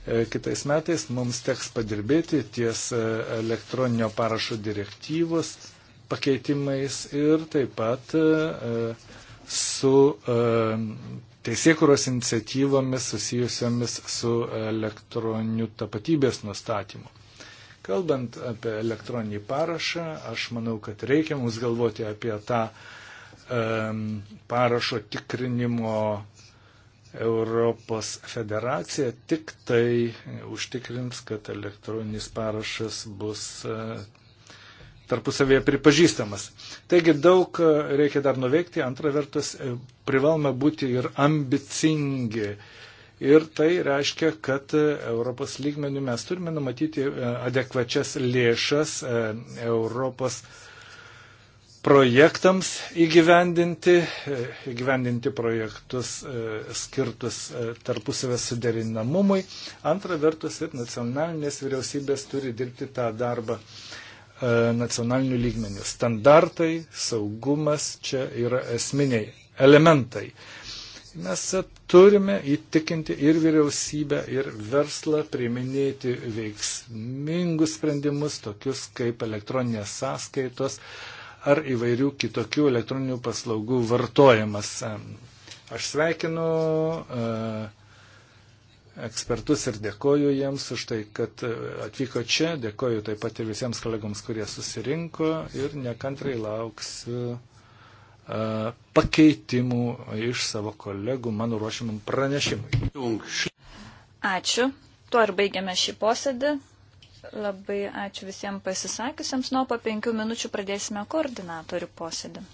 E, kitais metais mums teks padirbėti ties e, elektroninio parašo direktyvos pakeitimais ir taip pat e, su teisėkuros iniciatyvomis susijusiamis su elektroniniu tapatybės nustatymu. Kalbant apie elektroninį parašą, aš manau, kad reikia mums galvoti apie tą um, parašo tikrinimo Europos federacija tik tai užtikrins, kad elektroninis parašas bus e, tarpusavėje pripažįstamas. Taigi daug e, reikia dar nuveikti, antra vertus, e, privalome būti ir ambicingi. Ir tai reiškia, kad Europos lygmenių mes turime numatyti adekvačias lėšas Europos lygmenių projektams įgyvendinti, e, įgyvendinti projektus e, skirtus e, tarpusavės suderinamumui. Antra vertus ir nacionalinės vyriausybės turi dirbti tą darbą nacionalinių lygmenių. Standartai, saugumas čia yra esminiai elementai. Mes turime įtikinti ir vyriausybę, ir verslą priminėti veiksmingus sprendimus, tokius kaip elektroninės sąskaitos, uh, ar įvairių kitokių elektroninių paslaugų vartojimas. Aš sveikinu e, ekspertus ir dėkoju jiems už tai, kad e, atvyko čia, dėkoju taip pat ir visiems kolegoms, kurie susirinko ir nekantrai lauksiu e, pakeitimų iš savo kolegų mano ruošimam pranešimui. Ačiū. Tuo ir baigiame šį posėdį. Labai ačiū visiems pasisakiusiems. Nuo po penkių minučių pradėsime koordinatorių posėdį.